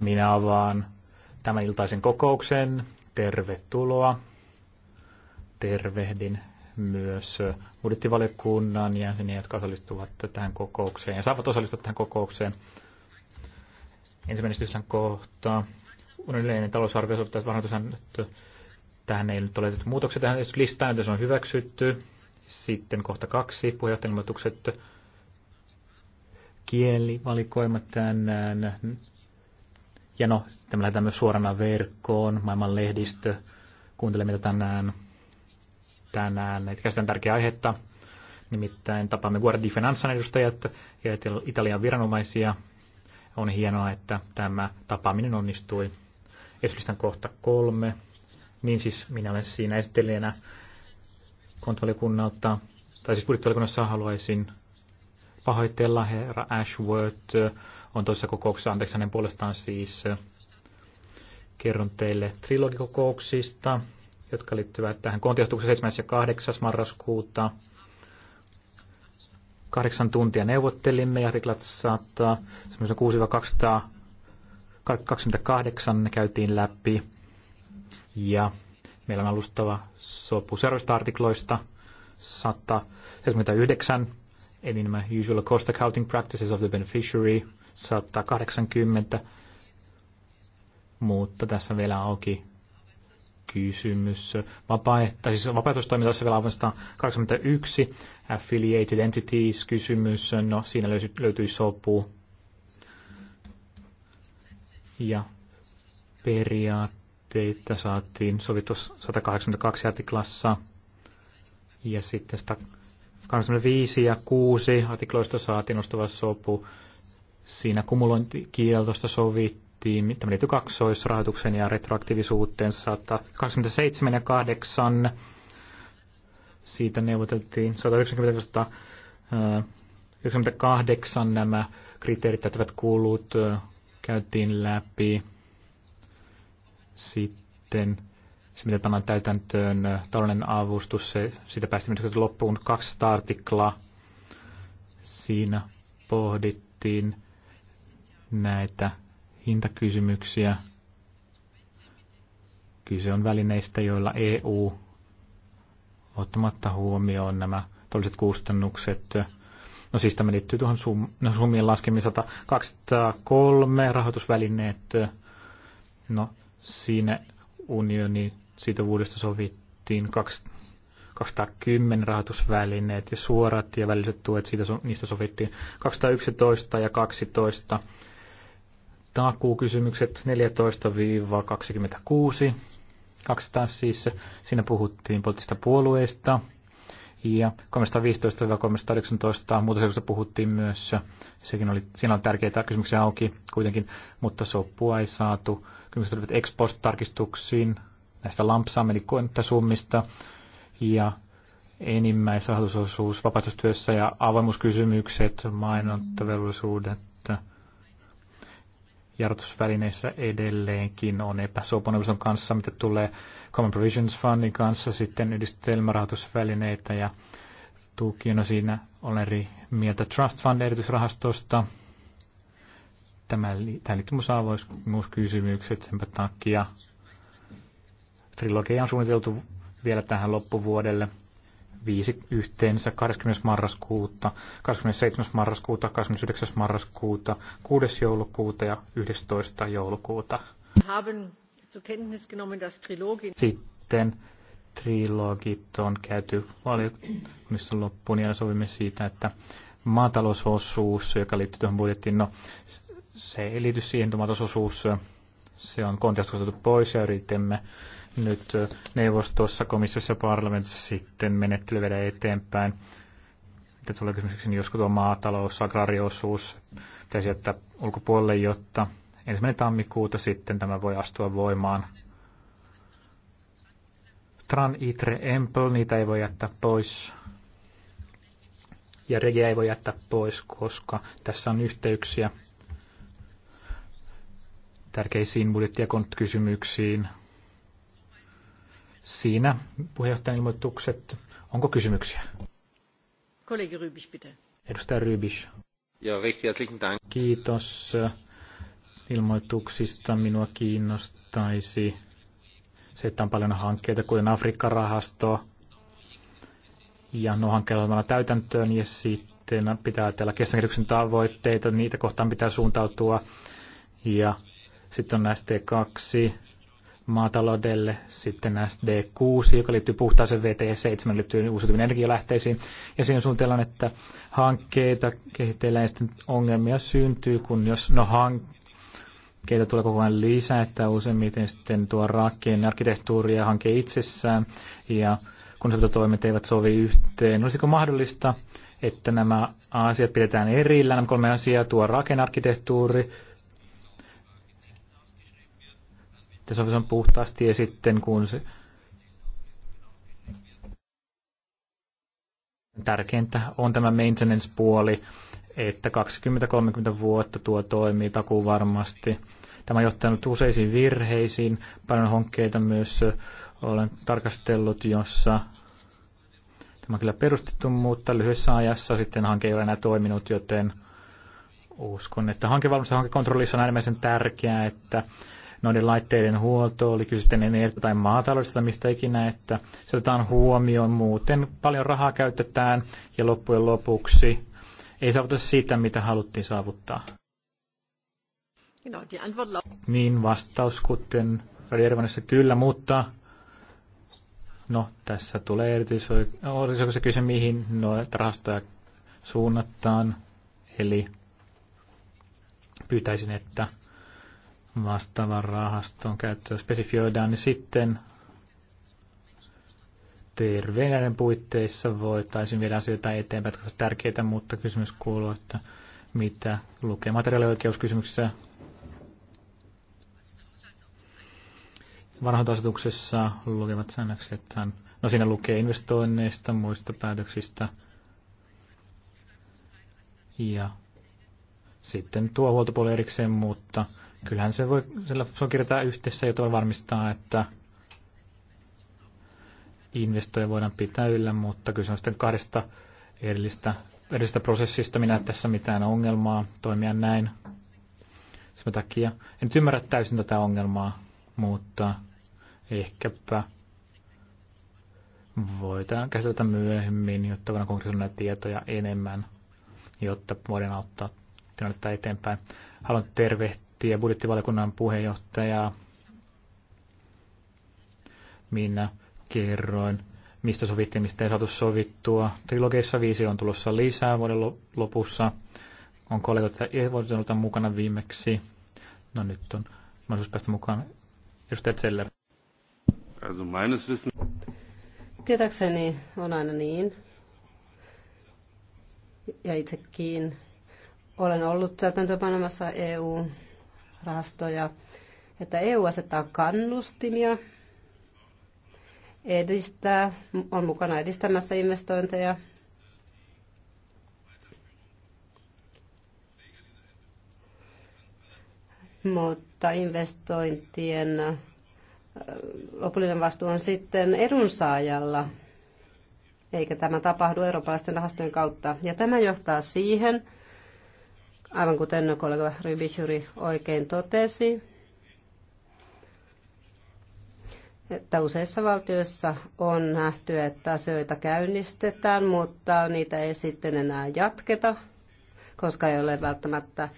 Minä avaan tämän iltaisen kokouksen. Tervetuloa. Tervehdin myös budjettivaliokunnan jäseniä, jotka osallistuvat tähän kokoukseen ja saavat osallistua tähän kokoukseen. Ensimmäinen kohta. Yleinen talousarvio sovittaisi varhain tähän ei nyt ole muutoksia tähän listaan, joten se on hyväksytty. Sitten kohta kaksi, puheenjohtajan kielivalikoima tänään. Ja no, tämä lähdetään myös suorana verkkoon, maailman lehdistö kuuntelemme mitä tänään. Tänään käsitään tärkeää aihetta, nimittäin tapaamme Guardi Finanzan edustajat ja Italian viranomaisia. On hienoa, että tämä tapaaminen onnistui. Esitän kohta kolme. Niin siis minä olen siinä esittelijänä kontrollikunnalta, tai siis budjettivalikunnassa haluaisin pahoitella. Herra Ashworth äh, on toisessa kokouksessa, anteeksi hänen puolestaan siis, äh, kerron teille trilogikokouksista, jotka liittyvät tähän kontiastukseen 7. ja 8. marraskuuta. Kahdeksan tuntia neuvottelimme ja artiklat 100, 6-228 ne käytiin läpi. Ja meillä on alustava sopu seuraavista artikloista 179 Eli nämä usual cost accounting practices of the beneficiary 180, mutta tässä vielä auki kysymys. Vapaa- siis vapaaehtoistoimintassa vielä avoin 181, affiliated entities kysymys, no siinä löytyy, löytyi sopu. Ja periaatteita saatiin sovittu 182 artiklassa ja sitten 5 ja 6 artikloista saatiin nostava sopu. Siinä kumulointikieltosta sovittiin, mitä liittyy kaksoisrahoituksen ja retroaktiivisuuteen 127 ja 8. Siitä neuvoteltiin 198 nämä kriteerit täyttävät kulut käytiin läpi. Sitten se, mitä pannaan täytäntöön taloudellinen avustus, se, siitä päästiin loppuun kaksi artiklaa. Siinä pohdittiin näitä hintakysymyksiä. Kyse on välineistä, joilla EU ottamatta huomioon nämä todelliset kustannukset. No siis tämä liittyy tuohon sum, no, summien laskemiseen 203 rahoitusvälineet. No siinä unioni sitovuudesta sovittiin 210 rahoitusvälineet ja suorat ja väliset tuet, siitä, niistä sovittiin 211 ja 12 takuukysymykset 14-26. Kaksi taas siis, siinä puhuttiin poliittisista puolueista. Ja 315-319 muutosehdosta puhuttiin myös, sekin oli, siinä on tärkeitä kysymyksiä auki kuitenkin, mutta sopua ei saatu. Kysymykset olivat ex post-tarkistuksiin, näistä lampsam eli summista ja enimmäisrahoitusosuus vapaaehtoistyössä ja avoimuuskysymykset, mainontavelvollisuudet jarrutusvälineissä edelleenkin on epäsuopaneuvoston kanssa, mitä tulee Common Provisions Fundin kanssa, sitten yhdistelmärahoitusvälineitä ja No siinä olen eri mieltä Trust Fund erityisrahastosta. Tämä, tämä liittyy avoimuuskysymykset, sen takia Trilogia on suunniteltu vielä tähän loppuvuodelle. Viisi yhteensä 20. marraskuuta, 27. marraskuuta, 29. marraskuuta, 6. joulukuuta ja 11. joulukuuta. Sitten trilogit on käyty valiokunnissa loppuun ja sovimme siitä, että maatalousosuus, joka liittyy tuohon budjettiin, no se ei liity siihen, että maatalousosuus se on kontekstuotettu pois ja yritimme nyt neuvostossa, komissiossa ja parlamentissa sitten menettely viedä eteenpäin. Mitä tulee niin josko tuo maatalous, agrariosuus pitäisi jättää ulkopuolelle, jotta ensimmäinen tammikuuta sitten tämä voi astua voimaan. Tran, Itre, Empel, niitä ei voi jättää pois. Ja Regia ei voi jättää pois, koska tässä on yhteyksiä – tärkeisiin budjetti- ja kysymyksiin. Siinä puheenjohtajan ilmoitukset. Onko kysymyksiä? Kollegi Rybisch, bitte. Edustaja Rybisch. Ja recht herzlichen Dank. Kiitos ilmoituksista. Minua kiinnostaisi se, että on paljon hankkeita, kuten Afrikka-rahasto. Ja nuo hankkeet on täytäntöön ja sitten pitää ajatella kestävän tavoitteita, niitä kohtaan pitää suuntautua. Ja sitten on SD2 maataloudelle, sitten SD6, joka liittyy puhtaaseen veteen, ja 7 liittyy uusiutuviin energialähteisiin. Ja siinä suunnitellaan, että hankkeita kehitellään ja sitten ongelmia syntyy, kun jos no hankkeita tulee koko ajan lisää, että useimmiten sitten tuo rakkeen arkkitehtuuri ja hanke itsessään, ja toimet eivät sovi yhteen. Olisiko mahdollista, että nämä asiat pidetään erillään, nämä kolme asiaa, tuo rakennarkkitehtuuri, Tässä on, tässä on puhtaasti ja sitten kun se, tärkeintä on tämä maintenance-puoli, että 20-30 vuotta tuo toimii takuu varmasti. Tämä on johtanut useisiin virheisiin, paljon hankkeita myös olen tarkastellut, jossa tämä on kyllä perustettu, mutta lyhyessä ajassa sitten hanke ei ole enää toiminut, joten uskon, että hankevalmassa hankekontrollissa on äärimmäisen tärkeää, että noiden laitteiden huolto, oli kyse sitten energia- tai maataloudesta, mistä ikinä, että se otetaan huomioon. Muuten paljon rahaa käytetään ja loppujen lopuksi ei saavuta sitä, mitä haluttiin saavuttaa. Niin, vastaus kuten Radiervanissa kyllä, mutta no, tässä tulee erityisoikeus kyse, mihin noita rahastoja suunnataan. Eli pyytäisin, että vastaavan rahaston käyttöä spesifioidaan, niin sitten terveyden puitteissa voitaisiin viedä asioita eteenpäin, jotka ovat tärkeitä, mutta kysymys kuuluu, että mitä lukee materiaalioikeuskysymyksessä varhaintoasetuksessa lukevat säännökset, no siinä lukee investoinneista, muista päätöksistä ja sitten tuo huoltopuoli erikseen, mutta Kyllähän se voi, sillä se on kirjoittaa yhteensä, jota tuolla varmistaa, että investoja voidaan pitää yllä, mutta se on sitten kahdesta erillistä, erillistä prosessista. Minä tässä mitään ongelmaa toimia näin. Sen takia en nyt ymmärrä täysin tätä ongelmaa, mutta ehkäpä voidaan käsitellä myöhemmin, jotta voidaan konkretisoida tietoja enemmän, jotta voidaan auttaa tilannetta eteenpäin. Haluan tervehtiä ja budjettivaliokunnan puheenjohtaja Minna kerroin, mistä sovittiin, mistä ei saatu sovittua. Trilogeissa viisi on tulossa lisää vuoden lopussa. On kollegat ja voinut mukana viimeksi. No nyt on mahdollisuus päästä mukaan. Edustaja Zeller. Also meines Wissen... Tietääkseni on aina niin. Ja itsekin olen ollut täytäntöönpanemassa EU rahastoja, että EU asettaa kannustimia edistää, on mukana edistämässä investointeja. Mutta investointien lopullinen vastuu on sitten edunsaajalla, eikä tämä tapahdu eurooppalaisten rahastojen kautta. Ja tämä johtaa siihen, Aivan kuten kollega Rybichuri oikein totesi, että useissa valtioissa on nähty, että asioita käynnistetään, mutta niitä ei sitten enää jatketa, koska ei ole välttämättä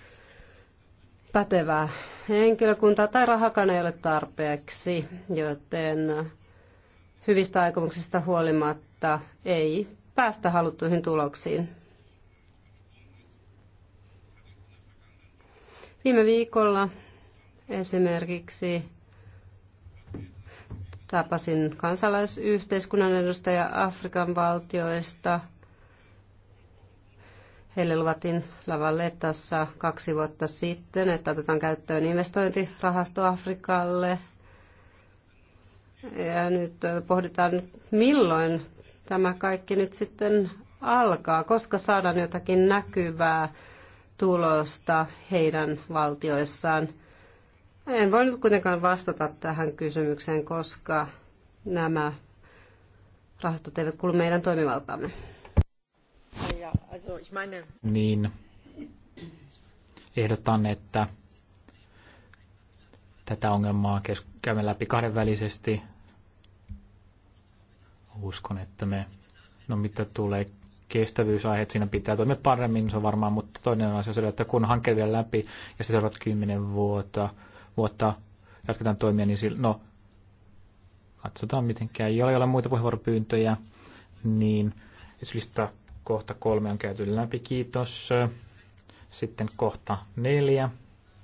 pätevää henkilökuntaa tai rahakaan ei ole tarpeeksi, joten hyvistä aikomuksista huolimatta ei päästä haluttuihin tuloksiin. Viime viikolla esimerkiksi tapasin kansalaisyhteiskunnan edustaja Afrikan valtioista. Heille luvattiin Lavalletassa kaksi vuotta sitten, että otetaan käyttöön investointirahasto Afrikalle. Ja nyt pohditaan, milloin tämä kaikki nyt sitten alkaa, koska saadaan jotakin näkyvää tulosta heidän valtioissaan. En voi nyt kuitenkaan vastata tähän kysymykseen, koska nämä rahastot eivät kuulu meidän toimivaltaamme. Niin. Ehdotan, että tätä ongelmaa käymme läpi kahdenvälisesti. Uskon, että me, no mitä tulee kestävyysaiheet, siinä pitää toimia paremmin, se on varmaan, mutta toinen asia on se, että kun hanke vielä läpi ja se seuraavat kymmenen vuotta, vuotta jatketaan toimia, niin sillä, no, katsotaan mitenkään. Jolla ei ole muita puheenvuoropyyntöjä, niin lista kohta kolme on käyty läpi, kiitos. Sitten kohta neljä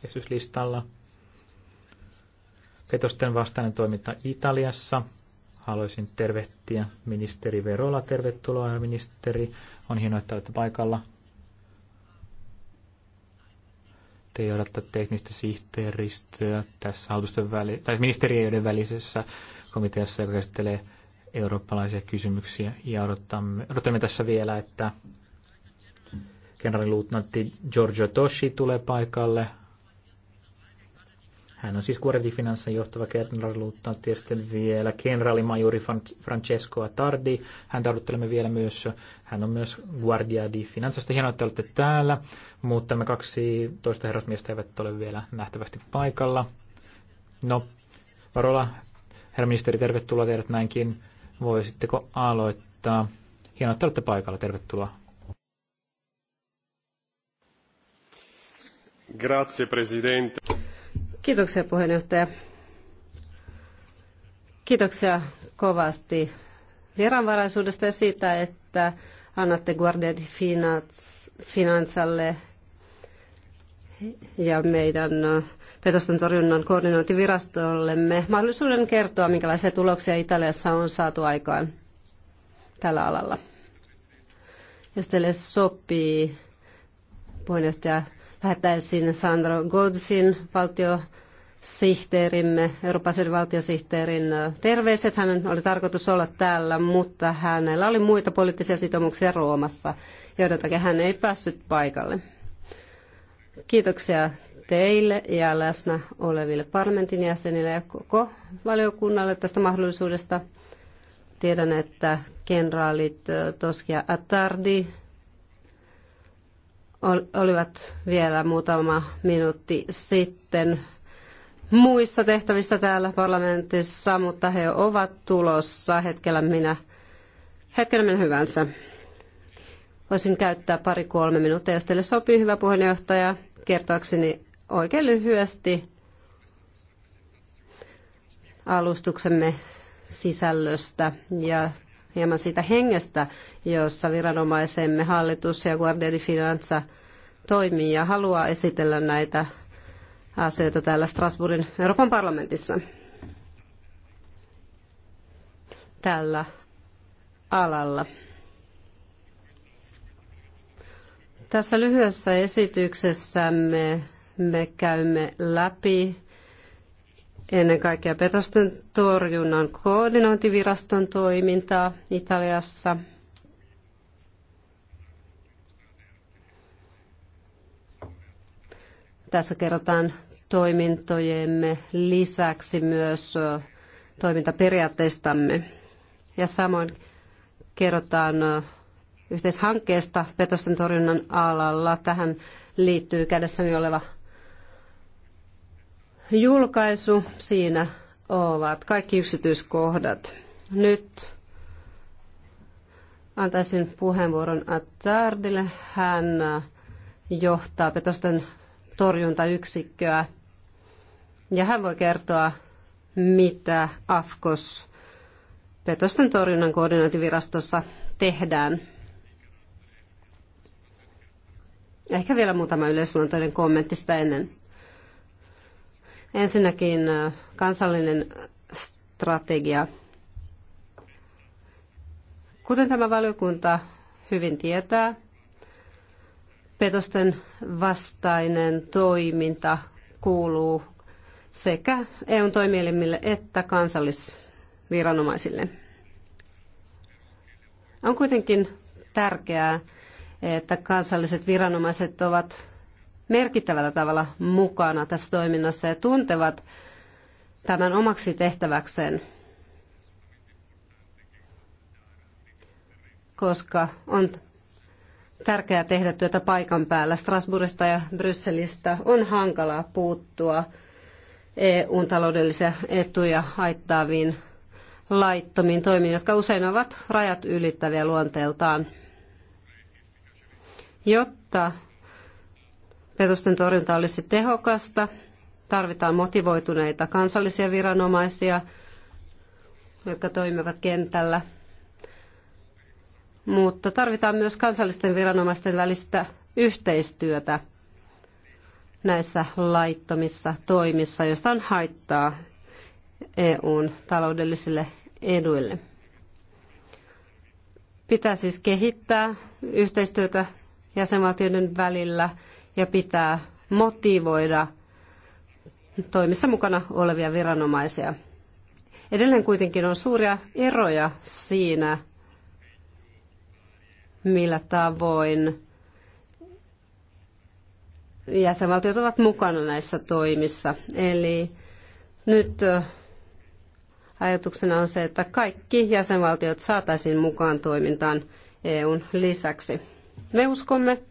esityslistalla. Petosten vastainen toiminta Italiassa haluaisin tervehtiä ministeri Verola. Tervetuloa, ministeri. On hienoa, että olette paikalla. Te johdatte teknistä sihteeristöä tässä hallitusten väli- tai ministeriöiden välisessä komiteassa, joka käsittelee eurooppalaisia kysymyksiä. Ja odotamme, odotamme tässä vielä, että kenraaliluutnantti Giorgio Toshi tulee paikalle. Hän on siis kuorevifinanssen johtava kenraaliluuttantti ja sitten vielä kenraalimajuri Francesco Tardi. Hän tarvittelemme vielä myös, hän on myös Guardia di Finanzasta. Hienoa, että olette täällä, mutta me kaksi toista herrasmiestä eivät ole vielä nähtävästi paikalla. No, Varola, herra ministeri, tervetuloa teidät näinkin. Voisitteko aloittaa? Hienoa, että olette paikalla. Tervetuloa. Grazie, presidente. Kiitoksia puheenjohtaja. Kiitoksia kovasti vieraanvaraisuudesta ja siitä, että annatte Guardia di Finanzalle ja meidän petosten torjunnan koordinointivirastollemme mahdollisuuden kertoa, minkälaisia tuloksia Italiassa on saatu aikaan tällä alalla. Jos teille sopii, puheenjohtaja, lähettäisin Sandro Godsin valtio sihteerimme, Euroopan valtiosihteerin terveiset. Hänen oli tarkoitus olla täällä, mutta hänellä oli muita poliittisia sitoumuksia Roomassa, joiden takia hän ei päässyt paikalle. Kiitoksia teille ja läsnä oleville parlamentin jäsenille ja koko valiokunnalle tästä mahdollisuudesta. Tiedän, että kenraalit Toskia Attardi olivat vielä muutama minuutti sitten muissa tehtävissä täällä parlamentissa, mutta he ovat tulossa hetkellä minä, hetkellä minä hyvänsä. Voisin käyttää pari-kolme minuuttia, jos teille sopii, hyvä puheenjohtaja, kertoakseni oikein lyhyesti alustuksemme sisällöstä ja hieman siitä hengestä, jossa viranomaisemme hallitus ja Guardia di Finanza toimii ja haluaa esitellä näitä asioita täällä Strasbourgin Euroopan parlamentissa. Tällä alalla. Tässä lyhyessä esityksessämme me käymme läpi ennen kaikkea petosten torjunnan koordinointiviraston toimintaa Italiassa. Tässä kerrotaan toimintojemme lisäksi myös toimintaperiaatteistamme. Ja samoin kerrotaan yhteishankkeesta petosten torjunnan alalla. Tähän liittyy kädessäni oleva julkaisu. Siinä ovat kaikki yksityiskohdat. Nyt antaisin puheenvuoron Attardille. Hän johtaa petosten torjuntayksikköä ja hän voi kertoa, mitä AFKOS petosten torjunnan koordinointivirastossa tehdään. Ehkä vielä muutama yleisluontoinen kommentti sitä ennen. Ensinnäkin kansallinen strategia. Kuten tämä valiokunta hyvin tietää, petosten vastainen toiminta kuuluu sekä EUn toimielimille että kansallisviranomaisille. On kuitenkin tärkeää, että kansalliset viranomaiset ovat merkittävällä tavalla mukana tässä toiminnassa ja tuntevat tämän omaksi tehtäväkseen, koska on tärkeää tehdä työtä paikan päällä. Strasbourgista ja Brysselistä on hankalaa puuttua EUn taloudellisia etuja haittaaviin laittomiin toimiin, jotka usein ovat rajat ylittäviä luonteeltaan. Jotta Petosten torjunta olisi tehokasta, tarvitaan motivoituneita kansallisia viranomaisia, jotka toimivat kentällä. Mutta tarvitaan myös kansallisten viranomaisten välistä yhteistyötä näissä laittomissa toimissa, joista on haittaa EUn taloudellisille eduille. Pitää siis kehittää yhteistyötä jäsenvaltioiden välillä – ja pitää motivoida toimissa mukana olevia viranomaisia. Edelleen kuitenkin on suuria eroja siinä, millä tavoin jäsenvaltiot ovat mukana näissä toimissa. Eli nyt ajatuksena on se, että kaikki jäsenvaltiot saataisiin mukaan toimintaan EUn lisäksi. Me uskomme,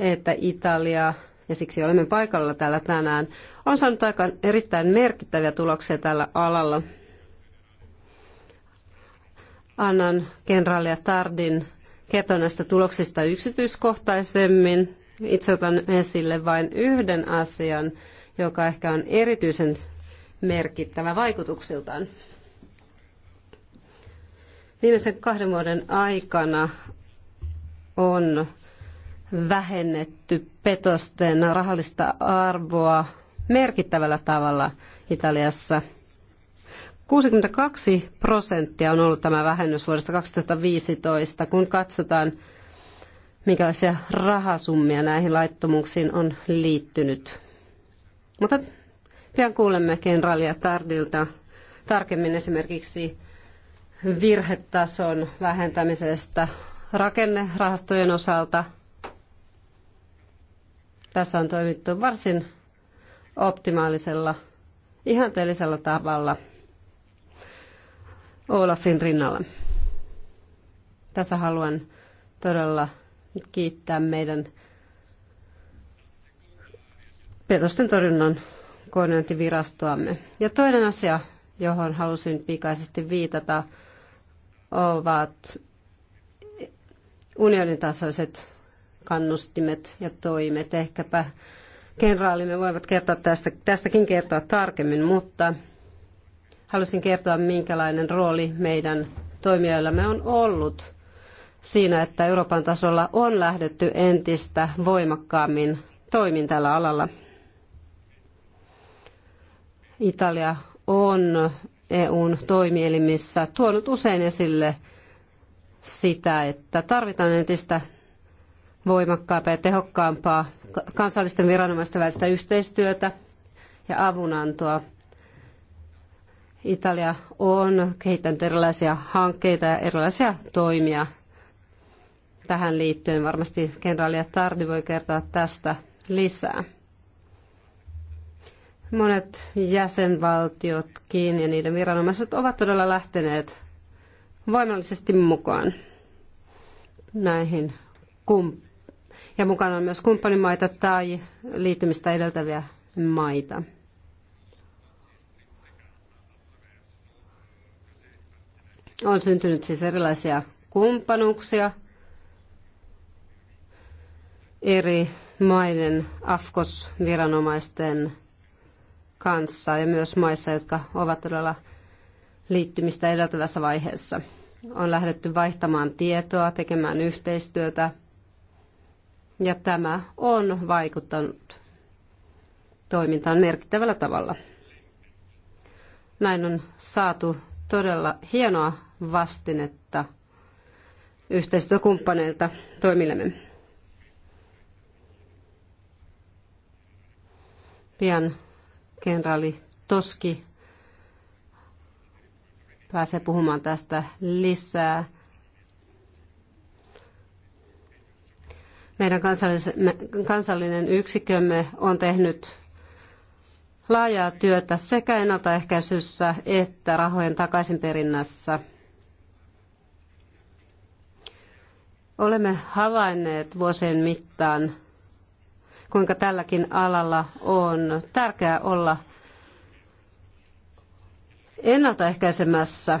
että Italia, ja siksi olemme paikalla täällä tänään, on saanut aika erittäin merkittäviä tuloksia tällä alalla. Annan kenraalia Tardin kertoa näistä tuloksista yksityiskohtaisemmin. Itse otan esille vain yhden asian, joka ehkä on erityisen merkittävä vaikutuksiltaan. Viimeisen kahden vuoden aikana on vähennetty petosten rahallista arvoa merkittävällä tavalla Italiassa. 62 prosenttia on ollut tämä vähennys vuodesta 2015, kun katsotaan, minkälaisia rahasummia näihin laittomuuksiin on liittynyt. Mutta pian kuulemme kenraalia Tardilta tarkemmin esimerkiksi virhetason vähentämisestä rakennerahastojen osalta – tässä on toimittu varsin optimaalisella, ihanteellisella tavalla Olafin rinnalla. Tässä haluan todella kiittää meidän petosten torjunnan koordinointivirastoamme. Ja toinen asia, johon halusin pikaisesti viitata, ovat unionin tasoiset kannustimet ja toimet. Ehkäpä kenraalimme voivat kertoa tästä, tästäkin kertoa tarkemmin, mutta halusin kertoa, minkälainen rooli meidän toimijoillamme on ollut siinä, että Euroopan tasolla on lähdetty entistä voimakkaammin toimin tällä alalla. Italia on EUn toimielimissä tuonut usein esille sitä, että tarvitaan entistä voimakkaampaa ja tehokkaampaa kansallisten viranomaisten välistä yhteistyötä ja avunantoa. Italia on kehittänyt erilaisia hankkeita ja erilaisia toimia tähän liittyen. Varmasti kenraali Tardi voi kertoa tästä lisää. Monet jäsenvaltiotkin ja niiden viranomaiset ovat todella lähteneet voimallisesti mukaan näihin kumppaneihin ja mukana on myös kumppanimaita tai liittymistä edeltäviä maita. On syntynyt siis erilaisia kumppanuuksia eri maiden AFKOS-viranomaisten kanssa ja myös maissa, jotka ovat todella liittymistä edeltävässä vaiheessa. On lähdetty vaihtamaan tietoa, tekemään yhteistyötä ja tämä on vaikuttanut toimintaan merkittävällä tavalla. Näin on saatu todella hienoa vastinetta yhteistyökumppaneilta toimillemme. Pian kenraali Toski pääsee puhumaan tästä lisää. Meidän kansallinen yksikömme on tehnyt laajaa työtä sekä ennaltaehkäisyssä että rahojen takaisinperinnässä. Olemme havainneet vuosien mittaan, kuinka tälläkin alalla on tärkeää olla ennaltaehkäisemässä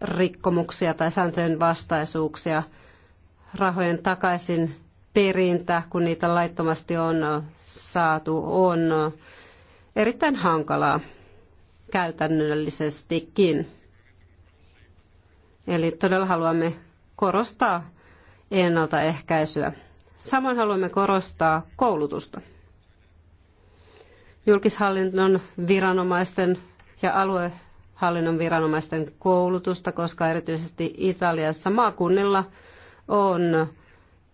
rikkomuksia tai sääntöjen vastaisuuksia – rahojen takaisin perintä, kun niitä laittomasti on saatu, on erittäin hankalaa käytännöllisestikin. Eli todella haluamme korostaa ennaltaehkäisyä. Samoin haluamme korostaa koulutusta. Julkishallinnon viranomaisten ja aluehallinnon viranomaisten koulutusta, koska erityisesti Italiassa maakunnilla on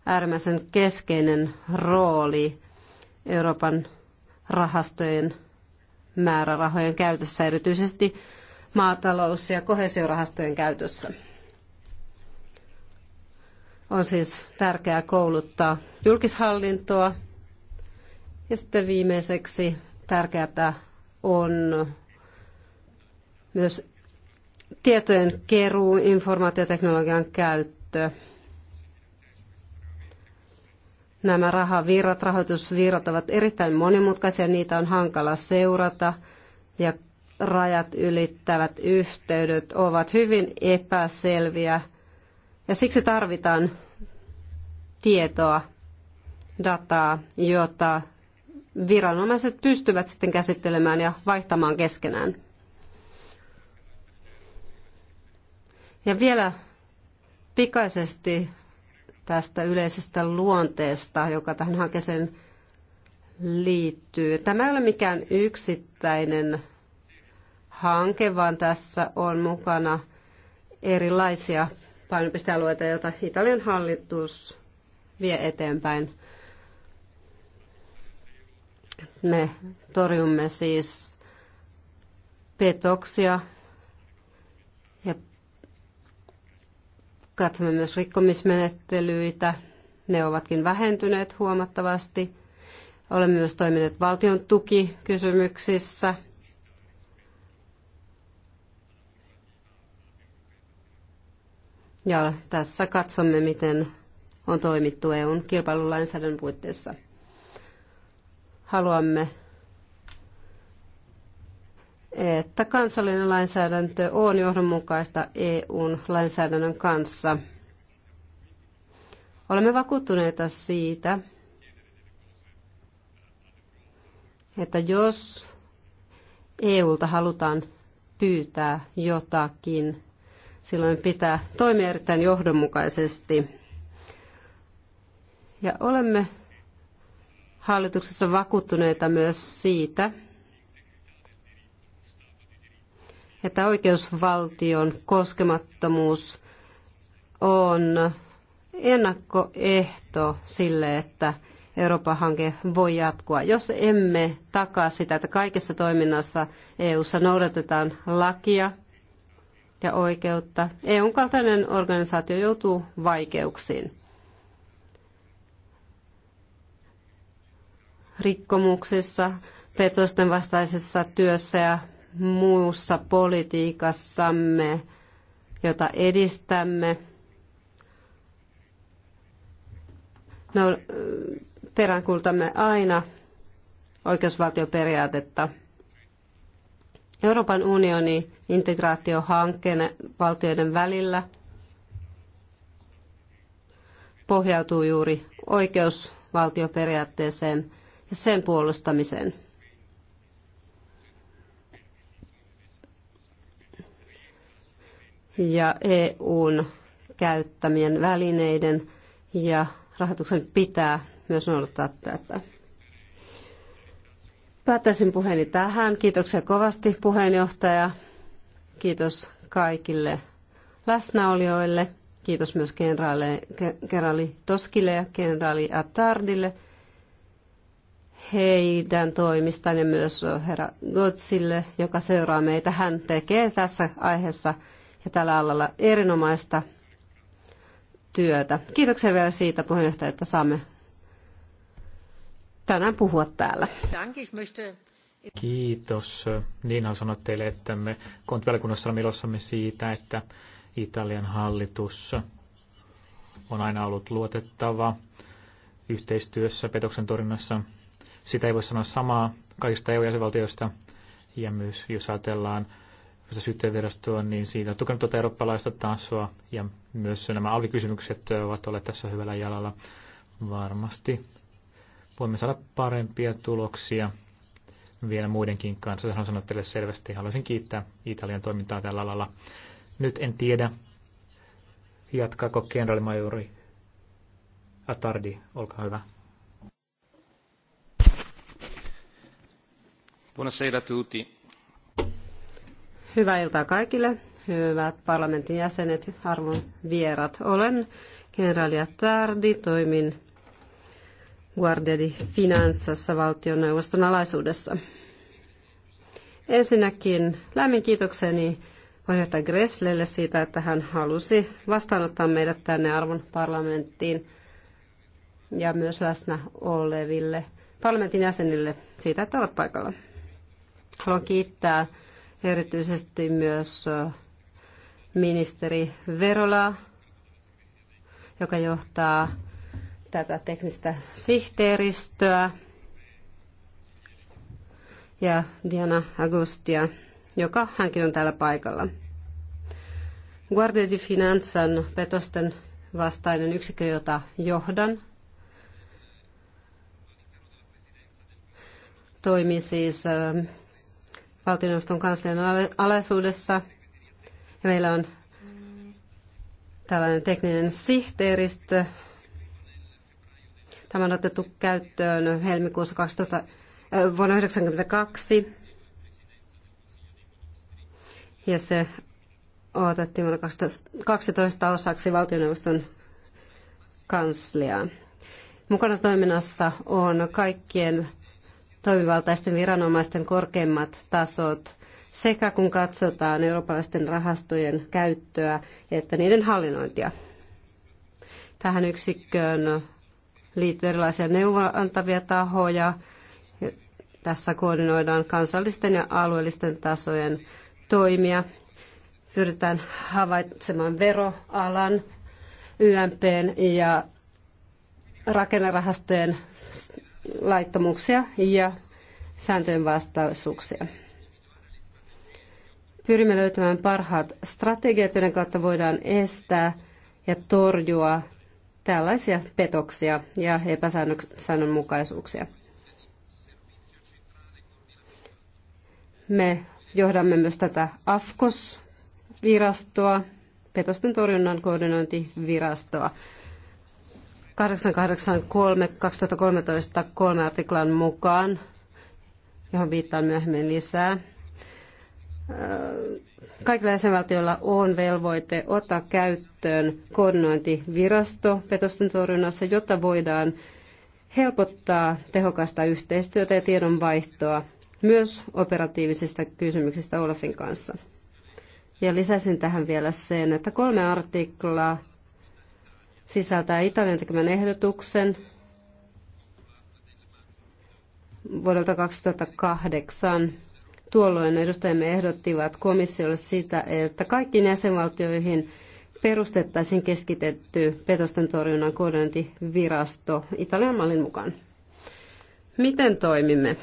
äärimmäisen keskeinen rooli Euroopan rahastojen määrärahojen käytössä, erityisesti maatalous- ja kohesiorahastojen käytössä. On siis tärkeää kouluttaa julkishallintoa. Ja sitten viimeiseksi tärkeää on myös tietojen keruu, informaatioteknologian käyttö – Nämä rahavirrat, rahoitusvirrat ovat erittäin monimutkaisia, niitä on hankala seurata ja rajat ylittävät yhteydet ovat hyvin epäselviä ja siksi tarvitaan tietoa, dataa, jota viranomaiset pystyvät sitten käsittelemään ja vaihtamaan keskenään. Ja vielä pikaisesti tästä yleisestä luonteesta, joka tähän hankkeeseen liittyy. Tämä ei ole mikään yksittäinen hanke, vaan tässä on mukana erilaisia painopistealueita, joita Italian hallitus vie eteenpäin. Me torjumme siis petoksia, Katsomme myös rikkomismenettelyitä. Ne ovatkin vähentyneet huomattavasti. Olemme myös toimineet valtion tukikysymyksissä. Ja tässä katsomme, miten on toimittu EUn kilpailulainsäädännön puitteissa. Haluamme että kansallinen lainsäädäntö on johdonmukaista EUn lainsäädännön kanssa. Olemme vakuuttuneita siitä, että jos EUlta halutaan pyytää jotakin, silloin pitää toimia erittäin johdonmukaisesti. Ja olemme hallituksessa vakuuttuneita myös siitä, että oikeusvaltion koskemattomuus on ennakkoehto sille, että Euroopan hanke voi jatkua. Jos emme takaa sitä, että kaikessa toiminnassa EU-ssa noudatetaan lakia ja oikeutta, EUn kaltainen organisaatio joutuu vaikeuksiin. Rikkomuksissa, petosten vastaisessa työssä ja muussa politiikassamme, jota edistämme, Me peräänkultamme aina oikeusvaltioperiaatetta. Euroopan unioni integraatiohankkeen valtioiden välillä pohjautuu juuri oikeusvaltioperiaatteeseen ja sen puolustamiseen. ja EUn käyttämien välineiden ja rahoituksen pitää myös noudattaa tätä. Päättäisin puheeni tähän. Kiitoksia kovasti puheenjohtaja. Kiitos kaikille läsnäolijoille. Kiitos myös kenraali Toskille ja kenraali Attardille heidän toimistaan ja myös herra Gotsille, joka seuraa meitä. Hän tekee tässä aiheessa ja tällä alalla erinomaista työtä. Kiitoksia vielä siitä puheenjohtaja, että saamme tänään puhua täällä. Kiitos. Niin on sanonut teille, että me kontvelkunnassa olemme ilossamme siitä, että Italian hallitus on aina ollut luotettava yhteistyössä petoksen torjunnassa. Sitä ei voi sanoa samaa kaikista EU-jäsenvaltioista ja myös jos ajatellaan syyttäjävirastoa, niin siitä on tukenut tuota eurooppalaista tasoa ja myös nämä alvikysymykset ovat olleet tässä hyvällä jalalla. Varmasti voimme saada parempia tuloksia vielä muidenkin kanssa. Hän sanoi teille selvästi, haluaisin kiittää Italian toimintaa tällä alalla. Nyt en tiedä, jatkaako kenraalimajuri Atardi, olkaa hyvä. Buonasera tutti. Hyvää iltaa kaikille, hyvät parlamentin jäsenet, arvon vierat. Olen kenraali Tardi, toimin Guardia di Finanzassa valtioneuvoston alaisuudessa. Ensinnäkin lämmin kiitokseni puheenjohtaja Gresslelle siitä, että hän halusi vastaanottaa meidät tänne arvon parlamenttiin ja myös läsnä oleville parlamentin jäsenille siitä, että olet paikalla. Haluan kiittää erityisesti myös ministeri Verola, joka johtaa tätä teknistä sihteeristöä, ja Diana Agustia, joka hänkin on täällä paikalla. Guardia di Finanzan petosten vastainen yksikkö, jota johdan, toimii siis valtioneuvoston kanslian alaisuudessa. Ja meillä on tällainen tekninen sihteeristö. Tämä on otettu käyttöön helmikuussa 2000, äh, vuonna 1992. Ja se otettiin vuonna 2012 osaksi valtioneuvoston kansliaa. Mukana toiminnassa on kaikkien toimivaltaisten viranomaisten korkeimmat tasot sekä kun katsotaan eurooppalaisten rahastojen käyttöä että niiden hallinnointia. Tähän yksikköön liittyy erilaisia neuvoantavia tahoja. Tässä koordinoidaan kansallisten ja alueellisten tasojen toimia. Pyritään havaitsemaan veroalan, YMPn ja rakennerahastojen laittomuuksia ja sääntöjen vastaisuuksia. Pyrimme löytämään parhaat strategiat, joiden kautta voidaan estää ja torjua tällaisia petoksia ja epäsäännönmukaisuuksia. Me johdamme myös tätä AFKOS-virastoa, petosten torjunnan koordinointivirastoa. 883 2013 kolme artiklan mukaan, johon viittaan myöhemmin lisää, kaikilla jäsenvaltioilla on velvoite ottaa käyttöön koordinointivirasto petosten torjunnassa, jotta voidaan helpottaa tehokasta yhteistyötä ja tiedonvaihtoa myös operatiivisista kysymyksistä Olafin kanssa. Ja lisäsin tähän vielä sen, että kolme artiklaa sisältää Italian tekemän ehdotuksen vuodelta 2008. Tuolloin edustajamme ehdottivat komissiolle sitä, että kaikkiin jäsenvaltioihin perustettaisiin keskitetty petosten torjunnan koordinointivirasto Italian mallin mukaan. Miten toimimme?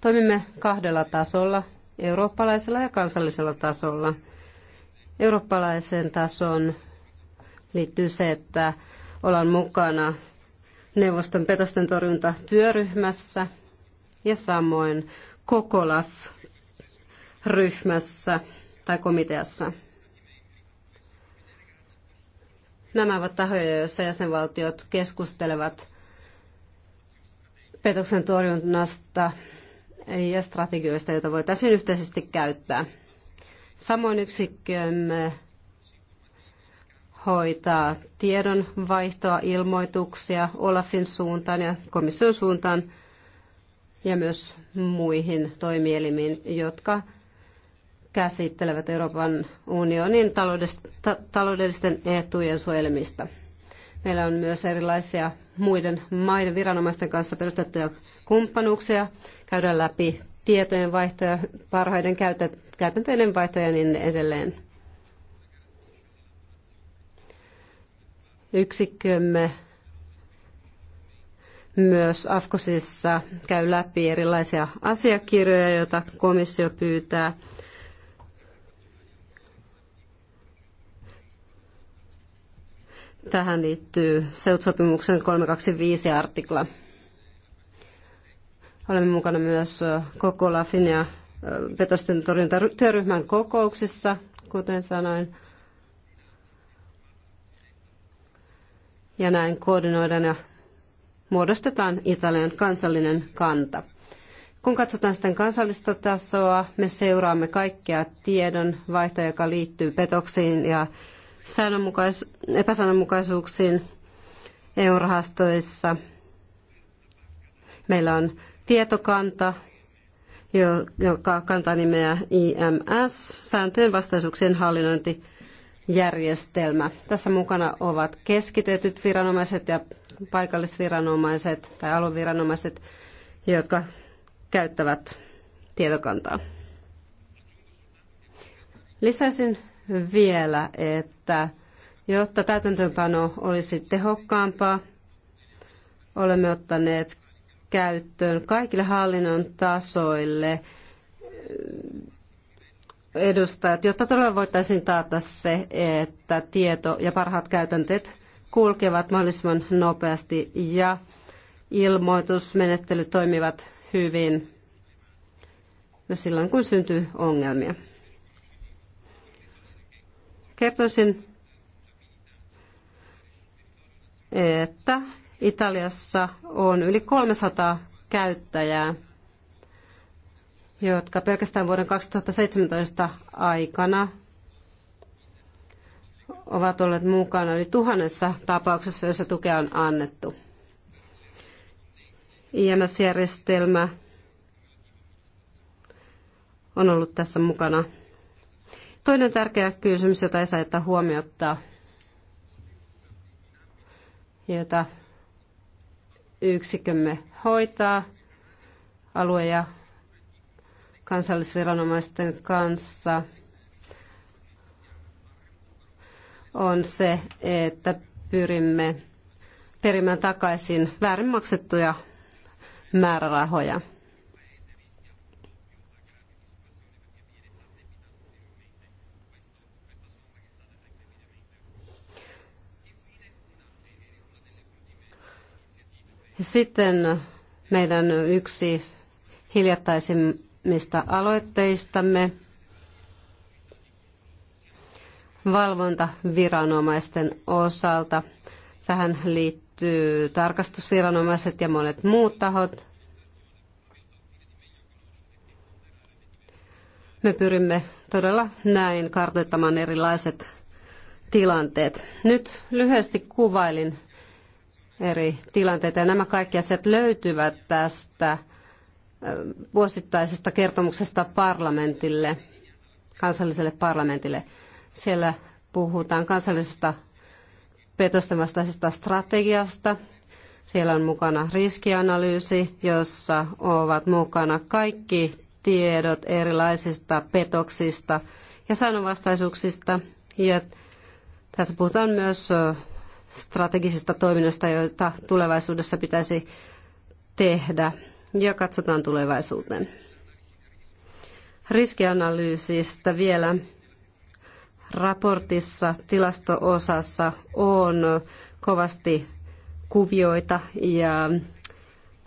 Toimimme kahdella tasolla, eurooppalaisella ja kansallisella tasolla – eurooppalaisen tason liittyy se, että ollaan mukana neuvoston petosten torjuntatyöryhmässä ja samoin COCOLAF-ryhmässä tai komiteassa. Nämä ovat tahoja, joissa jäsenvaltiot keskustelevat petoksen torjunnasta ja strategioista, joita voitaisiin yhteisesti käyttää. Samoin yksikkömme hoitaa tiedonvaihtoa, ilmoituksia Olafin suuntaan ja komission suuntaan ja myös muihin toimielimiin, jotka käsittelevät Euroopan unionin taloudellisten etujen suojelemista. Meillä on myös erilaisia muiden maiden viranomaisten kanssa perustettuja kumppanuuksia. Käydään läpi tietojen vaihtoja, parhaiden käytänteiden vaihtoja ja niin edelleen. Yksikkömme myös AFKOSissa käy läpi erilaisia asiakirjoja, joita komissio pyytää. Tähän liittyy seutsopimuksen 325 artikla. Olemme mukana myös koko Lafin ja petosten torjuntatyöryhmän kokouksissa, kuten sanoin. Ja näin koordinoidaan ja muodostetaan Italian kansallinen kanta. Kun katsotaan sitten kansallista tasoa, me seuraamme kaikkea tiedon vaihtoa, joka liittyy petoksiin ja epäsäännönmukaisuuksiin EU-rahastoissa. Meillä on tietokanta, joka kantaa nimeä IMS, sääntöjen vastaisuuksien hallinnointijärjestelmä. Tässä mukana ovat keskitetyt viranomaiset ja paikallisviranomaiset tai alueviranomaiset, jotka käyttävät tietokantaa. Lisäisin vielä, että jotta täytäntöönpano olisi tehokkaampaa, olemme ottaneet käyttöön kaikille hallinnon tasoille eh, edustajat, jotta todella voitaisiin taata se, että tieto ja parhaat käytänteet kulkevat mahdollisimman nopeasti ja ilmoitusmenettelyt toimivat hyvin silloin, kun syntyy ongelmia. Kertoisin, että Italiassa on yli 300 käyttäjää, jotka pelkästään vuoden 2017 aikana ovat olleet mukana yli tuhannessa tapauksessa, joissa tukea on annettu. IMS-järjestelmä on ollut tässä mukana. Toinen tärkeä kysymys, jota ei saa jättää huomiota, jota yksikömme hoitaa alue- ja kansallisviranomaisten kanssa on se, että pyrimme perimään takaisin väärin maksettuja määrärahoja. Sitten meidän yksi hiljattaisimmista aloitteistamme valvontaviranomaisten osalta. Tähän liittyy tarkastusviranomaiset ja monet muut tahot. Me pyrimme todella näin kartoittamaan erilaiset tilanteet. Nyt lyhyesti kuvailin eri tilanteita. Ja nämä kaikki asiat löytyvät tästä vuosittaisesta kertomuksesta parlamentille, kansalliselle parlamentille. Siellä puhutaan kansallisesta petosten vastaisesta strategiasta. Siellä on mukana riskianalyysi, jossa ovat mukana kaikki tiedot erilaisista petoksista ja sananvastaisuuksista. Ja tässä puhutaan myös strategisista toiminnoista, joita tulevaisuudessa pitäisi tehdä. Ja katsotaan tulevaisuuteen. Riskianalyysistä vielä. Raportissa tilastoosassa on kovasti kuvioita ja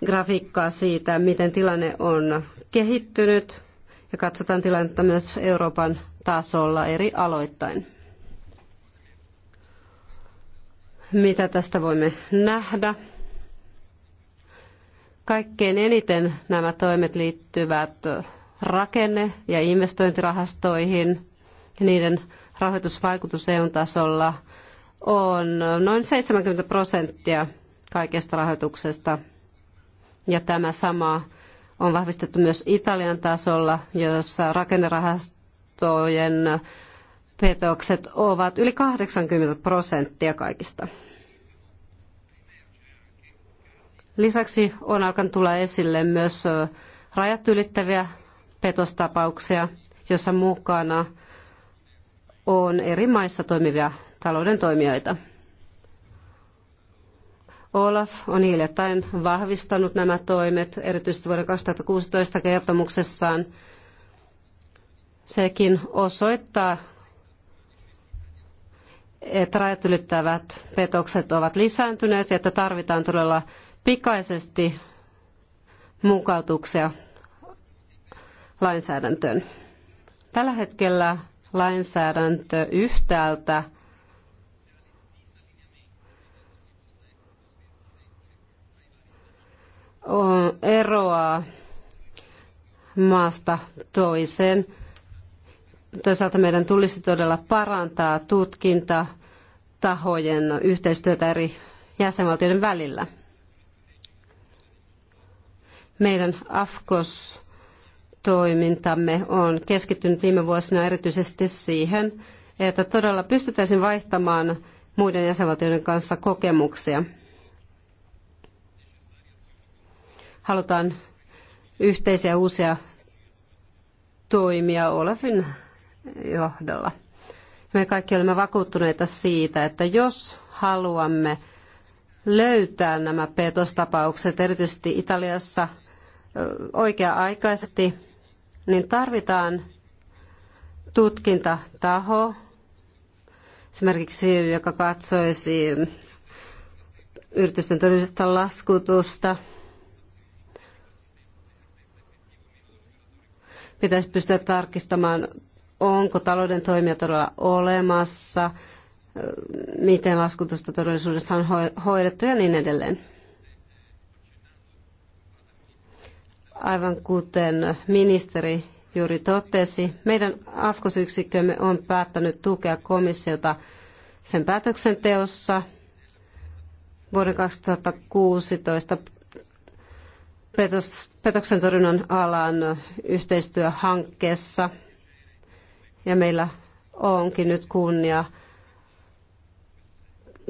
grafiikkaa siitä, miten tilanne on kehittynyt ja katsotaan tilannetta myös Euroopan tasolla eri aloittain. mitä tästä voimme nähdä. Kaikkein eniten nämä toimet liittyvät rakenne- ja investointirahastoihin. Niiden rahoitusvaikutus EU-tasolla on noin 70 prosenttia kaikesta rahoituksesta. Ja tämä sama on vahvistettu myös Italian tasolla, jossa rakennerahastojen petokset ovat yli 80 prosenttia kaikista Lisäksi on alkanut tulla esille myös rajat ylittäviä petostapauksia, jossa mukana on eri maissa toimivia talouden toimijoita. Olaf on hiljattain vahvistanut nämä toimet, erityisesti vuoden 2016 kertomuksessaan. Sekin osoittaa, että rajat ylittävät petokset ovat lisääntyneet ja että tarvitaan todella pikaisesti mukautuksia lainsäädäntöön. Tällä hetkellä lainsäädäntö yhtäältä on, eroaa maasta toiseen. Toisaalta meidän tulisi todella parantaa tutkintatahojen yhteistyötä eri jäsenvaltioiden välillä. Meidän AFKOS toimintamme on keskittynyt viime vuosina erityisesti siihen, että todella pystyttäisiin vaihtamaan muiden jäsenvaltioiden kanssa kokemuksia. Halutaan yhteisiä uusia toimia Olafin johdolla. Me kaikki olemme vakuuttuneita siitä, että jos haluamme löytää nämä petostapaukset, erityisesti Italiassa – oikea-aikaisesti, niin tarvitaan tutkintataho, esimerkiksi joka katsoisi yritysten todellista laskutusta. Pitäisi pystyä tarkistamaan, onko talouden toimija todella olemassa, miten laskutusta todellisuudessa on hoidettu ja niin edelleen. Aivan kuten ministeri juuri totesi, meidän AFKOS-yksikkömme on päättänyt tukea komissiota sen päätöksenteossa vuoden 2016 petos, petoksen torjunnan alan yhteistyöhankkeessa. Ja meillä onkin nyt kunnia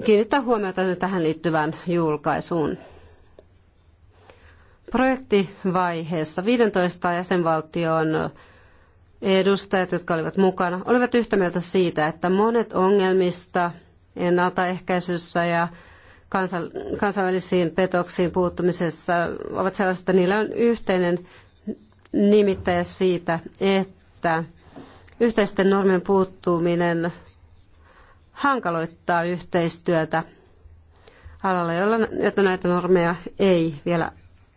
kiinnittää huomiota tähän liittyvään julkaisuun. Projektivaiheessa 15 jäsenvaltion edustajat, jotka olivat mukana, olivat yhtä mieltä siitä, että monet ongelmista ennaltaehkäisyssä ja kansainvälisiin petoksiin puuttumisessa ovat sellaiset, että niillä on yhteinen nimittäjä siitä, että yhteisten normien puuttuminen hankaloittaa yhteistyötä alalla, jolla, jotta näitä normeja ei vielä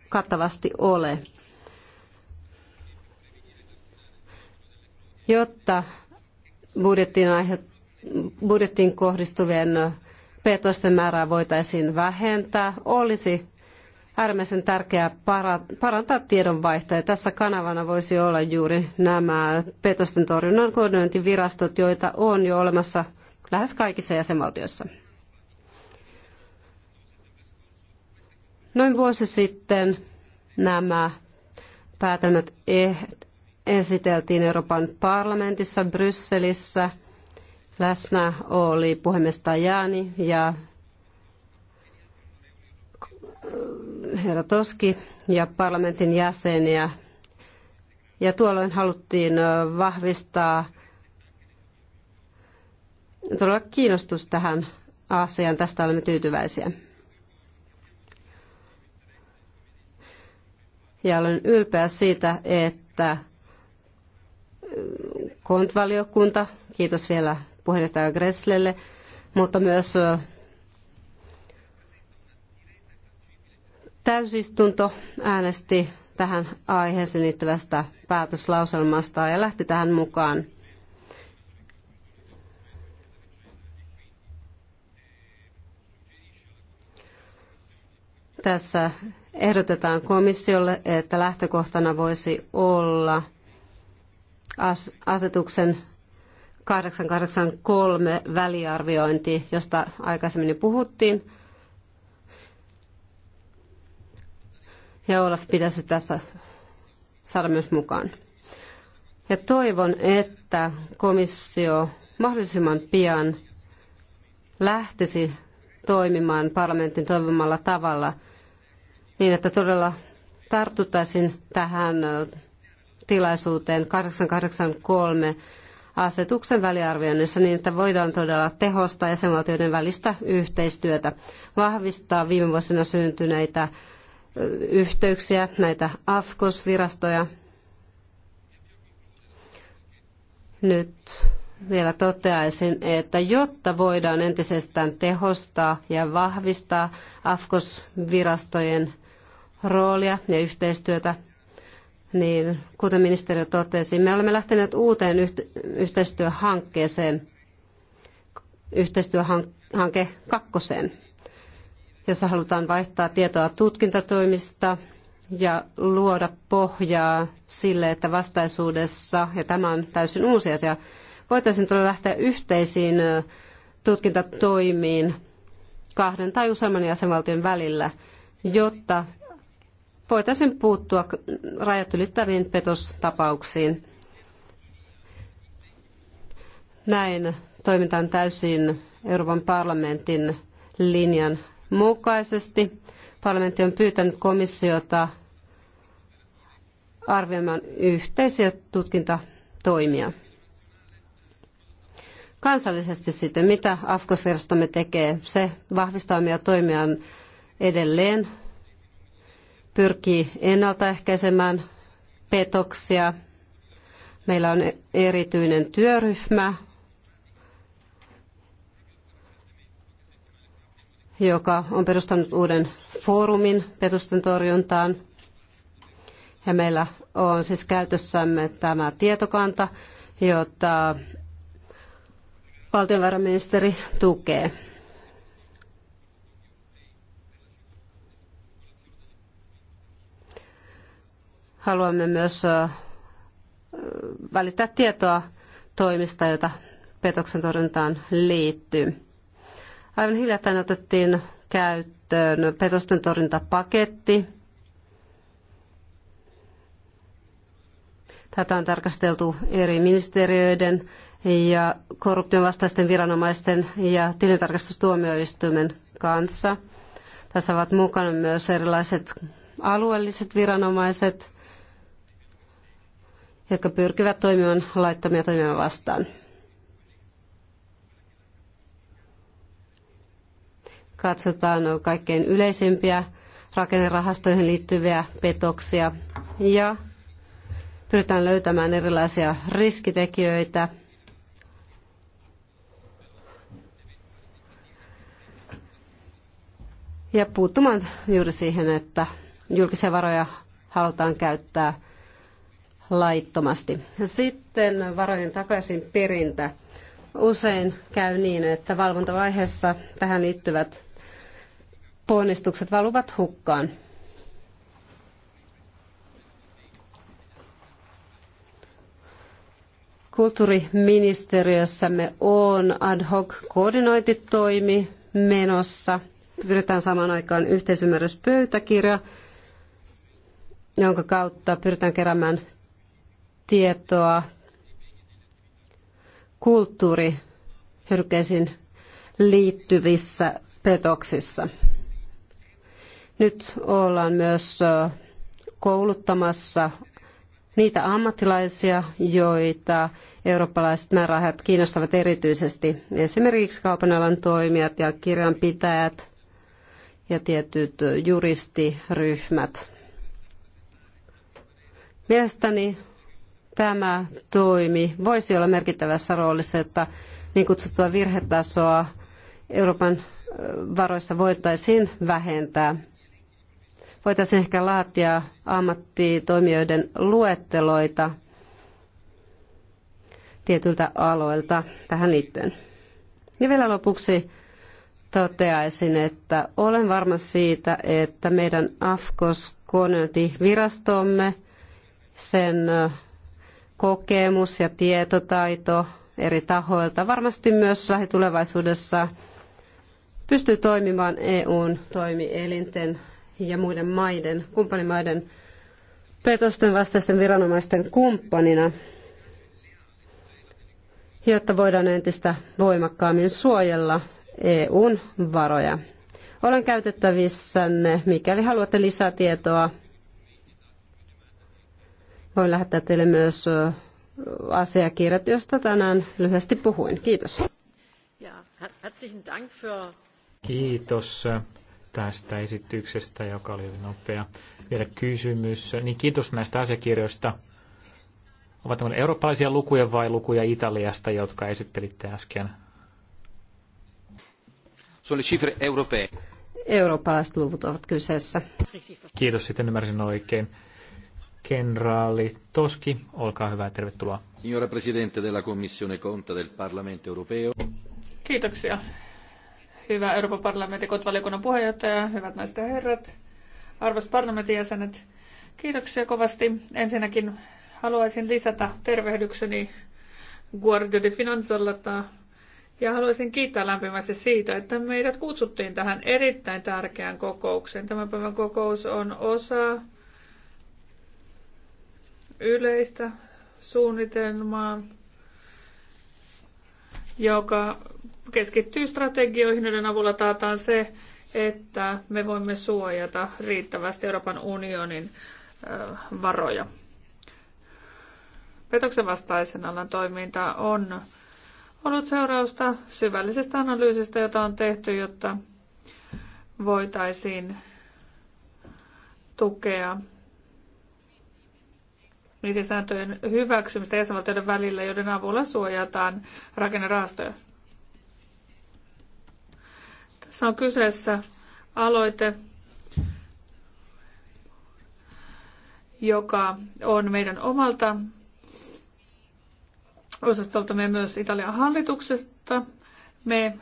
kattavasti ole. Jotta budjettiin, aihe, budjettiin kohdistuvien petosten määrää voitaisiin vähentää, olisi äärimmäisen tärkeää parantaa tiedonvaihtoa. Ja tässä kanavana voisi olla juuri nämä petosten torjunnan koordinointivirastot, joita on jo olemassa lähes kaikissa jäsenvaltioissa. Noin vuosi sitten nämä päätelmät eh- esiteltiin Euroopan parlamentissa Brysselissä. Läsnä oli puhemies Tajani ja äh, herra Toski ja parlamentin jäseniä. Ja tuolloin haluttiin äh, vahvistaa todella kiinnostus tähän asiaan. Tästä olemme tyytyväisiä. ja olen ylpeä siitä, että äh, kontvaliokunta, kiitos vielä puheenjohtaja Gresslelle, mutta myös äh, täysistunto äänesti tähän aiheeseen liittyvästä päätöslauselmasta ja lähti tähän mukaan. Tässä ehdotetaan komissiolle, että lähtökohtana voisi olla asetuksen 883 väliarviointi, josta aikaisemmin puhuttiin. Ja Olaf pitäisi tässä saada myös mukaan. Ja toivon, että komissio mahdollisimman pian lähtisi toimimaan parlamentin toivomalla tavalla – niin, että todella tartuttaisin tähän tilaisuuteen 883 asetuksen väliarvioinnissa niin, että voidaan todella tehostaa jäsenvaltioiden välistä yhteistyötä, vahvistaa viime vuosina syntyneitä yhteyksiä, näitä AFKOS-virastoja. Nyt vielä toteaisin, että jotta voidaan entisestään tehostaa ja vahvistaa AFKOS-virastojen roolia ja yhteistyötä, niin kuten ministeriö totesi, me olemme lähteneet uuteen yhteistyöhankkeeseen, yhteistyöhanke kakkoseen, jossa halutaan vaihtaa tietoa tutkintatoimista ja luoda pohjaa sille, että vastaisuudessa, ja tämä on täysin uusi asia, voitaisiin tulla lähteä yhteisiin tutkintatoimiin kahden tai useamman jäsenvaltion välillä, jotta voitaisiin puuttua rajat ylittäviin petostapauksiin. Näin toimitaan täysin Euroopan parlamentin linjan mukaisesti. Parlamentti on pyytänyt komissiota arvioimaan yhteisiä tutkintatoimia. Kansallisesti sitten, mitä afkos tekee, se vahvistaa meidän toimiaan edelleen pyrkii ennaltaehkäisemään petoksia. Meillä on erityinen työryhmä, joka on perustanut uuden foorumin petosten torjuntaan. Ja meillä on siis käytössämme tämä tietokanta, jota valtiovarainministeri tukee. Haluamme myös välittää tietoa toimista, joita petoksen torjuntaan liittyy. Aivan hiljattain otettiin käyttöön petosten torjuntapaketti. Tätä on tarkasteltu eri ministeriöiden ja korruption vastaisten viranomaisten ja tilintarkastustuomioistuimen kanssa. Tässä ovat mukana myös erilaiset alueelliset viranomaiset – jotka pyrkivät toimimaan laittomia toimia vastaan. Katsotaan kaikkein yleisimpiä rakennerahastoihin liittyviä petoksia ja pyritään löytämään erilaisia riskitekijöitä. Ja puuttumaan juuri siihen, että julkisia varoja halutaan käyttää laittomasti. Sitten varojen takaisin perintä. Usein käy niin, että valvontavaiheessa tähän liittyvät ponnistukset valuvat hukkaan. Kulttuuriministeriössämme on ad hoc koordinointitoimi menossa. Pyritään samaan aikaan yhteisymmärryspöytäkirja, jonka kautta pyritään keräämään tietoa kulttuurihyödykkeisiin liittyvissä petoksissa. Nyt ollaan myös kouluttamassa niitä ammattilaisia, joita eurooppalaiset määrärahat kiinnostavat erityisesti. Esimerkiksi kaupan alan toimijat ja kirjanpitäjät ja tietyt juristiryhmät. Mielestäni tämä toimi voisi olla merkittävässä roolissa, jotta niin kutsuttua virhetasoa Euroopan varoissa voitaisiin vähentää. Voitaisiin ehkä laatia ammattitoimijoiden luetteloita tietyiltä aloilta tähän liittyen. Ja vielä lopuksi toteaisin, että olen varma siitä, että meidän AFKOS-koneointivirastomme, sen kokemus ja tietotaito eri tahoilta varmasti myös lähitulevaisuudessa pystyy toimimaan EUn toimielinten ja muiden maiden, kumppanimaiden petosten vastaisten viranomaisten kumppanina, jotta voidaan entistä voimakkaammin suojella EUn varoja. Olen käytettävissänne, mikäli haluatte lisätietoa Voin lähettää teille myös asiakirjat, josta tänään lyhyesti puhuin. Kiitos. Kiitos tästä esityksestä, joka oli hyvin nopea. Vielä kysymys. Niin kiitos näistä asiakirjoista. Ovat ne eurooppalaisia lukuja vai lukuja Italiasta, jotka esittelitte äsken? Sono cifre europee. Eurooppalaiset luvut ovat kyseessä. Kiitos, sitten ymmärsin oikein. Kenraali Toski, olkaa hyvä ja tervetuloa. Signora Presidente della Commissione Conta del Parlamento Europeo. Kiitoksia. Hyvä Euroopan parlamentin kontvaliokunnan puheenjohtaja, hyvät naiset ja herrat, arvoisat parlamentin jäsenet. Kiitoksia kovasti. Ensinnäkin haluaisin lisätä tervehdykseni Guardia di Finanzalta ja haluaisin kiittää lämpimästi siitä, että meidät kutsuttiin tähän erittäin tärkeään kokoukseen. Tämän päivän kokous on osa yleistä suunnitelmaa, joka keskittyy strategioihin, joiden avulla taataan se, että me voimme suojata riittävästi Euroopan unionin äh, varoja. Petoksen vastaisen alan toiminta on ollut seurausta syvällisestä analyysistä, jota on tehty, jotta voitaisiin tukea niiden sääntöjen hyväksymistä jäsenvaltioiden välillä, joiden avulla suojataan rakennerahastoja. Tässä on kyseessä aloite, joka on meidän omalta osastoltamme myös Italian hallituksesta. Me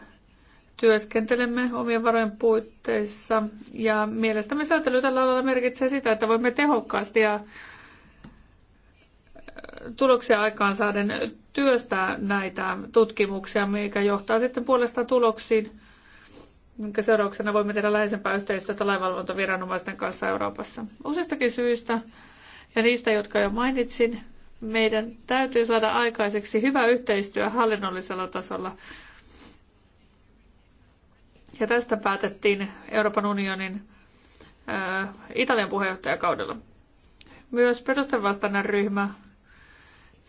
työskentelemme omien varojen puitteissa ja mielestämme säätely tällä alalla merkitsee sitä, että voimme tehokkaasti ja tuloksia aikaan saaden työstää näitä tutkimuksia, mikä johtaa sitten puolestaan tuloksiin, minkä seurauksena voimme tehdä läheisempää yhteistyötä lainvalvontaviranomaisten kanssa Euroopassa. Useistakin syistä ja niistä, jotka jo mainitsin, meidän täytyy saada aikaiseksi hyvä yhteistyö hallinnollisella tasolla. Ja tästä päätettiin Euroopan unionin ää, Italian puheenjohtajakaudella. Myös perustenvastainen ryhmä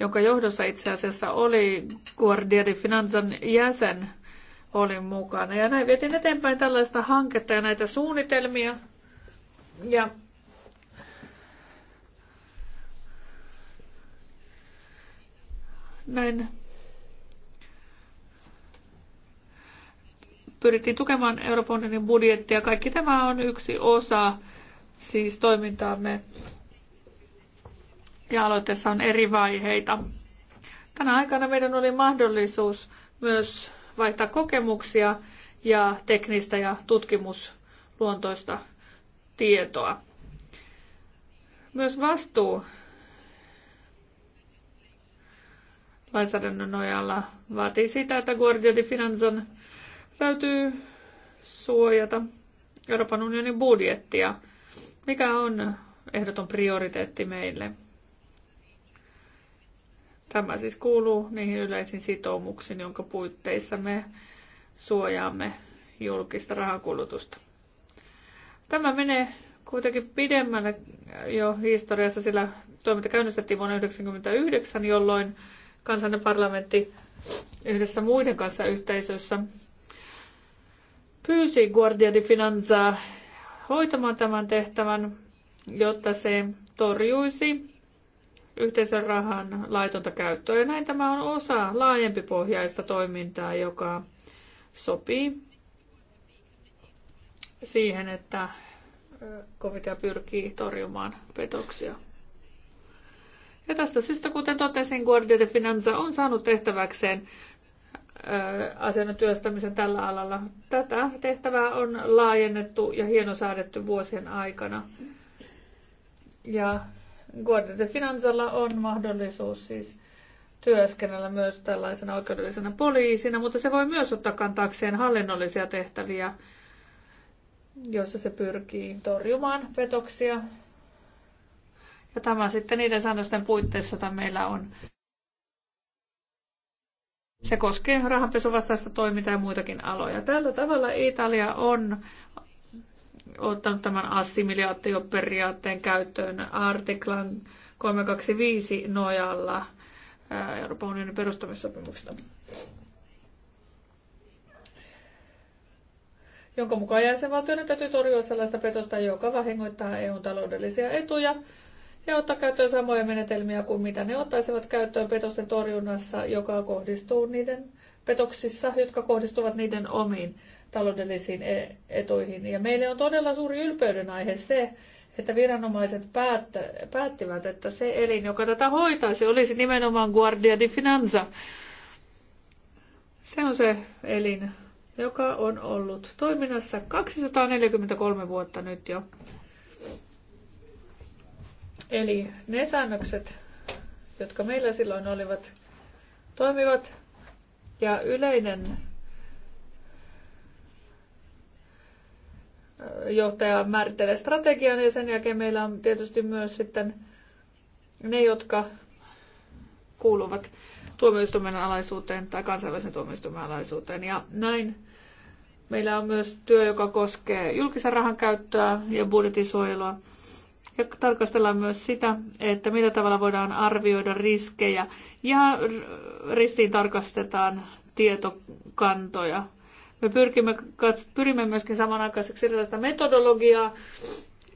jonka johdossa itse asiassa oli Guardieri Finanzan jäsen, oli mukana. Ja näin vietin eteenpäin tällaista hanketta ja näitä suunnitelmia. Ja näin pyrittiin tukemaan Euroopan unionin budjettia. Kaikki tämä on yksi osa siis toimintaamme ja aloitteessa on eri vaiheita. Tänä aikana meidän oli mahdollisuus myös vaihtaa kokemuksia ja teknistä ja tutkimusluontoista tietoa. Myös vastuu lainsäädännön nojalla vaatii sitä, että Guardia di Finanzan täytyy suojata Euroopan unionin budjettia, mikä on ehdoton prioriteetti meille. Tämä siis kuuluu niihin yleisiin sitoumuksiin, jonka puitteissa me suojaamme julkista rahankulutusta. Tämä menee kuitenkin pidemmälle jo historiassa, sillä toiminta käynnistettiin vuonna 1999, jolloin kansallinen parlamentti yhdessä muiden kanssa yhteisössä pyysi Guardia di Finanzaa hoitamaan tämän tehtävän, jotta se torjuisi Yhteisen rahan laitonta käyttöä. Ja näin tämä on osa laajempi pohjaista toimintaa, joka sopii siihen, että komitea pyrkii torjumaan petoksia. Ja tästä syystä, kuten totesin, Guardia de Finanza on saanut tehtäväkseen asian työstämisen tällä alalla. Tätä tehtävää on laajennettu ja hienosäädetty vuosien aikana. Ja Guardia de Finanzalla on mahdollisuus siis työskennellä myös tällaisena oikeudellisena poliisina, mutta se voi myös ottaa kantaakseen hallinnollisia tehtäviä, joissa se pyrkii torjumaan petoksia. Ja tämä sitten niiden säännösten puitteissa, joita meillä on. Se koskee rahanpesuvastaista toimintaa ja muitakin aloja. Tällä tavalla Italia on ottanut tämän assimilaatioperiaatteen käyttöön artiklan 325 nojalla Euroopan unionin perustamissopimuksesta. jonka mukaan jäsenvaltioiden täytyy torjua sellaista petosta, joka vahingoittaa EUn taloudellisia etuja ja ottaa käyttöön samoja menetelmiä kuin mitä ne ottaisivat käyttöön petosten torjunnassa, joka kohdistuu niiden petoksissa, jotka kohdistuvat niiden omiin taloudellisiin e- etuihin. Ja meille on todella suuri ylpeyden aihe se, että viranomaiset päättä, päättivät, että se elin, joka tätä hoitaisi, olisi nimenomaan Guardia di Finanza. Se on se elin, joka on ollut toiminnassa 243 vuotta nyt jo. Eli ne säännökset, jotka meillä silloin olivat, toimivat ja yleinen johtaja määrittelee strategian ja sen jälkeen meillä on tietysti myös sitten ne, jotka kuuluvat tuomioistuimen alaisuuteen tai kansainvälisen tuomioistuimen alaisuuteen. Ja näin meillä on myös työ, joka koskee julkisen rahan käyttöä ja budjetisuojelua. Ja tarkastellaan myös sitä, että millä tavalla voidaan arvioida riskejä ja ristiin tarkastetaan tietokantoja me pyrkimme, pyrimme myöskin samanaikaiseksi erilaista metodologiaa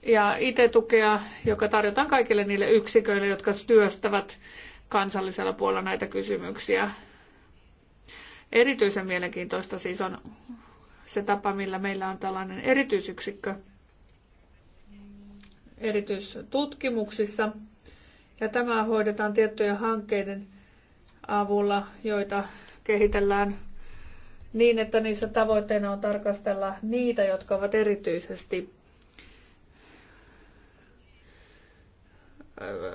ja IT-tukea, joka tarjotaan kaikille niille yksiköille, jotka työstävät kansallisella puolella näitä kysymyksiä. Erityisen mielenkiintoista siis on se tapa, millä meillä on tällainen erityisyksikkö erityistutkimuksissa. Ja tämä hoidetaan tiettyjen hankkeiden avulla, joita kehitellään niin, että niissä tavoitteena on tarkastella niitä, jotka ovat erityisesti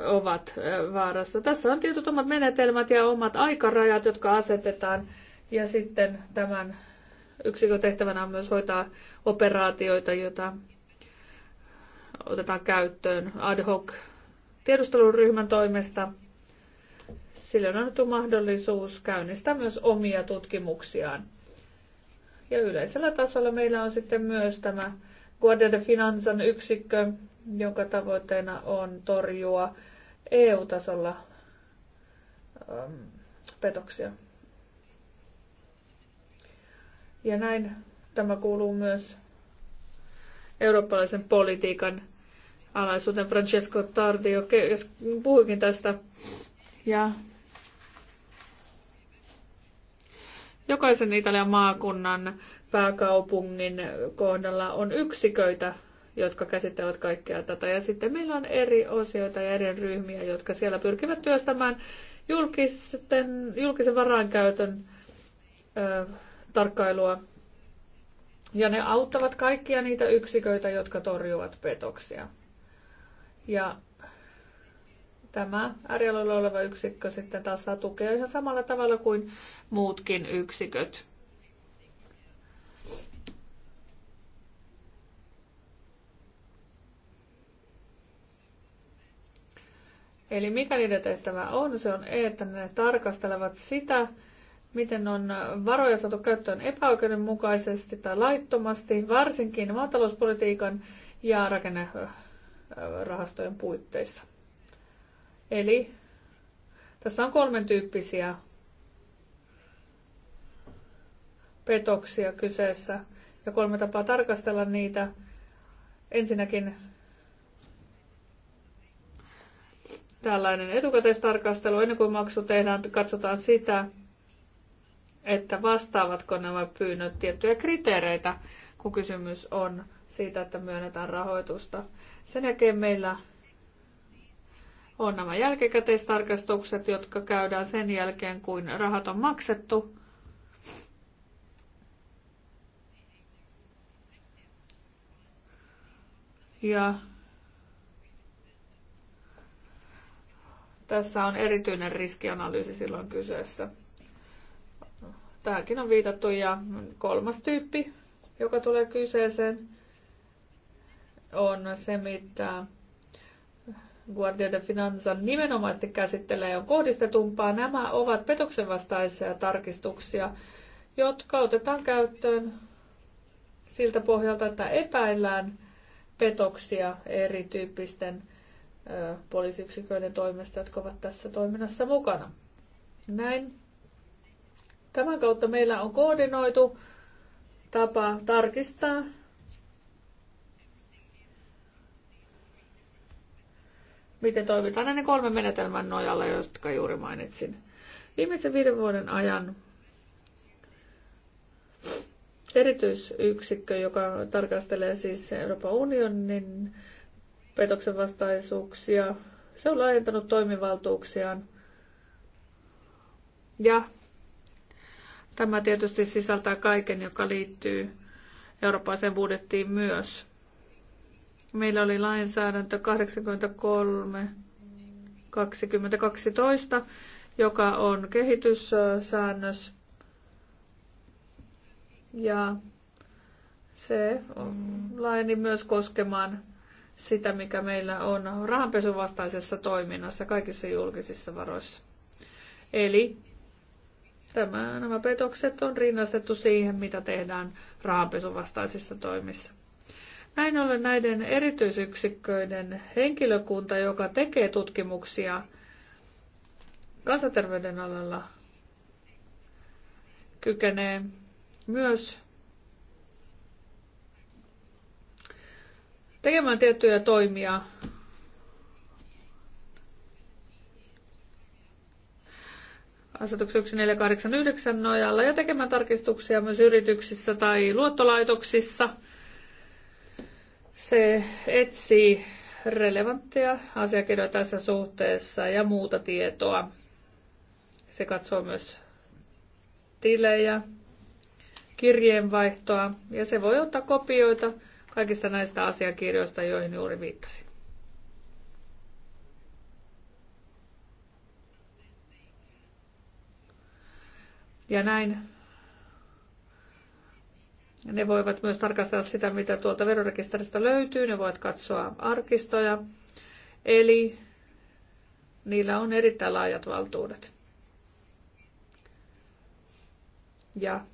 ovat vaarassa. Tässä on tietyt omat menetelmät ja omat aikarajat, jotka asetetaan. Ja sitten tämän yksikön tehtävänä on myös hoitaa operaatioita, joita otetaan käyttöön ad hoc tiedusteluryhmän toimesta. Sille on annettu mahdollisuus käynnistää myös omia tutkimuksiaan. Ja yleisellä tasolla meillä on sitten myös tämä Guardia de Finanzan yksikkö, jonka tavoitteena on torjua EU-tasolla ähm, petoksia. Ja näin tämä kuuluu myös eurooppalaisen politiikan alaisuuteen. Francesco Tardio puhuikin tästä. Ja jokaisen Italian maakunnan pääkaupungin kohdalla on yksiköitä, jotka käsittävät kaikkea tätä. Ja sitten meillä on eri osioita ja eri ryhmiä, jotka siellä pyrkivät työstämään julkisten, julkisen varainkäytön ö, tarkkailua. Ja ne auttavat kaikkia niitä yksiköitä, jotka torjuvat petoksia. Ja tämä äärialueella oleva yksikkö sitten taas saa tukea ihan samalla tavalla kuin muutkin yksiköt. Eli mikä niiden tehtävä on, se on, että ne tarkastelevat sitä, miten on varoja saatu käyttöön epäoikeudenmukaisesti tai laittomasti, varsinkin maatalouspolitiikan ja rakennerahastojen puitteissa. Eli tässä on kolmen tyyppisiä petoksia kyseessä ja kolme tapaa tarkastella niitä. Ensinnäkin tällainen etukäteistarkastelu, ennen kuin maksu tehdään, katsotaan sitä, että vastaavatko nämä pyynnöt tiettyjä kriteereitä, kun kysymys on siitä, että myönnetään rahoitusta. Sen jälkeen meillä on nämä jälkikäteistarkastukset, jotka käydään sen jälkeen, kun rahat on maksettu. Ja tässä on erityinen riskianalyysi silloin kyseessä. Tähänkin on viitattu ja kolmas tyyppi, joka tulee kyseeseen, on se, mitä Guardia de Finanza nimenomaisesti käsittelee, on kohdistetumpaa. Nämä ovat petoksen vastaisia tarkistuksia, jotka otetaan käyttöön siltä pohjalta, että epäillään petoksia erityyppisten poliisiyksiköiden toimesta, jotka ovat tässä toiminnassa mukana. Näin. Tämän kautta meillä on koordinoitu tapa tarkistaa miten toimitaan näiden kolmen menetelmän nojalla, jotka juuri mainitsin. Viimeisen viiden vuoden ajan erityisyksikkö, joka tarkastelee siis Euroopan unionin petoksen vastaisuuksia, se on laajentanut toimivaltuuksiaan. Ja tämä tietysti sisältää kaiken, joka liittyy eurooppalaiseen budjettiin myös. Meillä oli lainsäädäntö 83 2012, joka on kehityssäännös. Ja se on laini myös koskemaan sitä, mikä meillä on rahanpesuvastaisessa toiminnassa kaikissa julkisissa varoissa. Eli tämä, nämä petokset on rinnastettu siihen, mitä tehdään rahanpesuvastaisissa toimissa. Näin ollen näiden erityisyksikköiden henkilökunta, joka tekee tutkimuksia kansanterveyden alalla, kykenee myös tekemään tiettyjä toimia asetuksen 1489 nojalla ja tekemään tarkistuksia myös yrityksissä tai luottolaitoksissa – se etsii relevantteja asiakirjoja tässä suhteessa ja muuta tietoa. Se katsoo myös tilejä, kirjeenvaihtoa ja se voi ottaa kopioita kaikista näistä asiakirjoista, joihin juuri viittasin. Ja näin ne voivat myös tarkastella sitä, mitä tuolta verorekisteristä löytyy. Ne voivat katsoa arkistoja. Eli niillä on erittäin laajat valtuudet. Ja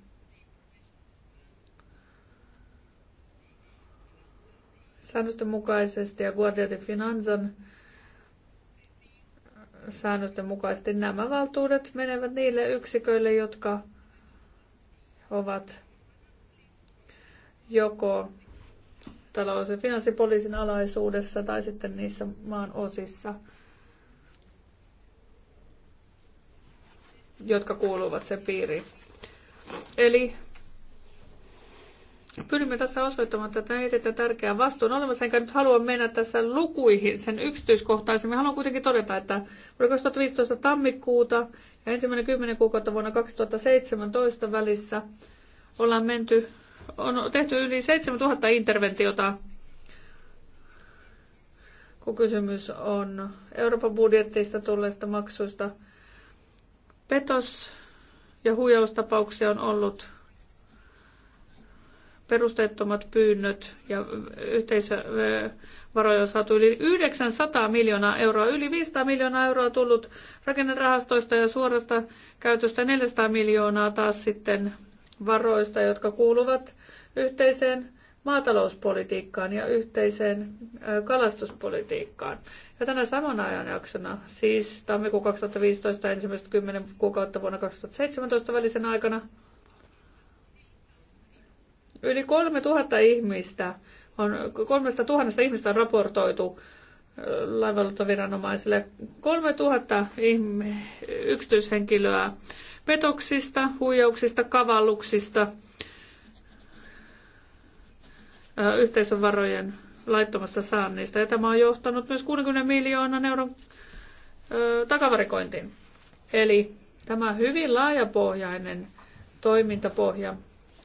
säännösten mukaisesti ja Guardia de Finanzan säännösten mukaisesti nämä valtuudet menevät niille yksiköille, jotka ovat joko talous- ja finanssipoliisin alaisuudessa tai sitten niissä maan osissa, jotka kuuluvat sen piiriin. Eli pyrimme tässä osoittamaan tätä erittäin tärkeää vastuun olemassa, enkä nyt halua mennä tässä lukuihin sen yksityiskohtaisemmin. Haluan kuitenkin todeta, että vuonna 2015 tammikuuta ja ensimmäinen kymmenen kuukautta vuonna 2017 välissä ollaan menty on tehty yli 7000 interventiota, kun kysymys on Euroopan budjetteista tulleista maksuista. Petos- ja huijaustapauksia on ollut perusteettomat pyynnöt ja yhteisvaroja on saatu yli 900 miljoonaa euroa. Yli 500 miljoonaa euroa tullut rakennerahastoista ja suorasta käytöstä 400 miljoonaa taas sitten varoista, jotka kuuluvat yhteiseen maatalouspolitiikkaan ja yhteiseen kalastuspolitiikkaan. Ja tänä samana ajanjaksona, siis tammikuun 2015 ensimmäistä 10 kuukautta vuonna 2017 välisen aikana, yli 3000 ihmistä on, 3000 ihmistä on raportoitu laivanluottoviranomaisille. 3000 yksityishenkilöä petoksista, huijauksista, kavalluksista, yhteisön varojen laittomasta saannista. Ja tämä on johtanut myös 60 miljoonan euron takavarikointiin. Eli tämä hyvin laajapohjainen toimintapohja,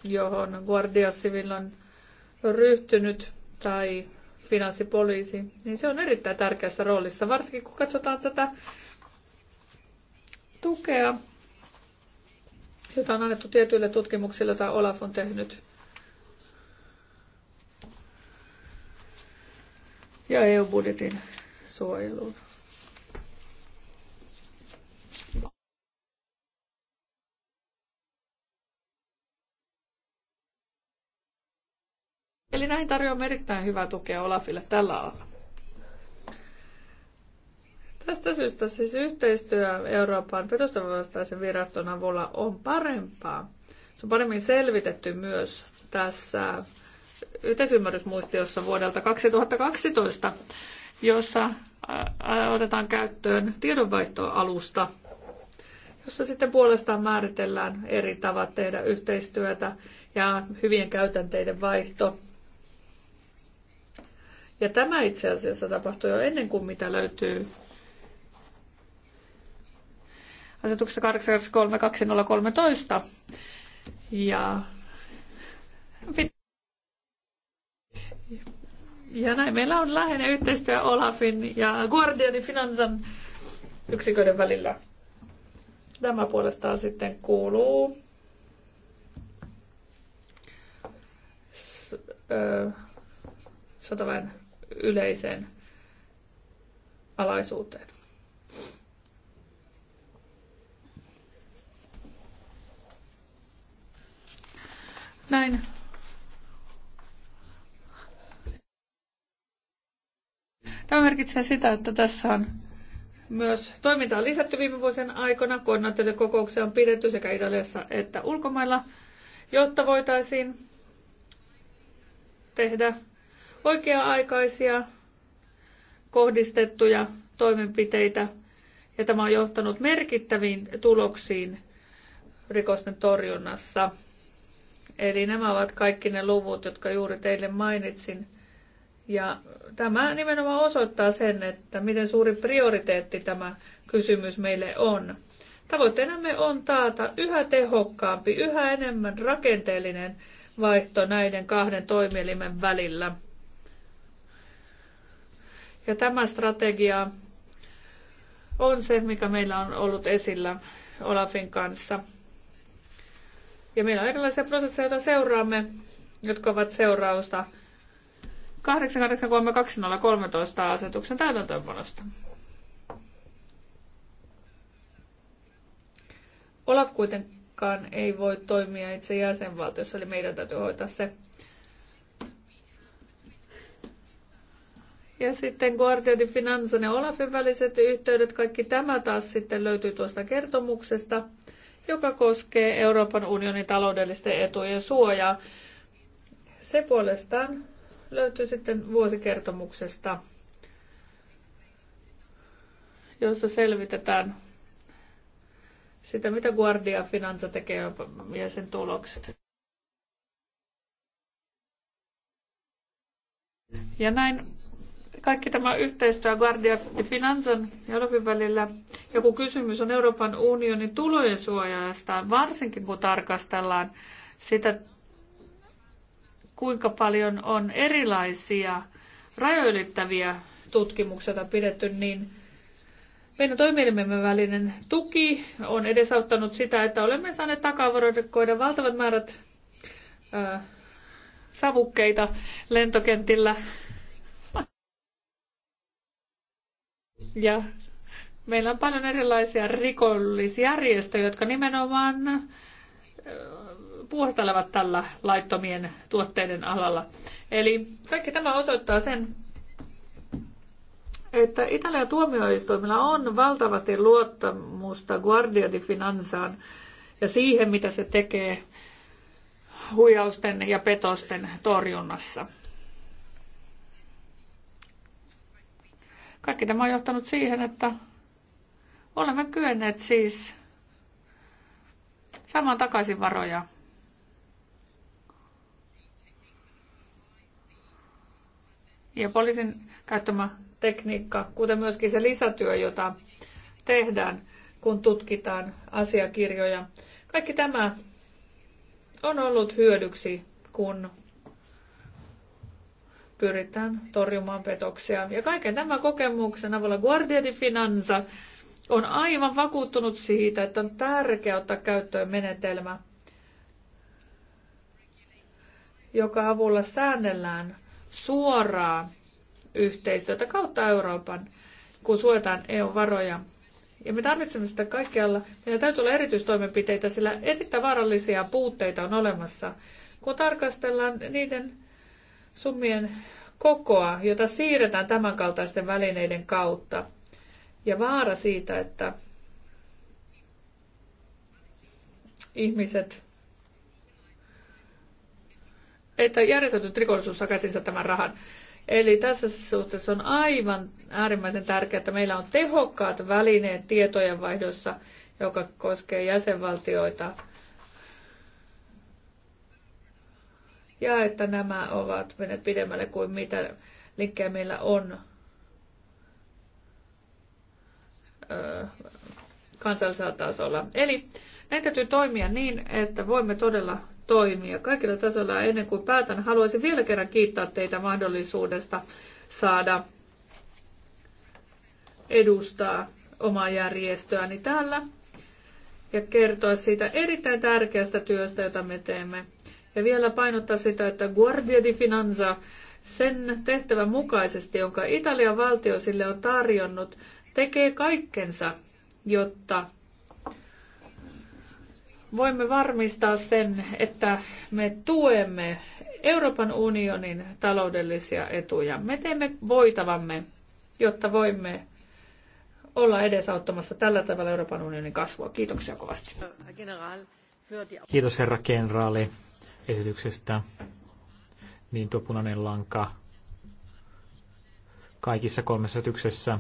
johon Guardia Civil on ryhtynyt tai finanssipoliisi, niin se on erittäin tärkeässä roolissa, varsinkin kun katsotaan tätä tukea, jota on annettu tietyille tutkimuksille, joita Olaf on tehnyt. Ja EU-budjetin suojeluun. Eli näihin tarjoamme erittäin hyvää tukea Olafille tällä alalla. Tästä syystä siis yhteistyö Euroopan perustavanvastaisen viraston avulla on parempaa. Se on paremmin selvitetty myös tässä yhteisymmärrysmuistiossa vuodelta 2012, jossa otetaan käyttöön tiedonvaihtoalusta, jossa sitten puolestaan määritellään eri tavat tehdä yhteistyötä ja hyvien käytänteiden vaihto. Ja tämä itse asiassa tapahtui jo ennen kuin mitä löytyy asetuksesta 83.2013. Ja, ja näin meillä on läheinen yhteistyö Olafin ja Guardianin Finansan yksiköiden välillä. Tämä puolestaan sitten kuuluu sotaväen yleiseen alaisuuteen. Näin. Tämä merkitsee sitä, että tässä on myös toiminta on lisätty viime vuosien aikana. Koordinaatioiden kokouksia on pidetty sekä Italiassa että ulkomailla, jotta voitaisiin tehdä oikea-aikaisia kohdistettuja toimenpiteitä. Ja tämä on johtanut merkittäviin tuloksiin rikosten torjunnassa. Eli nämä ovat kaikki ne luvut, jotka juuri teille mainitsin. Ja tämä nimenomaan osoittaa sen, että miten suuri prioriteetti tämä kysymys meille on. Tavoitteenamme on taata yhä tehokkaampi, yhä enemmän rakenteellinen vaihto näiden kahden toimielimen välillä. Ja tämä strategia on se, mikä meillä on ollut esillä Olafin kanssa – ja meillä on erilaisia prosesseja, joita seuraamme, jotka ovat seurausta 883.2013 asetuksen täytäntöönpanosta. Olaf kuitenkaan ei voi toimia itse jäsenvaltiossa, eli meidän täytyy hoitaa se. Ja sitten Guardiati Finanzan ja Olafin väliset yhteydet, kaikki tämä taas sitten löytyy tuosta kertomuksesta – joka koskee Euroopan unionin taloudellisten etujen suojaa. Se puolestaan löytyy sitten vuosikertomuksesta, jossa selvitetään sitä, mitä Guardia Finanza tekee ja sen tulokset. Ja näin kaikki tämä yhteistyö Guardia ja Finanzan ja Olofin välillä. Joku kysymys on Euroopan unionin tulojen suojasta, varsinkin kun tarkastellaan sitä, kuinka paljon on erilaisia rajoilyttäviä tutkimuksia pidetty, niin meidän toimielimemme välinen tuki on edesauttanut sitä, että olemme saaneet takavarikoida valtavat määrät savukkeita lentokentillä Ja meillä on paljon erilaisia rikollisjärjestöjä, jotka nimenomaan puostelevat tällä laittomien tuotteiden alalla. Eli kaikki tämä osoittaa sen, että Italian tuomioistuimilla on valtavasti luottamusta Guardia di Finanzaan ja siihen, mitä se tekee huijausten ja petosten torjunnassa. Kaikki tämä on johtanut siihen, että olemme kyenneet siis saamaan takaisin varoja ja poliisin käyttämä tekniikka, kuten myöskin se lisätyö, jota tehdään, kun tutkitaan asiakirjoja. Kaikki tämä on ollut hyödyksi, kun pyritään torjumaan petoksia. Ja kaiken tämän kokemuksen avulla Guardia di Finanza on aivan vakuuttunut siitä, että on tärkeää ottaa käyttöön menetelmä, joka avulla säännellään suoraa yhteistyötä kautta Euroopan, kun suojataan EU-varoja. Ja me tarvitsemme sitä kaikkialla. Meillä täytyy olla erityistoimenpiteitä, sillä erittäin vaarallisia puutteita on olemassa, kun tarkastellaan niiden summien kokoa, jota siirretään tämänkaltaisten välineiden kautta. Ja vaara siitä, että ihmiset, että järjestetyt rikollisuus saa käsinsä tämän rahan. Eli tässä suhteessa on aivan äärimmäisen tärkeää, että meillä on tehokkaat välineet tietojenvaihdossa, joka koskee jäsenvaltioita ja että nämä ovat menneet pidemmälle kuin mitä linkkejä meillä on kansallisella tasolla. Eli näitä täytyy toimia niin, että voimme todella toimia kaikilla tasoilla. Ennen kuin päätän, haluaisin vielä kerran kiittää teitä mahdollisuudesta saada edustaa omaa järjestöäni täällä ja kertoa siitä erittäin tärkeästä työstä, jota me teemme ja vielä painottaa sitä, että Guardia di Finanza sen tehtävän mukaisesti, jonka Italian valtio sille on tarjonnut, tekee kaikkensa, jotta voimme varmistaa sen, että me tuemme Euroopan unionin taloudellisia etuja. Me teemme voitavamme, jotta voimme olla edesauttamassa tällä tavalla Euroopan unionin kasvua. Kiitoksia kovasti. Kiitos herra kenraali esityksestä, niin tuo punainen lanka kaikissa kolmessa esityksessä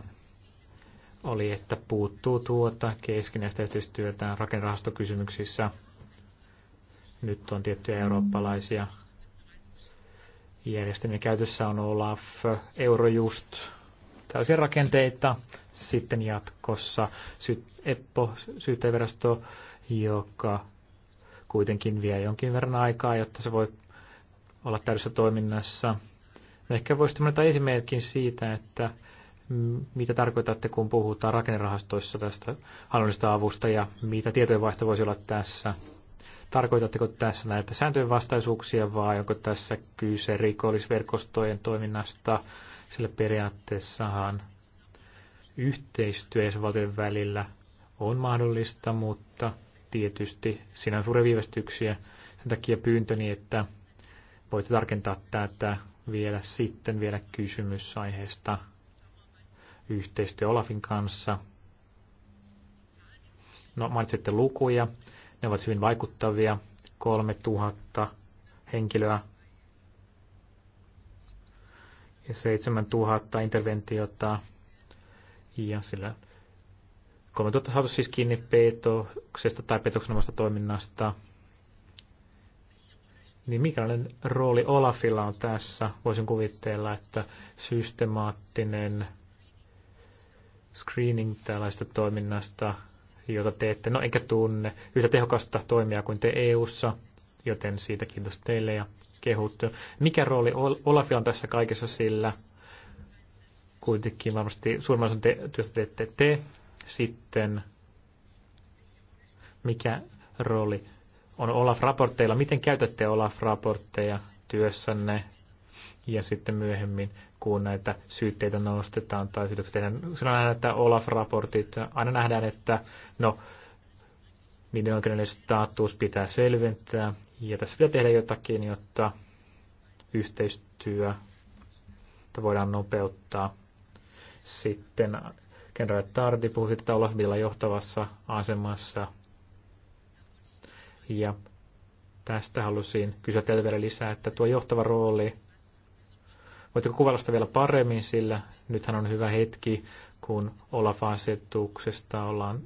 oli, että puuttuu tuota keskinäistä yhteistyötä rakennerahastokysymyksissä. Nyt on tiettyjä eurooppalaisia järjestelmiä. Käytössä on Olaf, Eurojust, tällaisia rakenteita. Sitten jatkossa Sy- EPPO, syyttäjävirasto, joka kuitenkin vie jonkin verran aikaa, jotta se voi olla täydessä toiminnassa. Ehkä voisi mainita esimerkin siitä, että mitä tarkoitatte, kun puhutaan rakennerahastoissa tästä hallinnollisesta avusta ja mitä tietojenvaihto voisi olla tässä. Tarkoitatteko tässä näitä sääntöjen vastaisuuksia vai onko tässä kyse rikollisverkostojen toiminnasta? Sillä periaatteessahan yhteistyö jäsenvaltojen välillä on mahdollista, mutta tietysti siinä on suuria viivästyksiä. Sen takia pyyntöni, että voitte tarkentaa tätä vielä sitten, vielä kysymys aiheesta yhteistyö Olafin kanssa. No, mainitsette lukuja. Ne ovat hyvin vaikuttavia. 3000 henkilöä ja 7000 interventiota. Ja sillä Kolme on saatu siis kiinni petoksesta tai petoksenomasta toiminnasta. Niin mikälainen rooli Olafilla on tässä? Voisin kuvitella, että systemaattinen screening tällaista toiminnasta, jota ette, no enkä tunne yhtä tehokasta toimia kuin te EU-ssa, joten siitä kiitos teille ja kehut. Mikä rooli Olafilla on tässä kaikessa sillä? Kuitenkin varmasti suurimman osan te, työstä teette te, sitten mikä rooli on Olaf-raportteilla? Miten käytätte Olaf-raportteja työssänne? Ja sitten myöhemmin, kun näitä syytteitä nostetaan tai syytöksiä tehdään, nähdään että Olaf-raportit, aina nähdään, että no, niiden oikeudellinen status pitää selventää, ja tässä pitää tehdä jotakin, jotta yhteistyö voidaan nopeuttaa. Sitten Kenraali Tardi puhui tätä Olaf johtavassa asemassa. Ja tästä halusin kysyä teiltä vielä lisää, että tuo johtava rooli, voitteko kuvailla sitä vielä paremmin, sillä nythän on hyvä hetki, kun Olaf-asetuksesta ollaan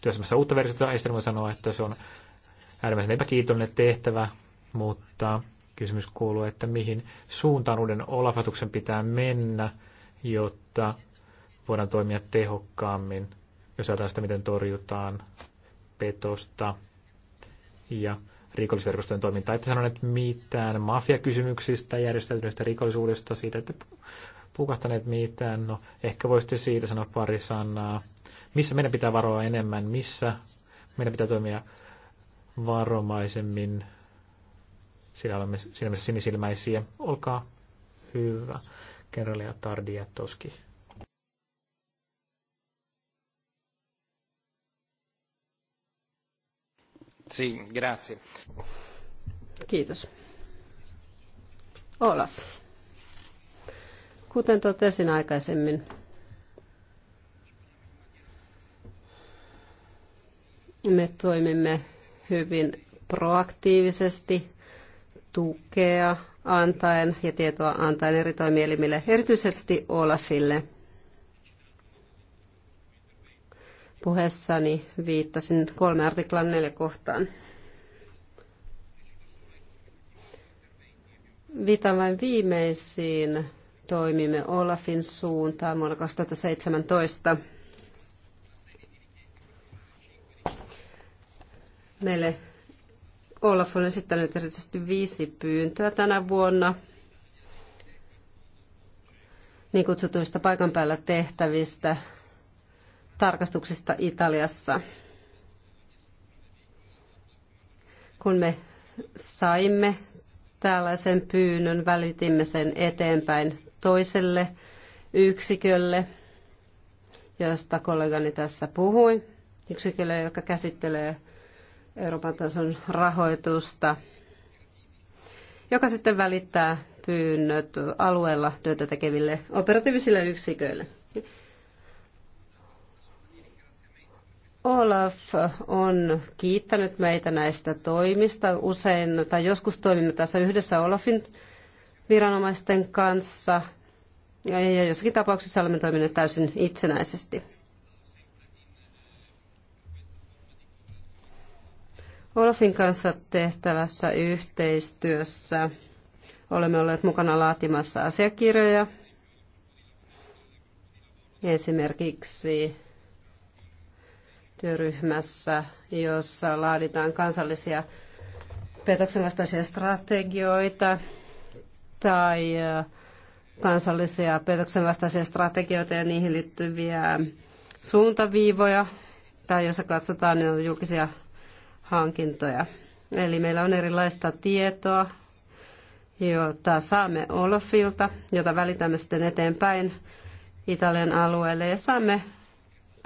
työstämässä uutta versiota. Ei voi sanoa, että se on äärimmäisen epäkiitollinen tehtävä, mutta kysymys kuuluu, että mihin suuntaan uuden olaf pitää mennä, jotta voidaan toimia tehokkaammin, jos ajatellaan sitä, miten torjutaan petosta ja rikollisverkostojen toimintaa. Ette sanoneet mitään mafiakysymyksistä, järjestäytyneestä rikollisuudesta, siitä, että pukahtaneet mitään. No, ehkä voisitte siitä sanoa pari sanaa. Missä meidän pitää varoa enemmän, missä meidän pitää toimia varomaisemmin, sillä olemme siinä sinisilmäisiä. Olkaa hyvä, kerralia ja Toski. Kiitos. Olaf. Kuten totesin aikaisemmin, me toimimme hyvin proaktiivisesti tukea antaen ja tietoa antaen eri toimielimille, erityisesti Olafille – Puheessani viittasin kolme artiklan neljä kohtaan. Viitan vain viimeisiin toimimme Olafin suuntaan vuonna 2017. Meille Olaf on esittänyt erityisesti viisi pyyntöä tänä vuonna niin kutsutuista paikan päällä tehtävistä tarkastuksista Italiassa. Kun me saimme tällaisen pyynnön, välitimme sen eteenpäin toiselle yksikölle, josta kollegani tässä puhui, yksikölle, joka käsittelee Euroopan tason rahoitusta, joka sitten välittää pyynnöt alueella työtä tekeville operatiivisille yksiköille. Olaf on kiittänyt meitä näistä toimista. Usein tai joskus toimimme tässä yhdessä Olafin viranomaisten kanssa ja jossakin tapauksessa olemme toimineet täysin itsenäisesti. Olafin kanssa tehtävässä yhteistyössä olemme olleet mukana laatimassa asiakirjoja, esimerkiksi työryhmässä, jossa laaditaan kansallisia petoksen vastaisia strategioita tai äh, kansallisia vastaisia strategioita ja niihin liittyviä suuntaviivoja tai jossa katsotaan julkisia hankintoja. Eli meillä on erilaista tietoa, jota saamme Olofilta, jota välitämme sitten eteenpäin Italian alueelle ja saamme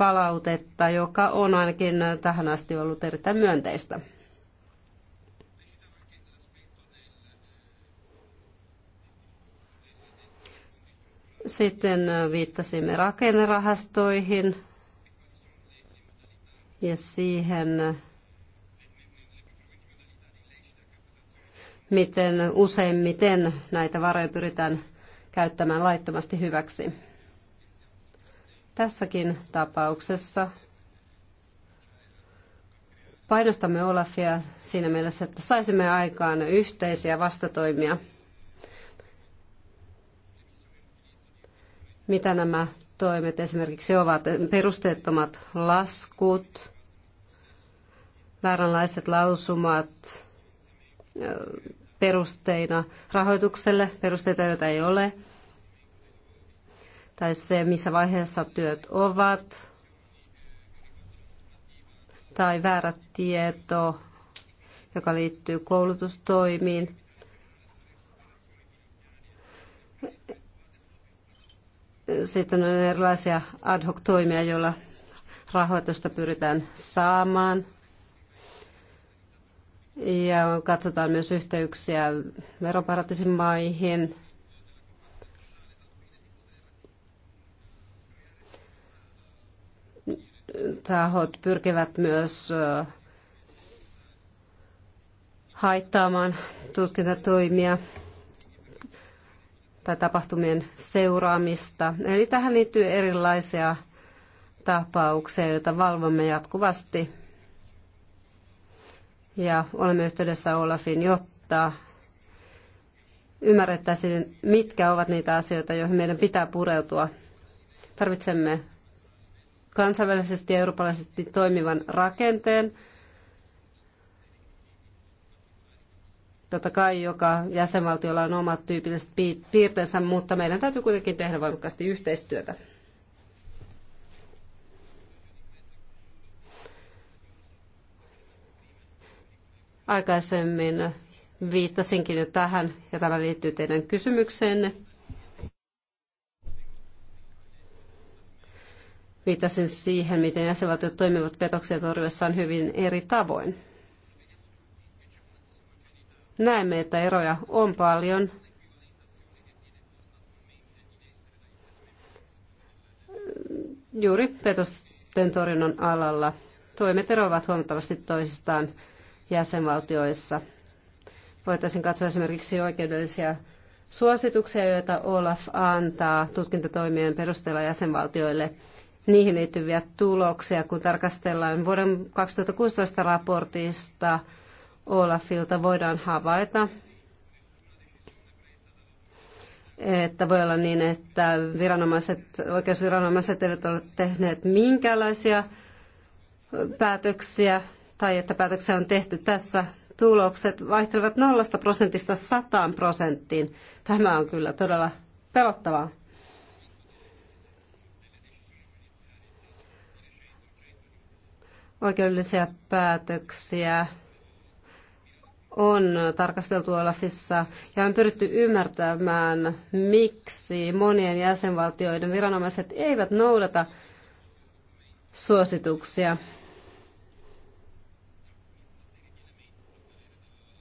palautetta, joka on ainakin tähän asti ollut erittäin myönteistä. Sitten viittasimme rakennerahastoihin ja siihen, miten useimmiten näitä varoja pyritään käyttämään laittomasti hyväksi. Tässäkin tapauksessa painostamme Olafia siinä mielessä, että saisimme aikaan yhteisiä vastatoimia. Mitä nämä toimet esimerkiksi ovat? Perusteettomat laskut, vääränlaiset lausumat perusteina rahoitukselle, perusteita joita ei ole – tai se, missä vaiheessa työt ovat, tai väärä tieto, joka liittyy koulutustoimiin. Sitten on erilaisia ad hoc toimia, joilla rahoitusta pyritään saamaan. Ja katsotaan myös yhteyksiä veroparatiisimaihin. tahot pyrkivät myös haittaamaan tutkintatoimia tai tapahtumien seuraamista. Eli tähän liittyy erilaisia tapauksia, joita valvomme jatkuvasti. Ja olemme yhteydessä Olafin, jotta ymmärrettäisiin, mitkä ovat niitä asioita, joihin meidän pitää pureutua. Tarvitsemme kansainvälisesti ja eurooppalaisesti toimivan rakenteen, totta kai joka jäsenvaltiolla on omat tyypilliset piirteensä, mutta meidän täytyy kuitenkin tehdä voimakkaasti yhteistyötä. Aikaisemmin viittasinkin jo tähän, ja tämä liittyy teidän kysymykseenne. Viittasin siihen, miten jäsenvaltiot toimivat petoksia torjuessaan hyvin eri tavoin. Näemme, että eroja on paljon. Juuri petosten torjunnan alalla toimet eroavat huomattavasti toisistaan jäsenvaltioissa. Voitaisiin katsoa esimerkiksi oikeudellisia suosituksia, joita Olaf antaa tutkintatoimien perusteella jäsenvaltioille – niihin liittyviä tuloksia, kun tarkastellaan vuoden 2016 raportista Olafilta, voidaan havaita, että voi olla niin, että viranomaiset, oikeusviranomaiset eivät ole tehneet minkäänlaisia päätöksiä tai että päätöksiä on tehty tässä tulokset vaihtelevat nollasta prosentista sataan prosenttiin. Tämä on kyllä todella pelottavaa. oikeudellisia päätöksiä on tarkasteltu Olafissa ja on pyritty ymmärtämään, miksi monien jäsenvaltioiden viranomaiset eivät noudata suosituksia.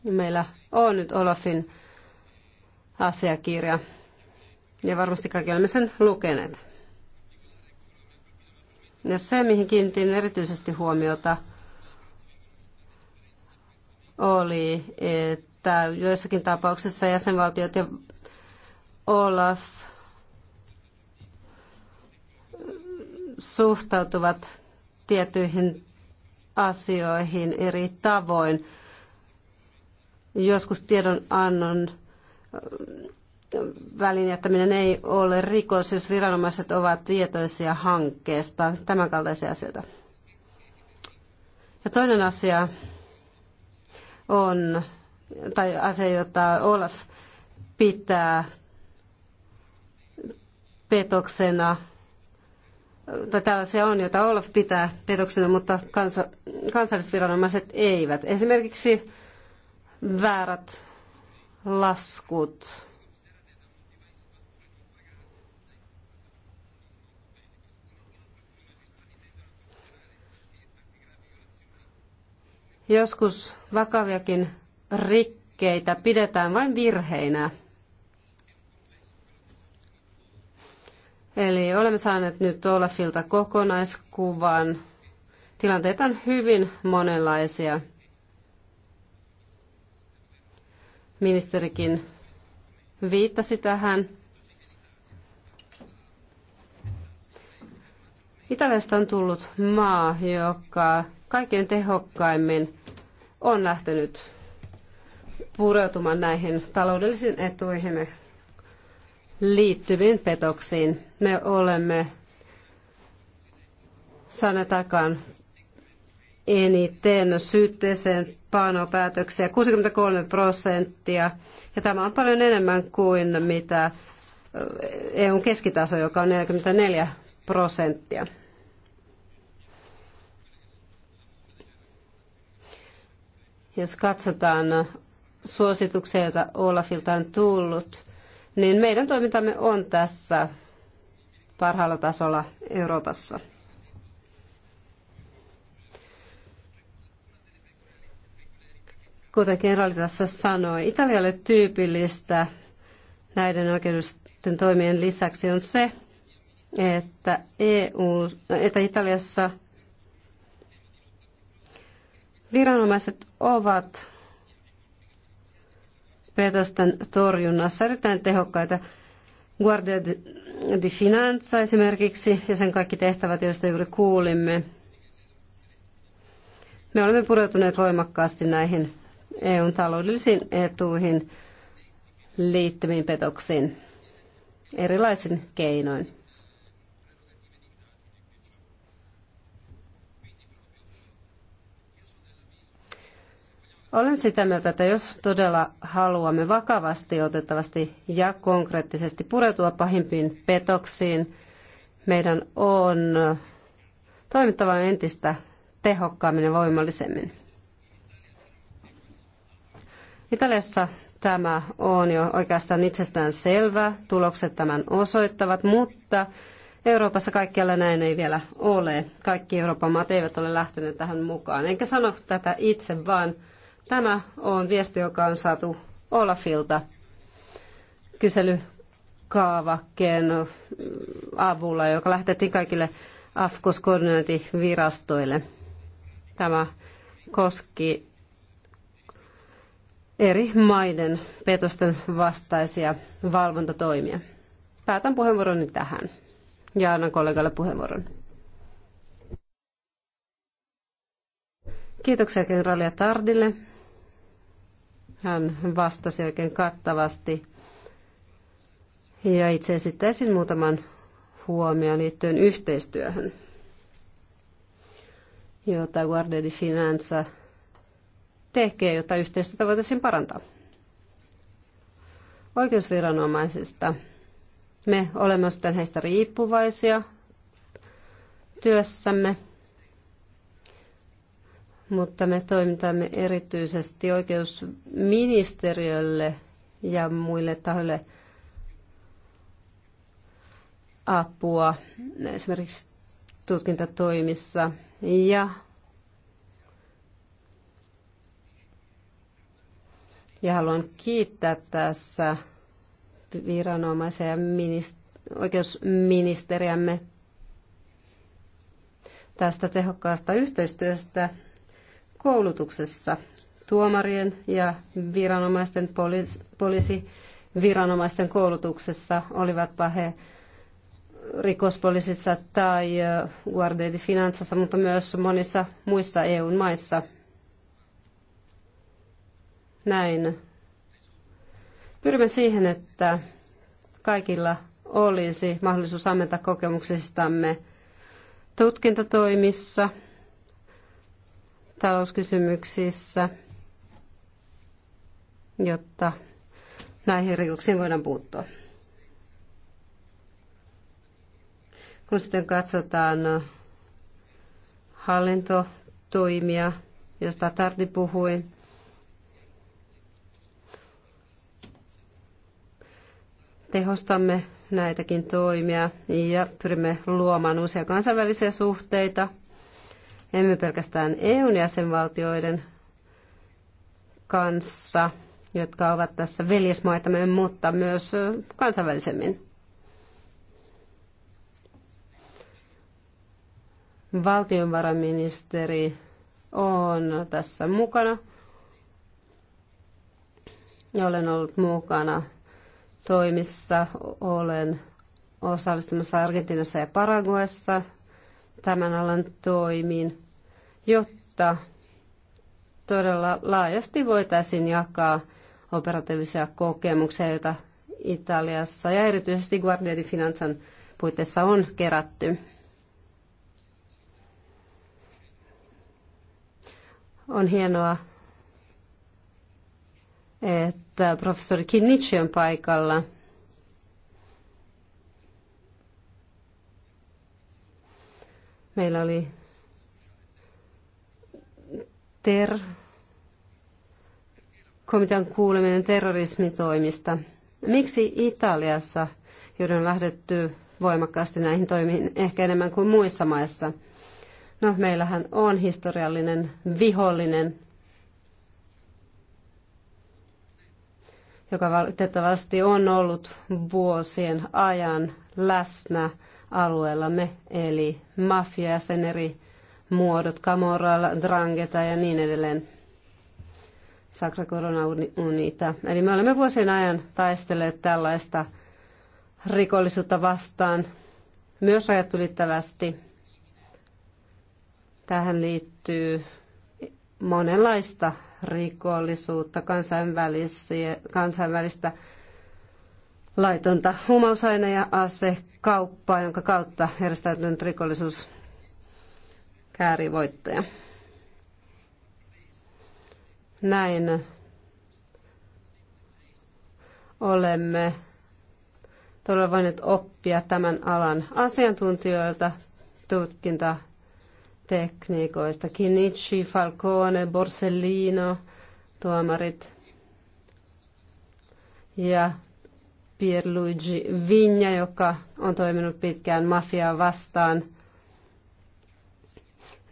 Meillä on nyt Olafin asiakirja ja varmasti kaikki olemme sen lukeneet. Ja se, mihin kiinnitin erityisesti huomiota, oli, että joissakin tapauksissa jäsenvaltiot ja Olaf suhtautuvat tiettyihin asioihin eri tavoin. Joskus tiedonannon välin jättäminen ei ole rikos, jos viranomaiset ovat tietoisia hankkeesta, tämän kaltaisia asioita. Ja toinen asia on, tai asia, jota Olaf pitää petoksena, tai tällaisia on, joita Olaf pitää petoksena, mutta kansa, kansalliset viranomaiset eivät. Esimerkiksi väärät laskut Joskus vakaviakin rikkeitä pidetään vain virheinä. Eli olemme saaneet nyt Olafilta kokonaiskuvan. Tilanteita on hyvin monenlaisia. Ministerikin viittasi tähän. Italiasta on tullut maa, joka kaikkein tehokkaimmin on lähtenyt pureutumaan näihin taloudellisiin etuihin liittyviin petoksiin. Me olemme saaneet aikaan eniten syytteeseen panopäätöksiä, 63 prosenttia, ja tämä on paljon enemmän kuin mitä EUn keskitaso, joka on 44 prosenttia. Jos katsotaan suosituksia, joita Olafilta on tullut, niin meidän toimintamme on tässä parhaalla tasolla Euroopassa. Kuten kenraali tässä sanoi, Italialle tyypillistä näiden oikeudellisten toimien lisäksi on se, että, EU, että Italiassa Viranomaiset ovat petosten torjunnassa erittäin tehokkaita. Guardia di Finanza esimerkiksi ja sen kaikki tehtävät, joista juuri kuulimme. Me olemme pureutuneet voimakkaasti näihin EUn taloudellisiin etuihin liittyviin petoksiin erilaisin keinoin. Olen sitä mieltä, että jos todella haluamme vakavasti otettavasti ja konkreettisesti pureutua pahimpiin petoksiin, meidän on toimittava entistä tehokkaammin ja voimallisemmin. Italiassa tämä on jo oikeastaan itsestään selvä, tulokset tämän osoittavat, mutta Euroopassa kaikkialla näin ei vielä ole. Kaikki Euroopan maat eivät ole lähteneet tähän mukaan. Enkä sano tätä itse, vaan Tämä on viesti, joka on saatu Olafilta kyselykaavakkeen avulla, joka lähetettiin kaikille AFKOS-koordinointivirastoille. Tämä koski eri maiden petosten vastaisia valvontatoimia. Päätän puheenvuoroni tähän ja annan kollegalle puheenvuoron. Kiitoksia kenraalia Tardille. Hän vastasi oikein kattavasti. Ja itse esittäisin muutaman huomioon liittyen yhteistyöhön, jota Guardia di Finanza tekee, jotta yhteistyötä voitaisiin parantaa. Oikeusviranomaisista. Me olemme sitten heistä riippuvaisia työssämme mutta me toimitamme erityisesti oikeusministeriölle ja muille tahoille apua esimerkiksi tutkintatoimissa ja Ja haluan kiittää tässä viranomaisia ja oikeusministeriämme tästä tehokkaasta yhteistyöstä koulutuksessa tuomarien ja viranomaisten poliisi, viranomaisten koulutuksessa, olivatpa he rikospoliisissa tai Guardia di Finanzassa, mutta myös monissa muissa EUn maissa. Näin. Pyrimme siihen, että kaikilla olisi mahdollisuus ammentaa kokemuksistamme tutkintatoimissa – talouskysymyksissä, jotta näihin rikoksiin voidaan puuttua. Kun sitten katsotaan hallintotoimia, josta Tarti puhui, tehostamme näitäkin toimia ja pyrimme luomaan uusia kansainvälisiä suhteita – emme pelkästään EUn jäsenvaltioiden kanssa, jotka ovat tässä veljesmaitamme, mutta myös kansainvälisemmin. Valtionvarainministeri on tässä mukana. Ja olen ollut mukana toimissa. Olen osallistumassa Argentiinassa ja Paraguessa tämän alan toimiin, jotta todella laajasti voitaisiin jakaa operatiivisia kokemuksia, joita Italiassa ja erityisesti Guardia di Finanzan puitteissa on kerätty. On hienoa, että professori Kinnichi on paikalla – Meillä oli TER, komitean kuuleminen terrorismitoimista. Miksi Italiassa, joiden on lähdetty voimakkaasti näihin toimiin, ehkä enemmän kuin muissa maissa? No, meillähän on historiallinen vihollinen, joka valitettavasti on ollut vuosien ajan läsnä – alueellamme, eli mafia ja sen eri muodot, Camorra, Drangeta ja niin edelleen. Sacra Corona Unita. Eli me olemme vuosien ajan taistelleet tällaista rikollisuutta vastaan, myös rajat ylittävästi. Tähän liittyy monenlaista rikollisuutta, kansainvälistä laitonta humausaine- ja ase kauppaa, jonka kautta järjestäytynyt rikollisuus käärii voittoja. Näin olemme todella voineet oppia tämän alan asiantuntijoilta tutkintatekniikoista. Kinichi, Falcone, Borsellino, tuomarit ja Pierluigi Vigna, joka on toiminut pitkään mafiaa vastaan.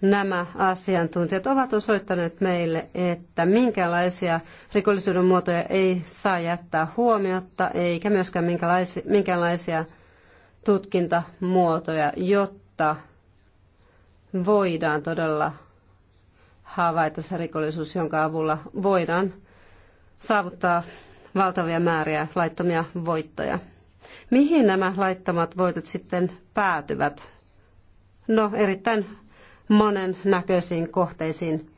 Nämä asiantuntijat ovat osoittaneet meille, että minkälaisia rikollisuuden muotoja ei saa jättää huomiotta, eikä myöskään minkälaisia, minkälaisia tutkintamuotoja, jotta voidaan todella havaita se rikollisuus, jonka avulla voidaan saavuttaa valtavia määriä laittomia voittoja. Mihin nämä laittomat voitot sitten päätyvät? No erittäin monen näköisiin kohteisiin.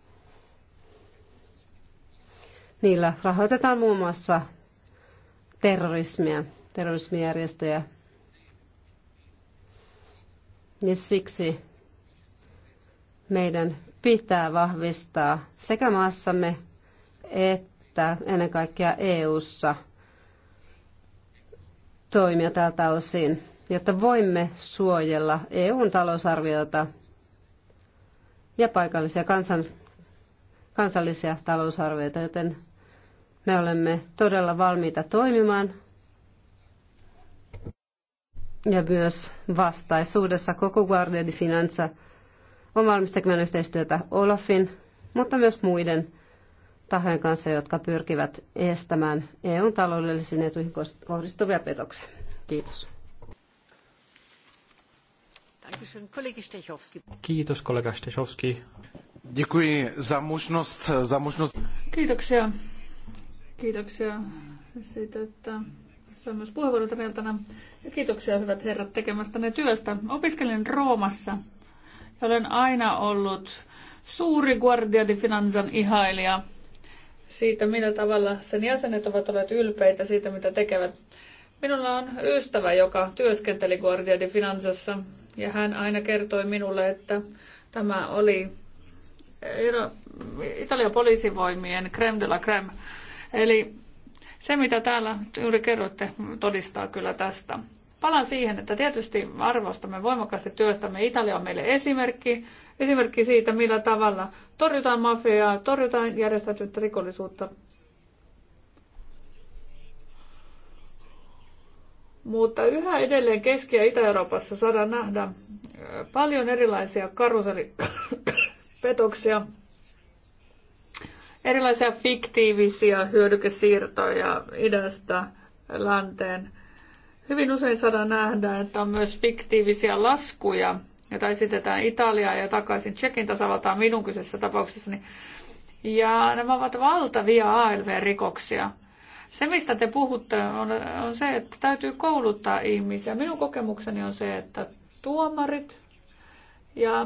Niillä rahoitetaan muun muassa terrorismia, terrorismijärjestöjä. Ja siksi meidän pitää vahvistaa sekä maassamme että että ennen kaikkea EU:ssa toimia tältä osin, jotta voimme suojella EUn talousarviota ja paikallisia kansan, kansallisia talousarvioita, joten me olemme todella valmiita toimimaan ja myös vastaisuudessa koko Guardia di Finanza on valmis tekemään yhteistyötä Olafin, mutta myös muiden tahojen kanssa, jotka pyrkivät estämään EUn taloudellisiin etuihin kohdistuvia petoksia. Kiitos. Kiitos kollega Stechowski. Děkuji za možnost, Kiitoksia. Kiitoksia siitä, että saan myös puheenvuoron iltana. Ja kiitoksia hyvät herrat tekemästänne työstä. Opiskelin Roomassa ja olen aina ollut suuri Guardia di Finanzan ihailija siitä, millä tavalla sen jäsenet ovat olleet ylpeitä siitä, mitä tekevät. Minulla on ystävä, joka työskenteli Guardia di Finanzassa, ja hän aina kertoi minulle, että tämä oli Italian poliisivoimien creme de la creme. Eli se, mitä täällä juuri kerroitte, todistaa kyllä tästä. Palaan siihen, että tietysti arvostamme voimakkaasti työstämme. Italia on meille esimerkki, esimerkki siitä, millä tavalla torjutaan mafiaa, torjutaan järjestäytynyttä rikollisuutta. Mutta yhä edelleen Keski- ja Itä-Euroopassa saadaan nähdä paljon erilaisia karuselipetoksia, erilaisia fiktiivisiä hyödykesiirtoja idästä länteen – Hyvin usein saadaan nähdä, että on myös fiktiivisiä laskuja, joita esitetään Italiaan ja takaisin Tsekin tasavaltaan minun kyseisessä tapauksessani. Ja nämä ovat valtavia ALV-rikoksia. Se, mistä te puhutte, on, on se, että täytyy kouluttaa ihmisiä. Minun kokemukseni on se, että tuomarit ja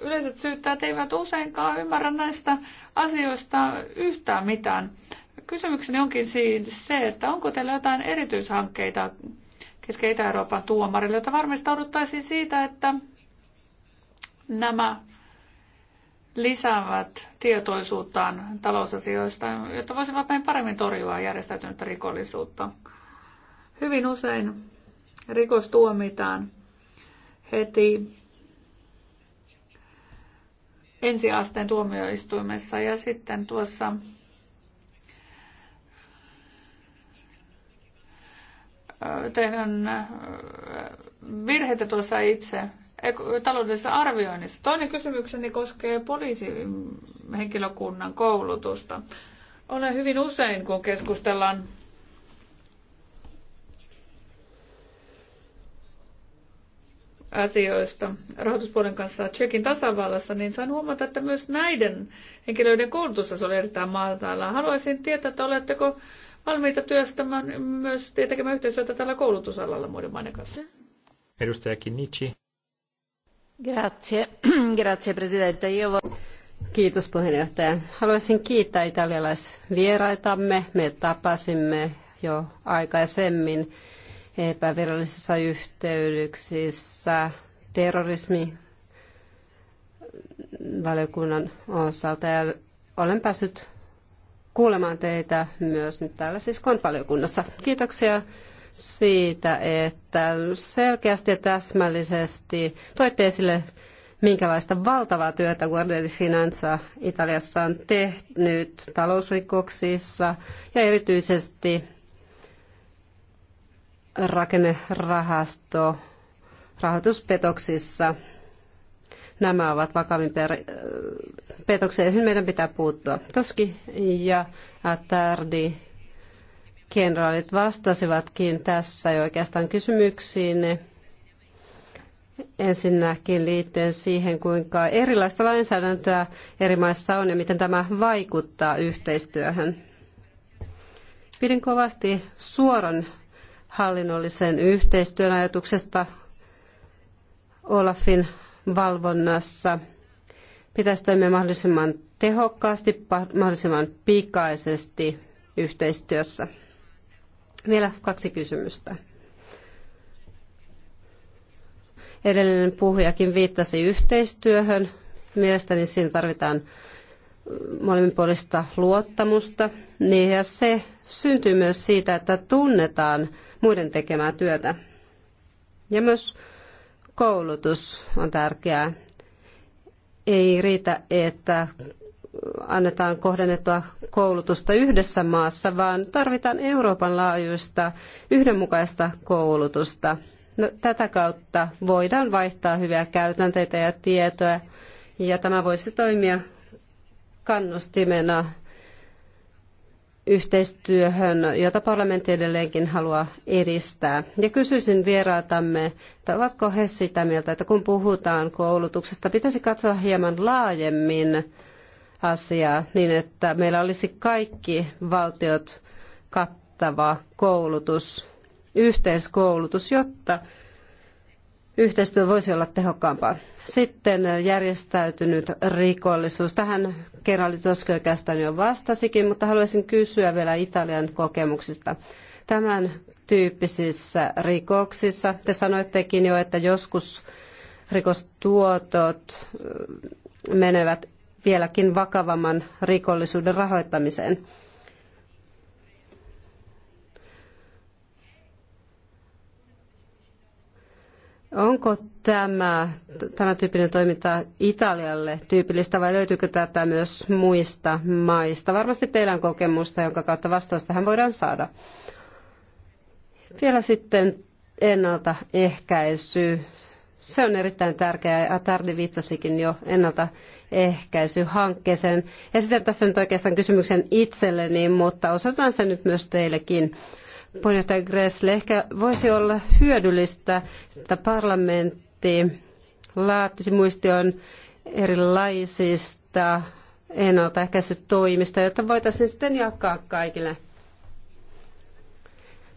yleiset syyttäjät eivät useinkaan ymmärrä näistä asioista yhtään mitään. Kysymykseni onkin siis se, että onko teillä jotain erityishankkeita Keski-Itä-Euroopan tuomarille, jotta varmistauduttaisiin siitä, että nämä lisäävät tietoisuuttaan talousasioista, jotta voisivat näin paremmin torjua järjestäytynyttä rikollisuutta. Hyvin usein rikos tuomitaan heti ensiasteen tuomioistuimessa ja sitten tuossa tehdään virheitä tuossa itse taloudellisessa arvioinnissa. Toinen kysymykseni koskee poliisihenkilökunnan koulutusta. Olen hyvin usein, kun keskustellaan asioista rahoituspuolen kanssa Tsekin tasavallassa, niin sain huomata, että myös näiden henkilöiden koulutustaso on erittäin matala. Haluaisin tietää, että oletteko valmiita työstämään myös tekemään yhteistyötä tällä koulutusalalla muiden maiden kanssa. Edustaja Kinnici. Grazie, grazie presidente. Io... Kiitos puheenjohtaja. Haluaisin kiittää italialaisvieraitamme. Me tapasimme jo aikaisemmin epävirallisissa yhteydyksissä terrorismi valiokunnan osalta ja olen päässyt kuulemaan teitä myös nyt täällä siis paljokunnassa. Kiitoksia siitä, että selkeästi ja täsmällisesti toitte esille, minkälaista valtavaa työtä Guardia di Finanza Italiassa on tehnyt talousrikoksissa ja erityisesti rakennerahasto rahoituspetoksissa Nämä ovat vakavin per- äh, petoksia, joihin meidän pitää puuttua. Toski ja Tardi kenraalit vastasivatkin tässä jo oikeastaan kysymyksiin. Ensinnäkin liittyen siihen, kuinka erilaista lainsäädäntöä eri maissa on ja miten tämä vaikuttaa yhteistyöhön. Pidin kovasti suoran hallinnollisen yhteistyön ajatuksesta Olafin valvonnassa pitäisi toimia mahdollisimman tehokkaasti, mahdollisimman pikaisesti yhteistyössä. Vielä kaksi kysymystä. Edellinen puhujakin viittasi yhteistyöhön. Mielestäni siinä tarvitaan molemminpuolista luottamusta. Niin ja se syntyy myös siitä, että tunnetaan muiden tekemää työtä. Ja myös koulutus on tärkeää. Ei riitä, että annetaan kohdennettua koulutusta yhdessä maassa, vaan tarvitaan Euroopan laajuista yhdenmukaista koulutusta. No, tätä kautta voidaan vaihtaa hyviä käytänteitä ja tietoja, ja tämä voisi toimia kannustimena yhteistyöhön, jota parlamentti edelleenkin haluaa edistää. Ja kysyisin vieraatamme, että ovatko he sitä mieltä, että kun puhutaan koulutuksesta, pitäisi katsoa hieman laajemmin asiaa niin, että meillä olisi kaikki valtiot kattava koulutus, yhteiskoulutus, jotta yhteistyö voisi olla tehokkaampaa. Sitten järjestäytynyt rikollisuus. Tähän kenraali Toskiokästään jo vastasikin, mutta haluaisin kysyä vielä Italian kokemuksista. Tämän tyyppisissä rikoksissa, te sanoittekin jo, että joskus rikostuotot menevät vieläkin vakavamman rikollisuuden rahoittamiseen. Onko tämä, tämä tyyppinen toiminta Italialle tyypillistä vai löytyykö tätä myös muista maista? Varmasti teillä on kokemusta, jonka kautta vastaus tähän voidaan saada. Vielä sitten ennaltaehkäisy. Se on erittäin tärkeää ja Tardi viittasikin jo ennaltaehkäisyhankkeeseen. Esitän tässä nyt oikeastaan kysymyksen itselleni, mutta osoitan sen nyt myös teillekin puheenjohtaja Gressle, ehkä voisi olla hyödyllistä, että parlamentti laatisi muistion erilaisista ennaltaehkäisytoimista, jotta voitaisiin sitten jakaa kaikille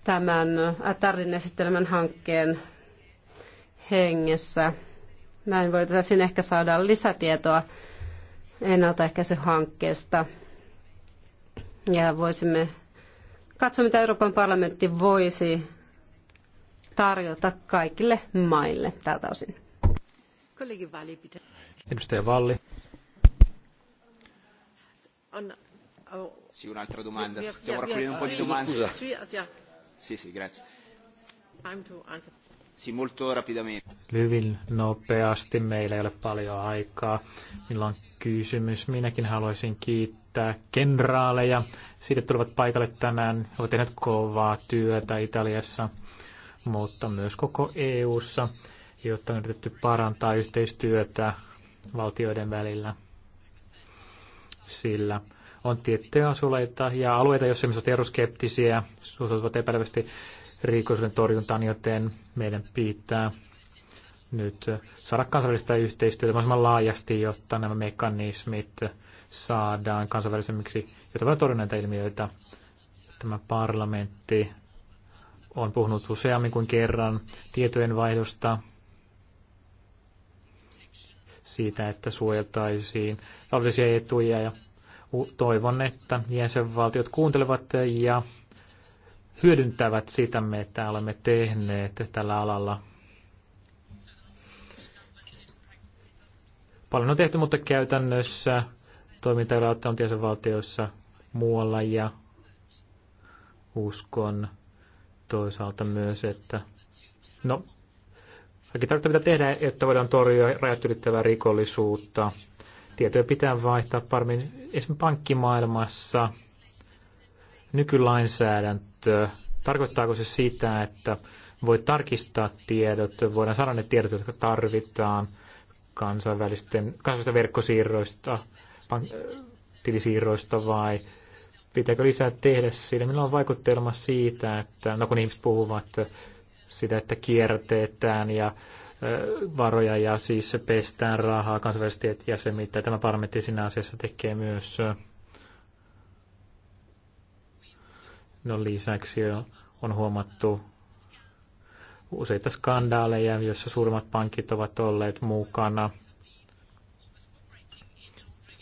tämän Atarin esittelemän hankkeen hengessä. Näin voitaisiin ehkä saada lisätietoa ennaltaehkäisyhankkeesta ja voisimme katsoa, mitä Euroopan parlamentti voisi tarjota kaikille maille tältä osin. Edustaja Valli. Sì, un'altra domanda. Stiamo raccogliendo un po' di domande. Sì, sì, grazie. Sì, molto rapidamente. Hyvin nopeasti, meillä ei ole paljon aikaa. Minulla on kysymys. Minäkin haluaisin kiittää kiittää kenraaleja. Siitä tulevat paikalle tänään. He ovat tehneet kovaa työtä Italiassa, mutta myös koko EU:ssa, jotta on yritetty parantaa yhteistyötä valtioiden välillä. Sillä on tiettyjä asuleita ja alueita, joissa ihmiset ovat eroskeptisiä, suhtautuvat epäilevästi rikollisuuden torjuntaan, joten meidän pitää nyt saada kansainvälistä yhteistyötä mahdollisimman laajasti, jotta nämä mekanismit saadaan kansainvälisemmiksi, jotta voi torjua ilmiöitä. Tämä parlamentti on puhunut useammin kuin kerran tietojen vaihdosta, siitä, että suojeltaisiin taloudellisia etuja ja toivon, että jäsenvaltiot kuuntelevat ja hyödyntävät sitä, että olemme tehneet tällä alalla. Paljon on tehty, mutta käytännössä toiminta on tietysti valtioissa muualla ja uskon toisaalta myös, että no, kaikki tarvitaan mitä tehdä, että voidaan torjua rajat ylittävää rikollisuutta. Tietoja pitää vaihtaa paremmin. Esimerkiksi pankkimaailmassa nykylainsäädäntö, tarkoittaako se sitä, että voi tarkistaa tiedot, voidaan saada ne tiedot, jotka tarvitaan kansainvälisten, kansainvälisten verkkosiirroista, tilisiirroista vai pitääkö lisää tehdä sillä? Millä on vaikutelma siitä, että no kun ihmiset puhuvat sitä, että kiertetään ja varoja ja siis pestään rahaa kansainvälisesti ja se, mitä tämä parlamentti siinä asiassa tekee myös. No lisäksi on huomattu useita skandaaleja, joissa suurimmat pankit ovat olleet mukana –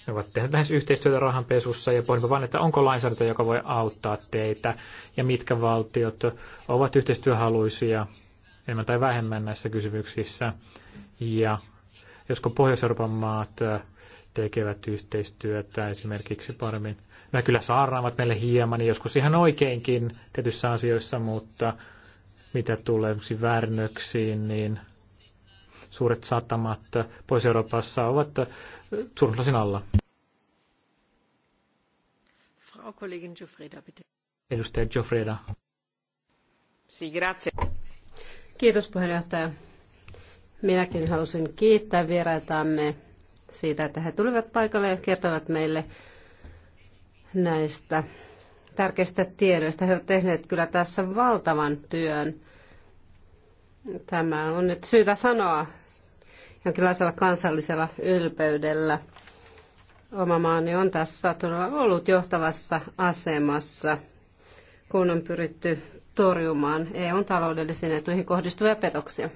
ne ovat tehneet lähes yhteistyötä rahanpesussa ja pohdimme vain, että onko lainsäädäntö, joka voi auttaa teitä ja mitkä valtiot ovat yhteistyöhaluisia enemmän tai vähemmän näissä kysymyksissä. Ja josko Pohjois-Euroopan maat äh, tekevät yhteistyötä esimerkiksi paremmin. Nämä no kyllä saarnaavat meille hieman, joskus ihan oikeinkin tietyissä asioissa, mutta mitä tulee väärnöksiin, niin suuret satamat pois Euroopassa ovat äh, suurennuslasin alla. Frau Kollegin bitte. Edustaja Jofreda. Si, grazie. Kiitos puheenjohtaja. Minäkin halusin kiittää vieraitamme siitä, että he tulivat paikalle ja kertovat meille näistä tärkeistä tiedoista. He ovat tehneet kyllä tässä valtavan työn. Tämä on nyt syytä sanoa jonkinlaisella kansallisella ylpeydellä. Oma maani on tässä todella ollut johtavassa asemassa, kun on pyritty torjumaan EUn taloudellisiin etuihin kohdistuvia petoksia.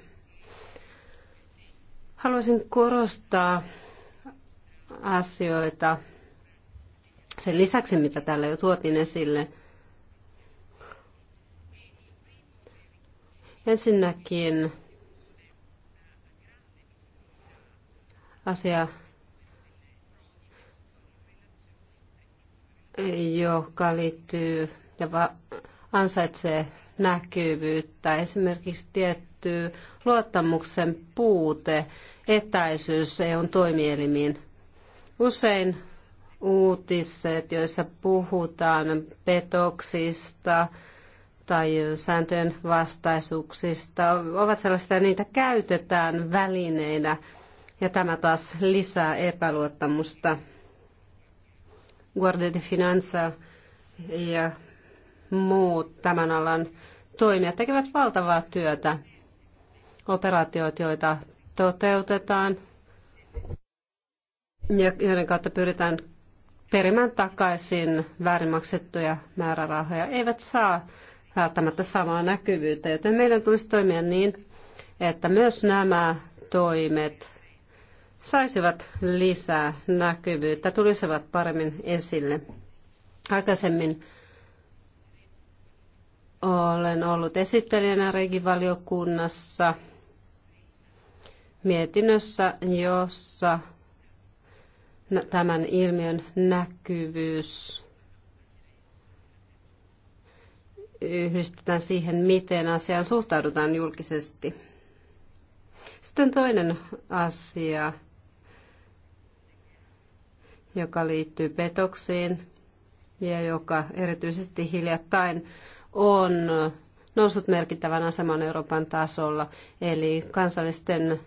Haluaisin korostaa asioita sen lisäksi, mitä täällä jo tuotiin esille. Ensinnäkin asia, joka liittyy ja ansaitsee näkyvyyttä. Esimerkiksi tietty luottamuksen puute, etäisyys EUn toimielimiin. Usein uutiset, joissa puhutaan petoksista tai sääntöjen vastaisuuksista, ovat sellaisia, että niitä käytetään välineinä – ja tämä taas lisää epäluottamusta. Guardia de Finanza ja muut tämän alan toimijat tekevät valtavaa työtä. Operaatioita, joita toteutetaan ja joiden kautta pyritään perimään takaisin väärin maksettuja määrärahoja, eivät saa välttämättä samaa näkyvyyttä, joten meidän tulisi toimia niin, että myös nämä toimet saisivat lisää näkyvyyttä, tulisivat paremmin esille. Aikaisemmin olen ollut esittelijänä regivaliokunnassa mietinnössä, jossa tämän ilmiön näkyvyys yhdistetään siihen, miten asiaan suhtaudutaan julkisesti. Sitten toinen asia, joka liittyy petoksiin ja joka erityisesti hiljattain on noussut merkittävän aseman Euroopan tasolla, eli kansallisten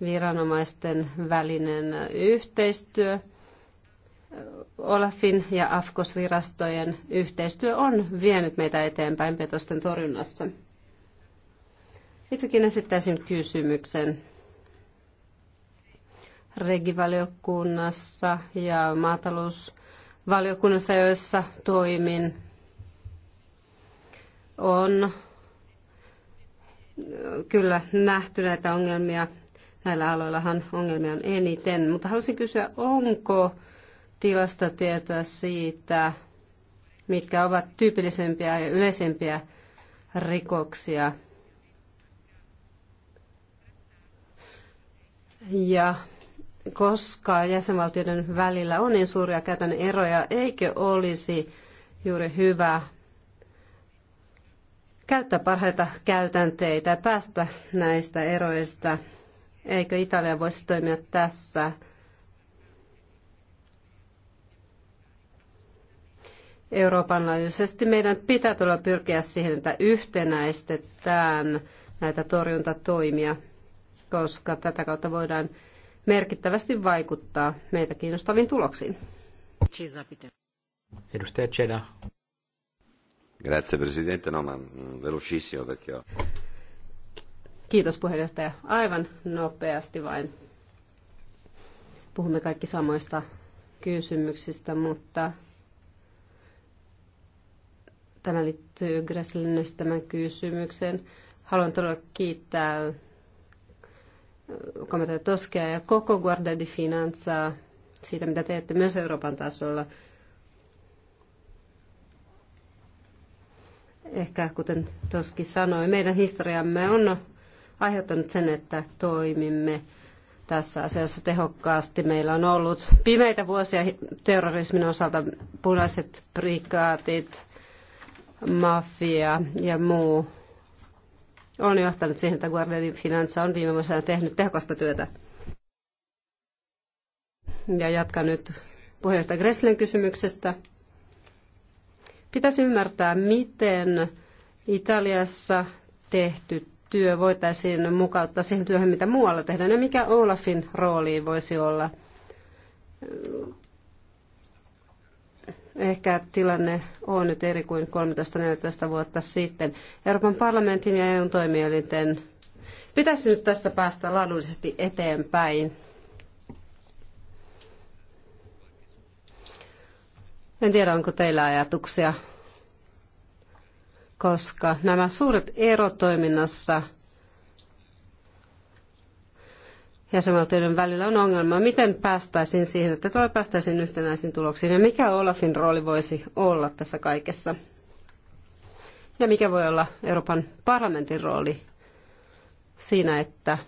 viranomaisten välinen yhteistyö, Olafin ja AFKOS-virastojen yhteistyö on vienyt meitä eteenpäin petosten torjunnassa. Itsekin esittäisin kysymyksen regivaliokunnassa ja maatalousvaliokunnassa, joissa toimin, on kyllä nähty näitä ongelmia. Näillä aloillahan ongelmia on eniten, mutta haluaisin kysyä, onko tilastotietoa siitä, mitkä ovat tyypillisempiä ja yleisempiä rikoksia. Ja koska jäsenvaltioiden välillä on niin suuria käytännön eroja, eikö olisi juuri hyvä käyttää parhaita käytänteitä ja päästä näistä eroista. Eikö Italia voisi toimia tässä? Euroopan laajuisesti meidän pitää tulla pyrkiä siihen, että yhtenäistetään näitä torjuntatoimia, koska tätä kautta voidaan merkittävästi vaikuttaa meitä kiinnostaviin tuloksiin. Edustaja Cheda. Grazie Presidente, no ma mm, velocissimo perché... ho. Kiitos puheenjohtaja. Aivan nopeasti vain. Puhumme kaikki samoista kysymyksistä, mutta tämä liittyy Gresslin tämän kysymykseen. Haluan todella kiittää komitea Toskea ja koko Guardia di Finanza siitä, mitä teette myös Euroopan tasolla. Ehkä kuten Toski sanoi, meidän historiamme on aiheuttanut sen, että toimimme tässä asiassa tehokkaasti. Meillä on ollut pimeitä vuosia terrorismin osalta, punaiset prikaatit, mafia ja muu on johtanut siihen, että Guardianin Finanza on viime vuosina tehnyt tehokasta työtä. Ja jatkan nyt puheenjohtaja Gresslen kysymyksestä. Pitäisi ymmärtää, miten Italiassa tehty työ voitaisiin mukauttaa siihen työhön, mitä muualla tehdään, ja mikä Olafin rooli voisi olla Ehkä tilanne on nyt eri kuin 13-14 vuotta sitten. Euroopan parlamentin ja EUn toimielinten pitäisi nyt tässä päästä laadullisesti eteenpäin. En tiedä, onko teillä ajatuksia, koska nämä suuret erot toiminnassa – jäsenvaltioiden välillä on ongelma. Miten päästäisiin siihen, että tuolla päästäisiin yhtenäisiin tuloksiin ja mikä Olafin rooli voisi olla tässä kaikessa? Ja mikä voi olla Euroopan parlamentin rooli siinä, että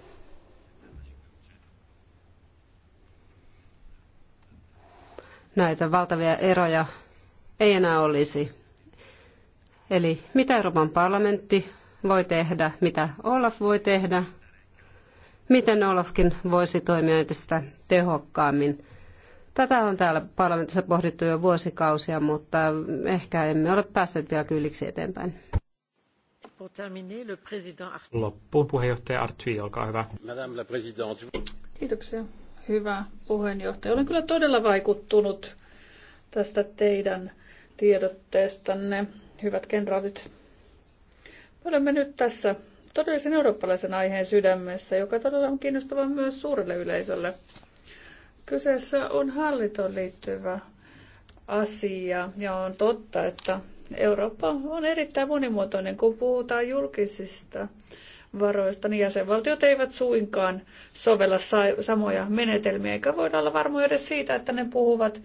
näitä valtavia eroja ei enää olisi. Eli mitä Euroopan parlamentti voi tehdä, mitä Olaf voi tehdä miten Olafkin voisi toimia entistä tehokkaammin. Tätä on täällä parlamentissa pohdittu jo vuosikausia, mutta ehkä emme ole päässeet vielä kylliksi eteenpäin. Loppuun puheenjohtaja Artui, olkaa hyvä. Madame la Kiitoksia. Hyvä puheenjohtaja. Olen kyllä todella vaikuttunut tästä teidän tiedotteestanne, hyvät kenraalit. olemme nyt tässä todellisen eurooppalaisen aiheen sydämessä, joka todella on kiinnostava myös suurelle yleisölle. Kyseessä on hallintoon liittyvä asia ja on totta, että Eurooppa on erittäin monimuotoinen, kun puhutaan julkisista varoista, niin jäsenvaltiot eivät suinkaan sovella samoja menetelmiä, eikä voida olla varmoja edes siitä, että ne puhuvat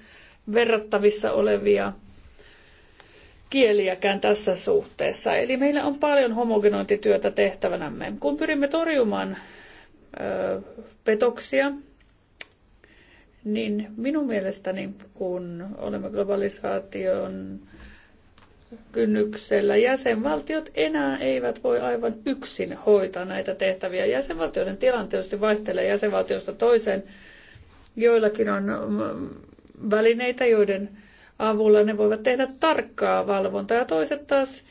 verrattavissa olevia kieliäkään tässä suhteessa. Eli meillä on paljon homogenointityötä tehtävänämme. Kun pyrimme torjumaan ö, petoksia, niin minun mielestäni, kun olemme globalisaation kynnyksellä, jäsenvaltiot enää eivät voi aivan yksin hoitaa näitä tehtäviä. Jäsenvaltioiden tilanne tietysti vaihtelee jäsenvaltiosta toiseen. Joillakin on mm, välineitä, joiden avulla ne voivat tehdä tarkkaa valvontaa ja toiset taas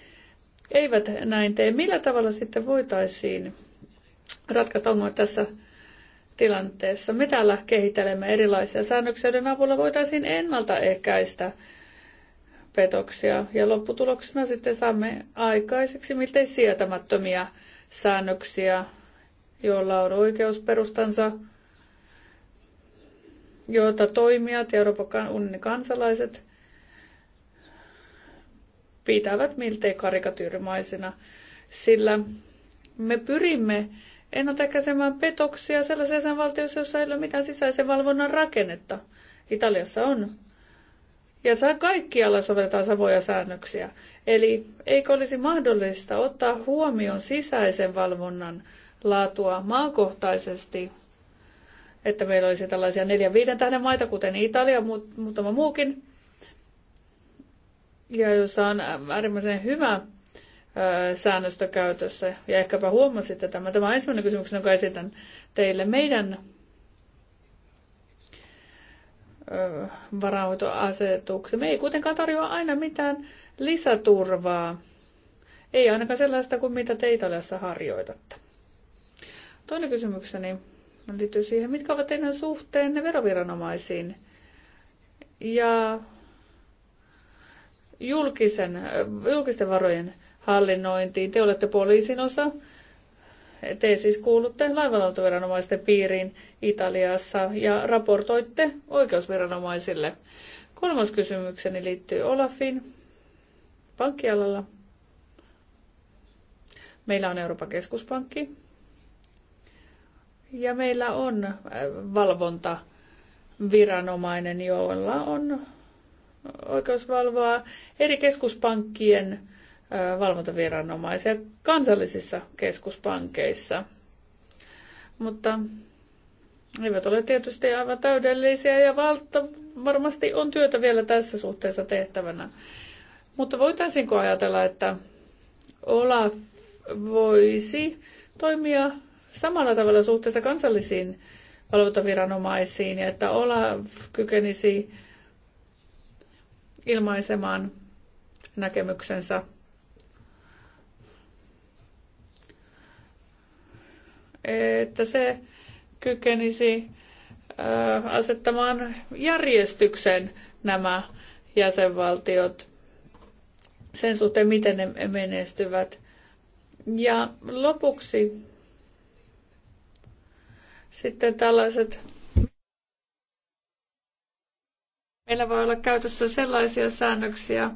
eivät näin tee. Millä tavalla sitten voitaisiin ratkaista ongelma tässä tilanteessa? Me täällä kehittelemme erilaisia säännöksiä, joiden avulla voitaisiin ennaltaehkäistä petoksia ja lopputuloksena sitten saamme aikaiseksi miltei sietämättömiä säännöksiä, joilla on oikeusperustansa, joita toimijat ja Euroopan unionin kansalaiset pitävät miltei karikatyyrimaisina, sillä me pyrimme ennaltaehkäisemään petoksia sellaisessa valtiossa, jossa ei ole mitään sisäisen valvonnan rakennetta. Italiassa on. Ja saa kaikkialla sovelletaan samoja säännöksiä. Eli eikö olisi mahdollista ottaa huomioon sisäisen valvonnan laatua maakohtaisesti, että meillä olisi tällaisia neljän viiden tähden maita, kuten Italia ja muutama muukin, ja jossa on äärimmäisen hyvä säännöstö käytössä. Ja ehkäpä huomasitte tämä. Tämä on ensimmäinen kysymys, jonka esitän teille. Meidän varautoasetuksia. Me ei kuitenkaan tarjoa aina mitään lisäturvaa. Ei ainakaan sellaista kuin mitä te Italiassa harjoitatte. Toinen kysymykseni liittyy siihen, mitkä ovat teidän suhteenne veroviranomaisiin ja julkisen, julkisten varojen hallinnointiin. Te olette poliisin osa. Te siis kuulutte laivanautoviranomaisten piiriin Italiassa ja raportoitte oikeusviranomaisille. Kolmas kysymykseni liittyy Olafin pankkialalla. Meillä on Euroopan keskuspankki ja meillä on äh, valvontaviranomainen, jolla on oikeus valvoa eri keskuspankkien valvontaviranomaisia kansallisissa keskuspankeissa. Mutta ne eivät ole tietysti aivan täydellisiä ja valta varmasti on työtä vielä tässä suhteessa tehtävänä. Mutta voitaisiinko ajatella, että Olaf voisi toimia samalla tavalla suhteessa kansallisiin valvontaviranomaisiin ja että Olaf kykenisi ilmaisemaan näkemyksensä. Että se kykenisi asettamaan järjestyksen nämä jäsenvaltiot sen suhteen, miten ne menestyvät. Ja lopuksi sitten tällaiset Meillä voi olla käytössä sellaisia säännöksiä,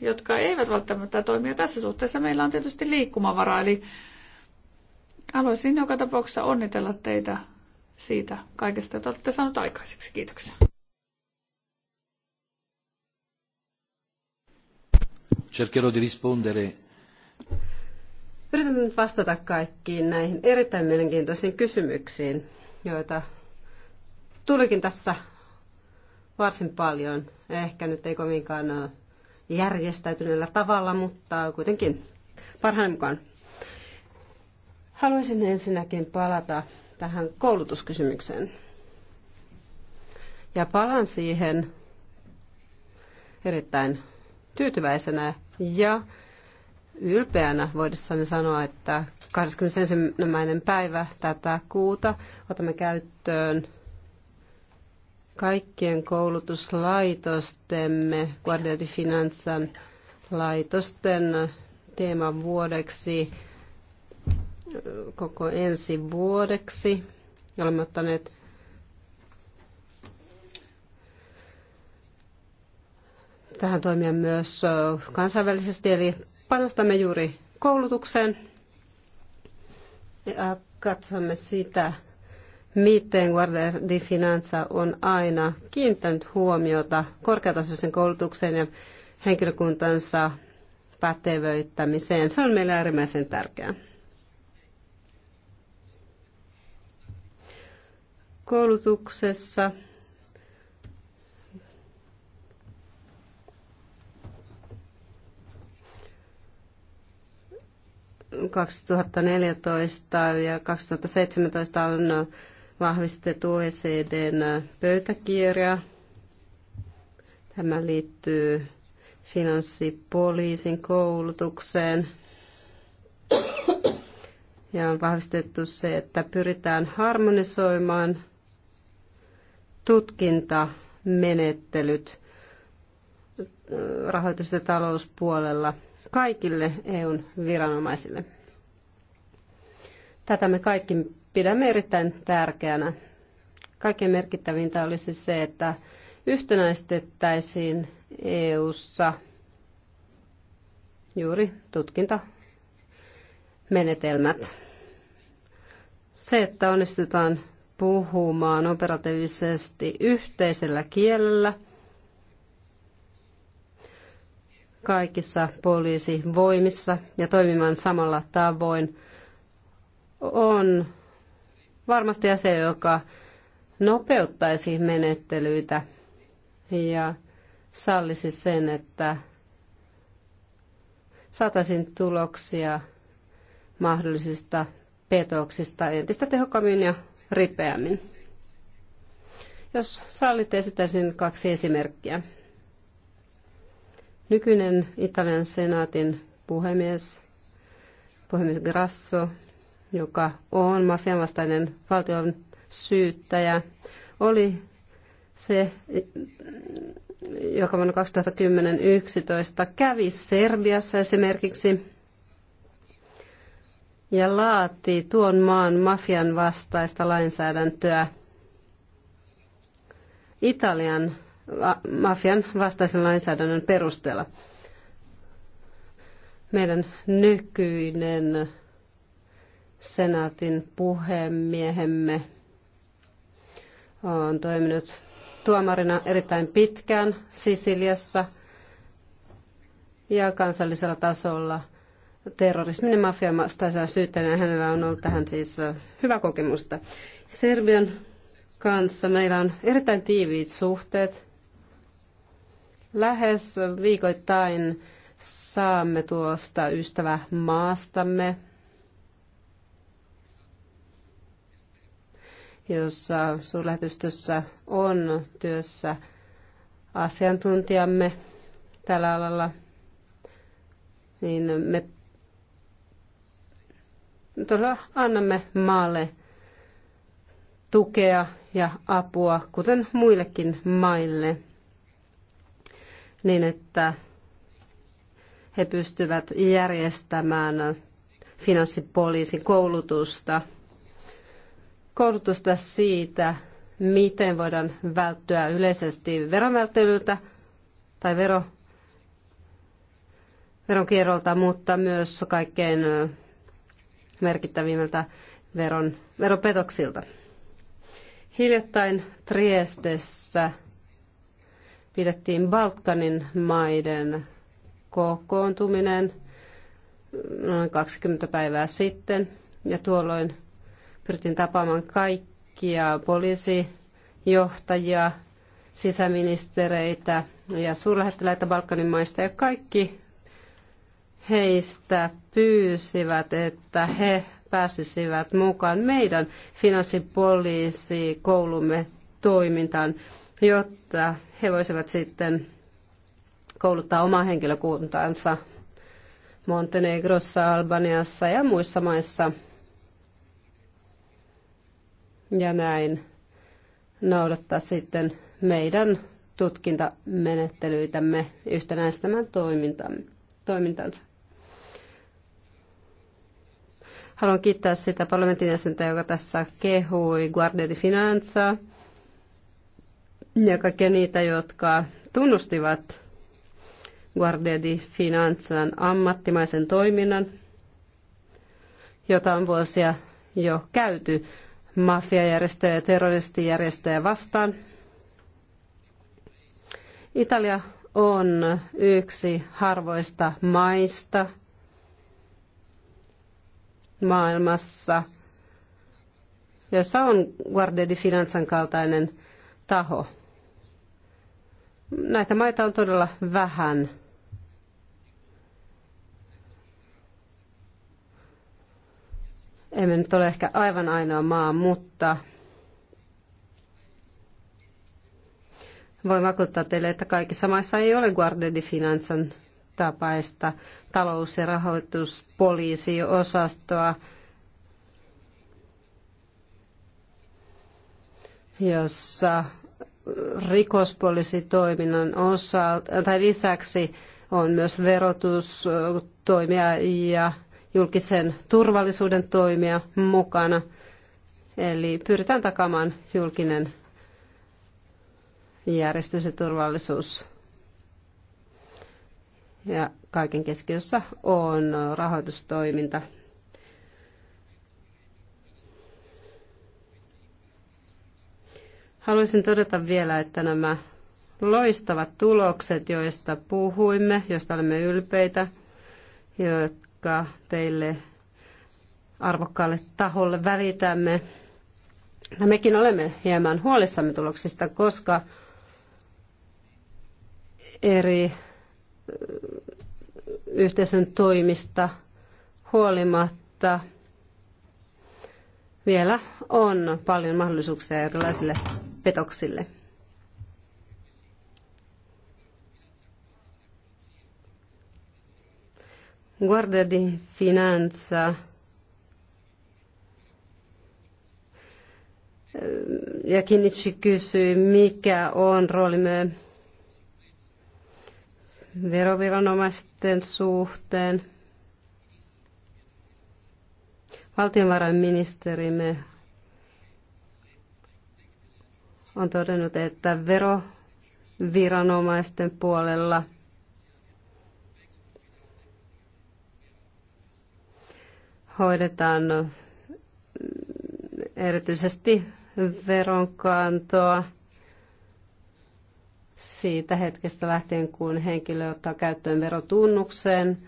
jotka eivät välttämättä toimia tässä suhteessa meillä on tietysti liikkumavara, eli haluaisin joka tapauksessa onnitella teitä siitä kaikesta, jota olette saaneet aikaiseksi. Kiitoksia. Cercherò di rispondere. Yritän nyt vastata kaikkiin näihin erittäin mielenkiintoisiin kysymyksiin, joita tulikin tässä varsin paljon. Ehkä nyt ei kovinkaan järjestäytyneellä tavalla, mutta kuitenkin parhaan mukaan. Haluaisin ensinnäkin palata tähän koulutuskysymykseen. Ja palaan siihen erittäin tyytyväisenä ja ylpeänä voidessani sanoa, että 21. päivä tätä kuuta otamme käyttöön kaikkien koulutuslaitostemme, Guardiati di Finanzan laitosten teeman vuodeksi, koko ensi vuodeksi. Olemme ottaneet tähän toimia myös kansainvälisesti, eli panostamme juuri koulutukseen. Ja katsomme sitä, miten Guardia di Finanza on aina kiinnittänyt huomiota korkeatasoisen koulutuksen ja henkilökuntansa pätevöittämiseen. Se on meille äärimmäisen tärkeää. Koulutuksessa ...2014 ja 2017 on vahvistettu OECDn pöytäkirja. Tämä liittyy finanssipoliisin koulutukseen. Ja on vahvistettu se, että pyritään harmonisoimaan tutkintamenettelyt rahoitus- ja talouspuolella kaikille EUn viranomaisille. Tätä me kaikki pidämme erittäin tärkeänä. Kaikkein merkittävintä olisi se, että yhtenäistettäisiin EU:ssa juuri tutkintamenetelmät. Se, että onnistutaan puhumaan operatiivisesti yhteisellä kielellä kaikissa poliisivoimissa ja toimimaan samalla tavoin, on varmasti asia, joka nopeuttaisi menettelyitä ja sallisi sen, että saataisiin tuloksia mahdollisista petoksista entistä tehokkaammin ja ripeämmin. Jos sallitte, esittäisin kaksi esimerkkiä. Nykyinen Italian senaatin puhemies, puhemies Grasso, joka on mafian vastainen valtion syyttäjä, oli se, joka vuonna 2010-2011 kävi Serbiassa esimerkiksi ja laati tuon maan mafian vastaista lainsäädäntöä. Italian mafian vastaisen lainsäädännön perusteella. Meidän nykyinen senaatin puhemiehemme on toiminut tuomarina erittäin pitkään Sisiliassa ja kansallisella tasolla terrorismin ja mafian vastaisena syyttäjänä. Hänellä on ollut tähän siis hyvä kokemusta. Serbian kanssa meillä on erittäin tiiviit suhteet. Lähes viikoittain saamme tuosta ystävämaastamme maastamme jossa suurlähetystössä on työssä asiantuntijamme tällä alalla, niin me todella annamme maalle tukea ja apua, kuten muillekin maille, niin että he pystyvät järjestämään finanssipoliisin koulutusta – koulutusta siitä, miten voidaan välttyä yleisesti veronvälttelyltä tai vero, veronkierrolta, mutta myös kaikkein merkittävimmiltä veron, veropetoksilta. Hiljattain Triestessä pidettiin Balkanin maiden kokoontuminen noin 20 päivää sitten, ja tuolloin Pyrittiin tapaamaan kaikkia poliisijohtajia, sisäministereitä ja suurlähettiläitä Balkanin maista ja kaikki heistä pyysivät, että he pääsisivät mukaan meidän finanssipoliisikoulumme toimintaan, jotta he voisivat sitten kouluttaa omaa henkilökuntaansa Montenegrossa, Albaniassa ja muissa maissa – ja näin noudattaa sitten meidän tutkintamenettelyitämme yhtenäistämään toimintansa. Haluan kiittää sitä parlamentin jäsentä, joka tässä kehui Guardia di Finanza ja kaikkia niitä, jotka tunnustivat Guardia di Finanzan ammattimaisen toiminnan, jota on vuosia jo käyty mafiajärjestöjä ja terroristijärjestöjä vastaan. Italia on yksi harvoista maista maailmassa, jossa on Guardia di Finanzan kaltainen taho. Näitä maita on todella vähän Emme nyt ole ehkä aivan ainoa maa, mutta voin vakuuttaa teille, että kaikissa maissa ei ole Guardia di Finanzan tapaista talous- ja rahoituspoliisiosastoa, jossa rikospoliisitoiminnan osalta, tai lisäksi on myös verotustoimia ja julkisen turvallisuuden toimia mukana. Eli pyritään takamaan julkinen järjestys ja turvallisuus. Ja kaiken keskiössä on rahoitustoiminta. Haluaisin todeta vielä, että nämä loistavat tulokset, joista puhuimme, joista olemme ylpeitä, jotka teille arvokkaalle taholle välitämme. Ja no, mekin olemme hieman huolissamme tuloksista, koska eri yhteisön toimista huolimatta vielä on paljon mahdollisuuksia erilaisille petoksille. Guardia di Finanza ja Kinnitsi kysyi, mikä on roolimme veroviranomaisten suhteen. Valtiovarainministerimme on todennut, että veroviranomaisten puolella – hoidetaan erityisesti veronkantoa siitä hetkestä lähtien, kun henkilö ottaa käyttöön verotunnuksen.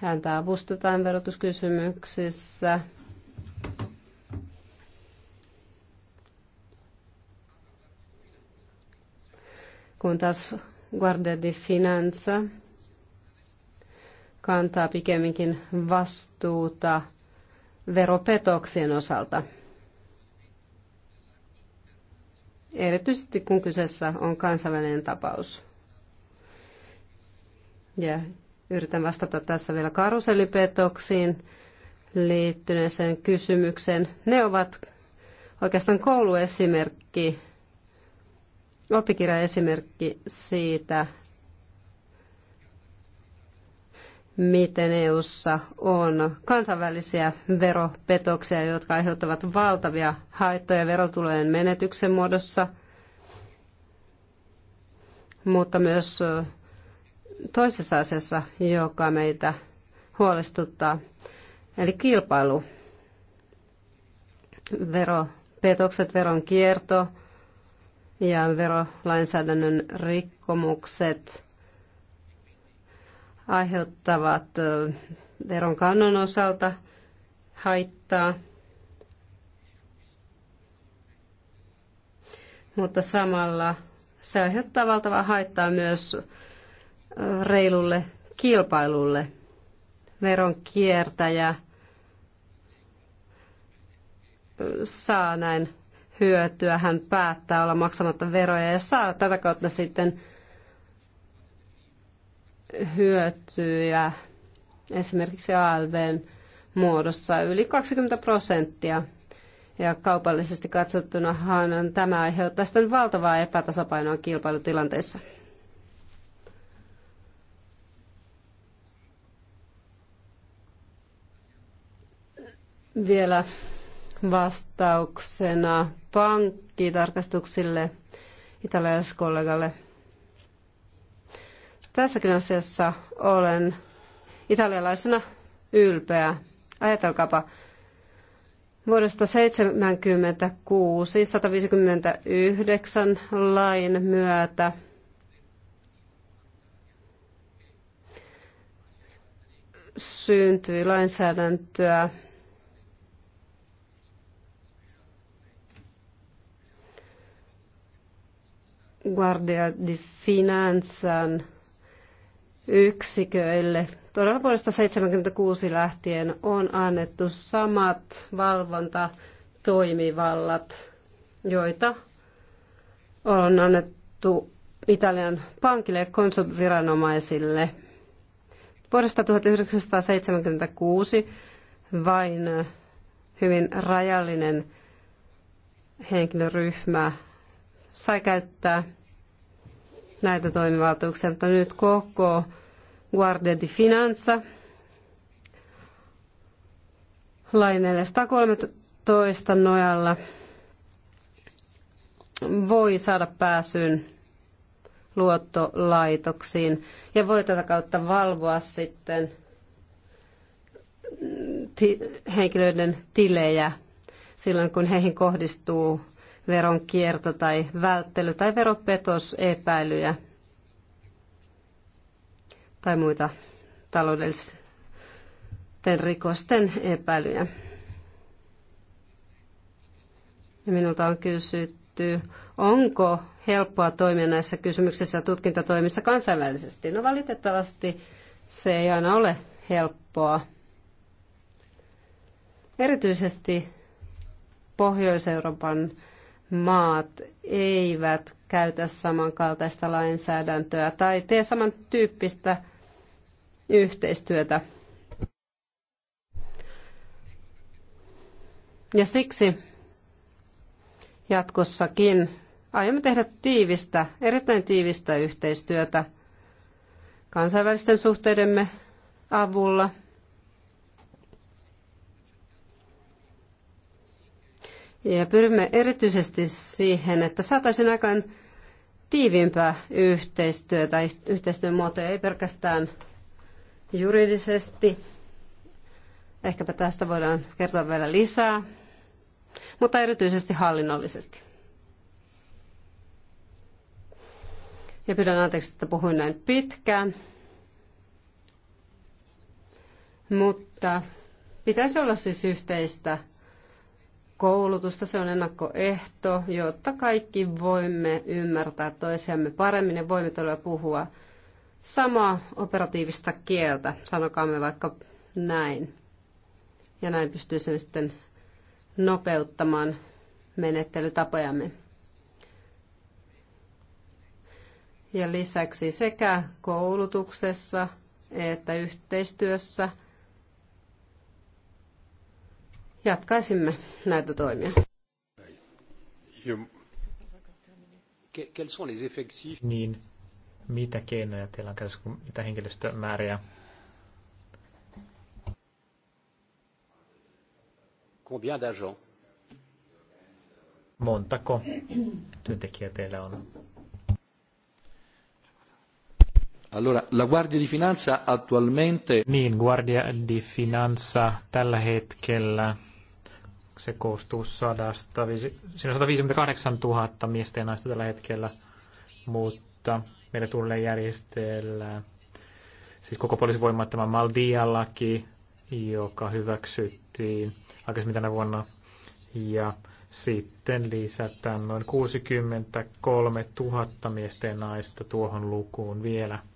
Häntä avustetaan verotuskysymyksissä. Kun taas Guardia di Finanza kantaa pikemminkin vastuuta veropetoksien osalta. Erityisesti kun kyseessä on kansainvälinen tapaus. Ja yritän vastata tässä vielä karuselipetoksiin liittyneeseen kysymykseen. Ne ovat oikeastaan kouluesimerkki, oppikirjaesimerkki siitä, miten on kansainvälisiä veropetoksia, jotka aiheuttavat valtavia haittoja verotulojen menetyksen muodossa, mutta myös toisessa asiassa, joka meitä huolestuttaa, eli kilpailu. Veropetokset, veronkierto ja verolainsäädännön rikkomukset – aiheuttavat veronkannon osalta haittaa. Mutta samalla se aiheuttaa valtavaa haittaa myös reilulle kilpailulle. Veronkiertäjä saa näin hyötyä, hän päättää olla maksamatta veroja ja saa tätä kautta sitten hyötyjä esimerkiksi ALVn muodossa yli 20 prosenttia. Ja kaupallisesti katsottunahan tämä aiheuttaa sitten valtavaa epätasapainoa kilpailutilanteessa. Vielä vastauksena pankkitarkastuksille italialaiskollegalle Tässäkin asiassa olen italialaisena ylpeä. Ajatelkaapa vuodesta 76 159 lain myötä syntyi lainsäädäntöä, Guardia di Finanzan yksiköille. Todella vuodesta 1976 lähtien on annettu samat valvontatoimivallat, joita on annettu Italian pankille ja konsulviranomaisille. Vuodesta 1976 vain hyvin rajallinen henkilöryhmä sai käyttää näitä toimivaltuuksia, mutta nyt koko Guardia di Finanza lain 413 nojalla voi saada pääsyn luottolaitoksiin ja voi tätä kautta valvoa sitten henkilöiden tilejä silloin, kun heihin kohdistuu veronkierto tai välttely tai veropetosepäilyjä tai muita taloudellisten rikosten epäilyjä. Ja minulta on kysytty, onko helppoa toimia näissä kysymyksissä ja tutkintatoimissa kansainvälisesti. No valitettavasti se ei aina ole helppoa. Erityisesti Pohjois-Euroopan maat eivät käytä samankaltaista lainsäädäntöä tai tee samantyyppistä yhteistyötä. Ja siksi jatkossakin aiomme tehdä tiivistä, erittäin tiivistä yhteistyötä kansainvälisten suhteidemme avulla – Ja pyrimme erityisesti siihen, että saataisiin aikaan tiiviimpää yhteistyötä, yhteistyön muotoja, ei pelkästään juridisesti. Ehkäpä tästä voidaan kertoa vielä lisää, mutta erityisesti hallinnollisesti. Ja pyydän anteeksi, että puhuin näin pitkään. Mutta pitäisi olla siis yhteistä koulutusta, se on ennakkoehto, jotta kaikki voimme ymmärtää toisiamme paremmin ja voimme todella puhua samaa operatiivista kieltä, sanokaamme vaikka näin. Ja näin pystyisimme sitten nopeuttamaan menettelytapojamme. Ja lisäksi sekä koulutuksessa että yhteistyössä – jatkaisimme näitä toimia. Niin, mitä keinoja teillä on käytössä, mitä henkilöstömääriä? Combien d'agents? Montako työntekijää teillä on? Allora, la Guardia di Finanza attualmente... Niin, Guardia di Finanza tällä hetkellä se koostuu sadasta, siinä on 158 000 miestä ja naista tällä hetkellä, mutta meillä tulee järjestellä siis koko poliisivoima tämä Maldia-laki, joka hyväksyttiin aikaisemmin tänä vuonna. Ja sitten lisätään noin 63 000 miestä ja naista tuohon lukuun vielä –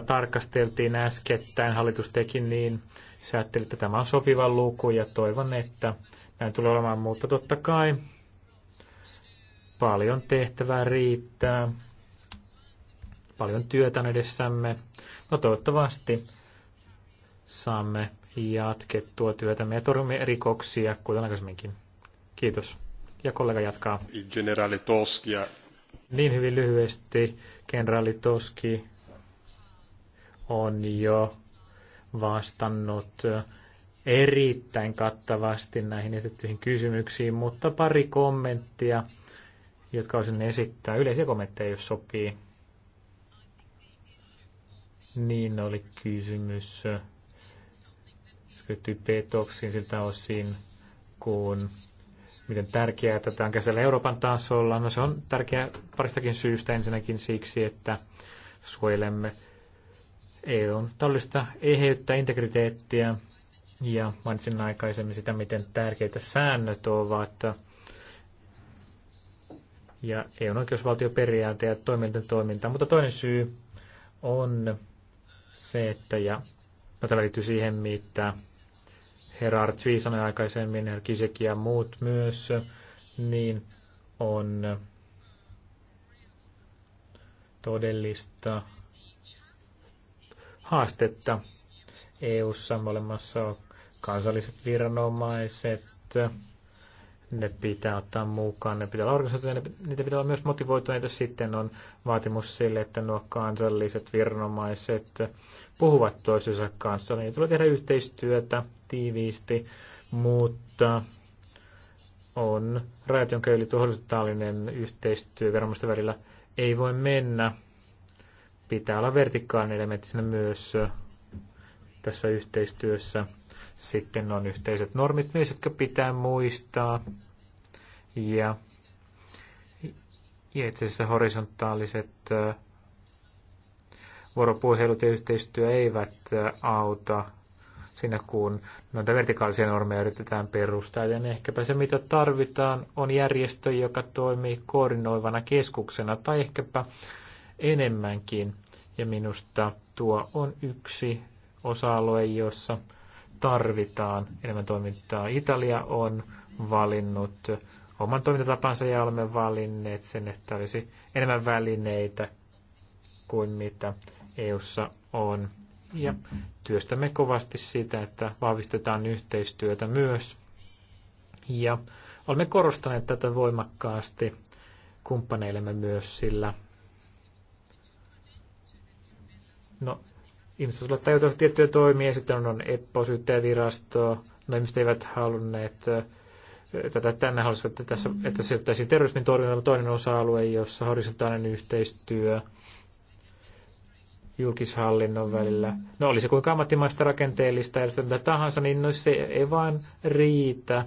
tarkasteltiin äskettäin, hallitus teki niin, se ajatteli, että tämä on sopiva luku ja toivon, että näin tulee olemaan, mutta totta kai paljon tehtävää riittää, paljon työtä on edessämme. No toivottavasti saamme jatkettua työtä ja torjumme rikoksia, kuten aikaisemminkin. Kiitos. Ja kollega jatkaa. Generaali Toski. Niin hyvin lyhyesti, kenraali Toski on jo vastannut erittäin kattavasti näihin esitettyihin kysymyksiin, mutta pari kommenttia, jotka olisin esittää. Yleisiä kommentteja, jos sopii. Niin oli kysymys liittyy petoksiin siltä osin, kun miten tärkeää tätä on käsillä Euroopan tasolla. No se on tärkeää paristakin syystä. Ensinnäkin siksi, että suojelemme EUn taloudellista eheyttä, integriteettiä ja mainitsin aikaisemmin sitä, miten tärkeitä säännöt ovat ja EUn oikeusvaltioperiaate ja toimijoiden toiminta. Mutta toinen syy on se, että, ja no, tämä liittyy siihen, mitä herra Artsvi sanoi aikaisemmin, herra Kisek ja muut myös, niin on todellista haastetta. EU-ssa on kansalliset viranomaiset, ne pitää ottaa mukaan, ne pitää olla organisoituneita, niitä pitää olla myös motivoituneita. Sitten on vaatimus sille, että nuo kansalliset viranomaiset puhuvat toisensa kanssa. Niin tulee tehdä yhteistyötä tiiviisti, mutta on rajat, jonka yli yhteistyö viranomaisten välillä ei voi mennä pitää olla vertikaalinen elementti siinä myös tässä yhteistyössä. Sitten on yhteiset normit myös, jotka pitää muistaa. Ja, ja itse asiassa horisontaaliset vuoropuhelut ja yhteistyö eivät auta siinä, kun noita vertikaalisia normeja yritetään perustaa. Ja ehkäpä se, mitä tarvitaan, on järjestö, joka toimii koordinoivana keskuksena tai ehkäpä enemmänkin. Ja minusta tuo on yksi osa-alue, jossa tarvitaan enemmän toimintaa. Italia on valinnut oman toimintatapansa ja olemme valinneet sen, että olisi enemmän välineitä kuin mitä EU:ssa on. Ja työstämme kovasti sitä, että vahvistetaan yhteistyötä myös. Ja olemme korostaneet tätä voimakkaasti kumppaneillemme myös, sillä No, ihmiset olisivat tajutuneet tiettyjä toimia, sitten on EPPO, syyttäjävirasto, no ihmiset eivät halunneet tätä tänne halusivat, että tässä, että siirryttäisiin terrorismin torjuntaan toinen osa-alue, jossa horisontaalinen yhteistyö julkishallinnon välillä. No oli se kuinka ammattimaista rakenteellista järjestelmää tahansa, niin no, se ei vaan riitä.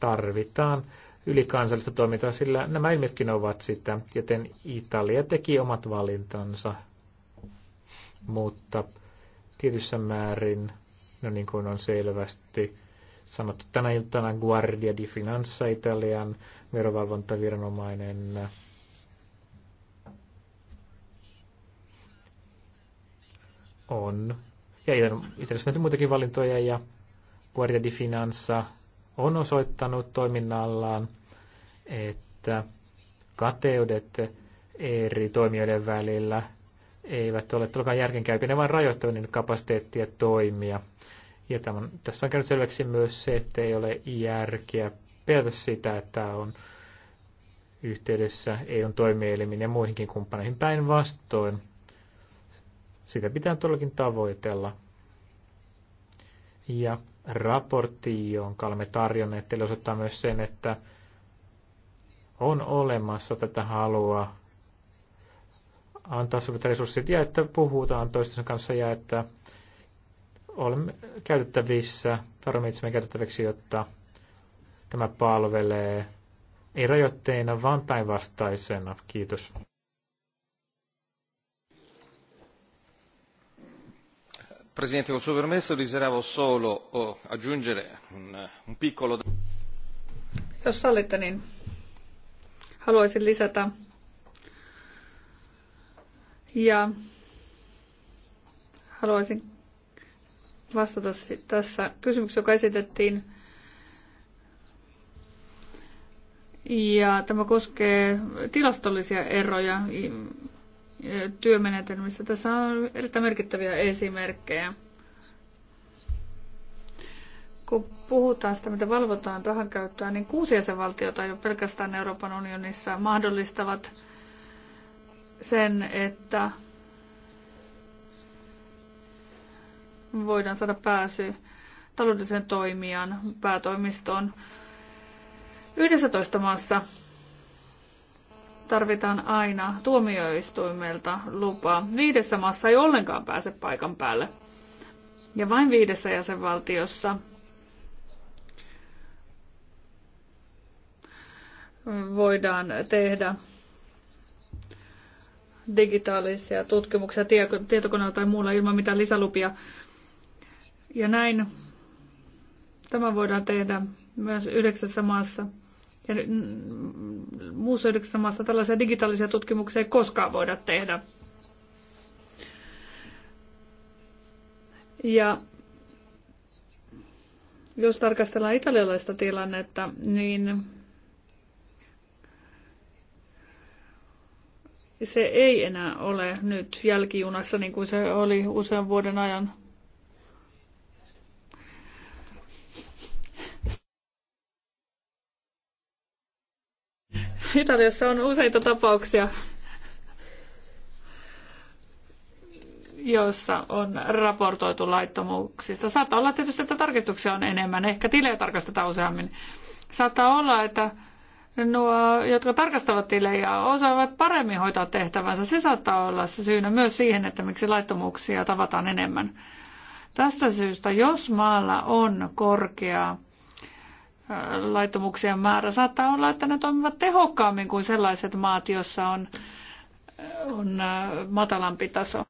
Tarvitaan ylikansallista toimintaa, sillä nämä ilmiötkin ovat sitä, joten Italia teki omat valintansa mutta tietyssä määrin, no niin kuin on selvästi sanottu tänä iltana, Guardia di Finanza, Italian verovalvontaviranomainen, on. Ja itse nähty muitakin valintoja ja Guardia di Finanza on osoittanut toiminnallaan, että kateudet eri toimijoiden välillä eivät ole todellakaan järkenkäypiä, ne vain rajoittavat niiden kapasiteettia toimia. Ja tämän, tässä on käynyt selväksi myös se, että ei ole järkeä pelätä sitä, että on yhteydessä EUn toimielimiin ja muihinkin kumppaneihin päinvastoin. Sitä pitää todellakin tavoitella. Ja raportti, jonka olemme tarjonneet, osoittaa myös sen, että on olemassa tätä halua antaa sopivat resurssit ja että puhutaan toistensa kanssa ja että olemme käytettävissä, tarvitsemme itsemme käytettäväksi, jotta tämä palvelee ei rajoitteina, vaan päinvastaisena. Kiitos. Presidente, con suo permesso desideravo solo oh, aggiungere un, un piccolo... Jos sallitte, niin haluaisin lisätä ja haluaisin vastata tässä kysymykseen, joka esitettiin. Ja tämä koskee tilastollisia eroja e, työmenetelmissä. Tässä on erittäin merkittäviä esimerkkejä. Kun puhutaan sitä, mitä valvotaan rahankäyttöä, niin kuusi jäsenvaltiota jo pelkästään Euroopan unionissa mahdollistavat sen, että voidaan saada pääsy taloudellisen toimijan päätoimistoon 11 maassa tarvitaan aina tuomioistuimelta lupa. Viidessä maassa ei ollenkaan pääse paikan päälle. Ja vain viidessä jäsenvaltiossa voidaan tehdä digitaalisia tutkimuksia tietokoneella tai muulla ilman mitään lisälupia. Ja näin tämä voidaan tehdä myös yhdeksässä maassa. Ja muussa yhdeksässä maassa tällaisia digitaalisia tutkimuksia ei koskaan voida tehdä. Ja jos tarkastellaan italialaista tilannetta, niin se ei enää ole nyt jälkijunassa niin kuin se oli usean vuoden ajan. Italiassa on useita tapauksia, joissa on raportoitu laittomuuksista. Saattaa olla tietysti, että tarkistuksia on enemmän, ehkä tilejä tarkastetaan useammin. Saattaa olla, että nuo, jotka tarkastavat tilejä, osaavat paremmin hoitaa tehtävänsä. Se saattaa olla se syynä myös siihen, että miksi laittomuuksia tavataan enemmän. Tästä syystä, jos maalla on korkea laittomuuksien määrä, saattaa olla, että ne toimivat tehokkaammin kuin sellaiset maat, joissa on, on matalampi taso.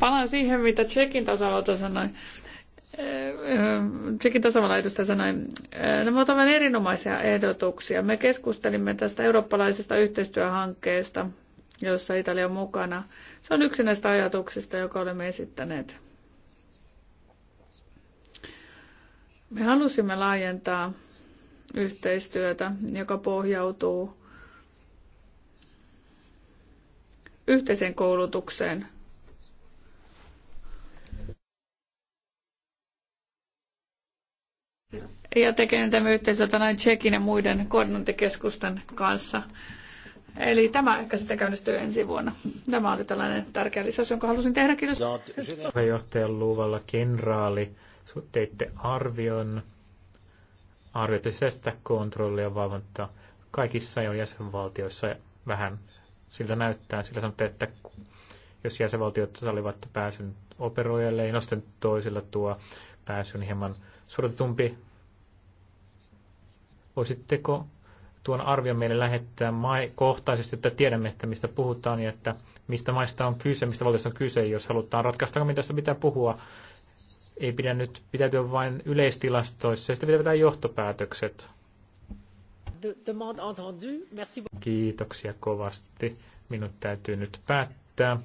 Palaan siihen, mitä Tsekin tasavalta sanoi. Äh, äh, Tsekin tasavallan edustaja sanoi, äh, nämä ovat aivan erinomaisia ehdotuksia. Me keskustelimme tästä eurooppalaisesta yhteistyöhankkeesta, jossa Italia on mukana. Se on yksi näistä ajatuksista, joka olemme esittäneet. Me halusimme laajentaa yhteistyötä, joka pohjautuu yhteiseen koulutukseen – ja tekee tämä yhteistyötä näin Tsekin ja muiden koordinointikeskusten kanssa. Eli tämä ehkä sitten käynnistyy ensi vuonna. Tämä oli tällainen tärkeä lisäys, jonka halusin tehdä. Kiitos. Puheenjohtajan luvalla kenraali, teitte arvion, arvioitte sisäistä kontrollia valvontaa kaikissa jo jäsenvaltioissa vähän siltä näyttää. Sillä sanotte, että jos jäsenvaltiot sallivat pääsyn operoijalle, ei sitten toisilla tuo pääsyn hieman suoritetumpi Voisitteko tuon arvion meille lähettää mai- kohtaisesti, että tiedämme, että mistä puhutaan ja että mistä maista on kyse, mistä valtiosta on kyse, jos halutaan ratkaista, mitä tästä pitää puhua. Ei pidä nyt pitäytyä vain yleistilastoissa, sitä pitää vetää johtopäätökset. Kiitoksia kovasti. Minut täytyy nyt päättää.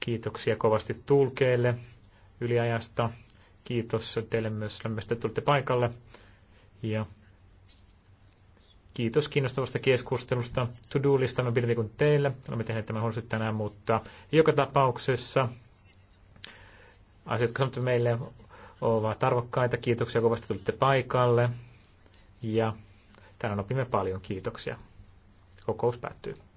Kiitoksia kovasti tulkeille yliajasta. Kiitos teille myös, että tulitte paikalle. Ja Kiitos kiinnostavasta keskustelusta. To-do-lista me pidetään kuin teille. Olemme tehneet tämän huonosti tänään, mutta joka tapauksessa asiat, jotka sanotte meille, ovat arvokkaita. Kiitoksia kovasti tulitte paikalle. Ja tänään opimme paljon. Kiitoksia. Kokous päättyy.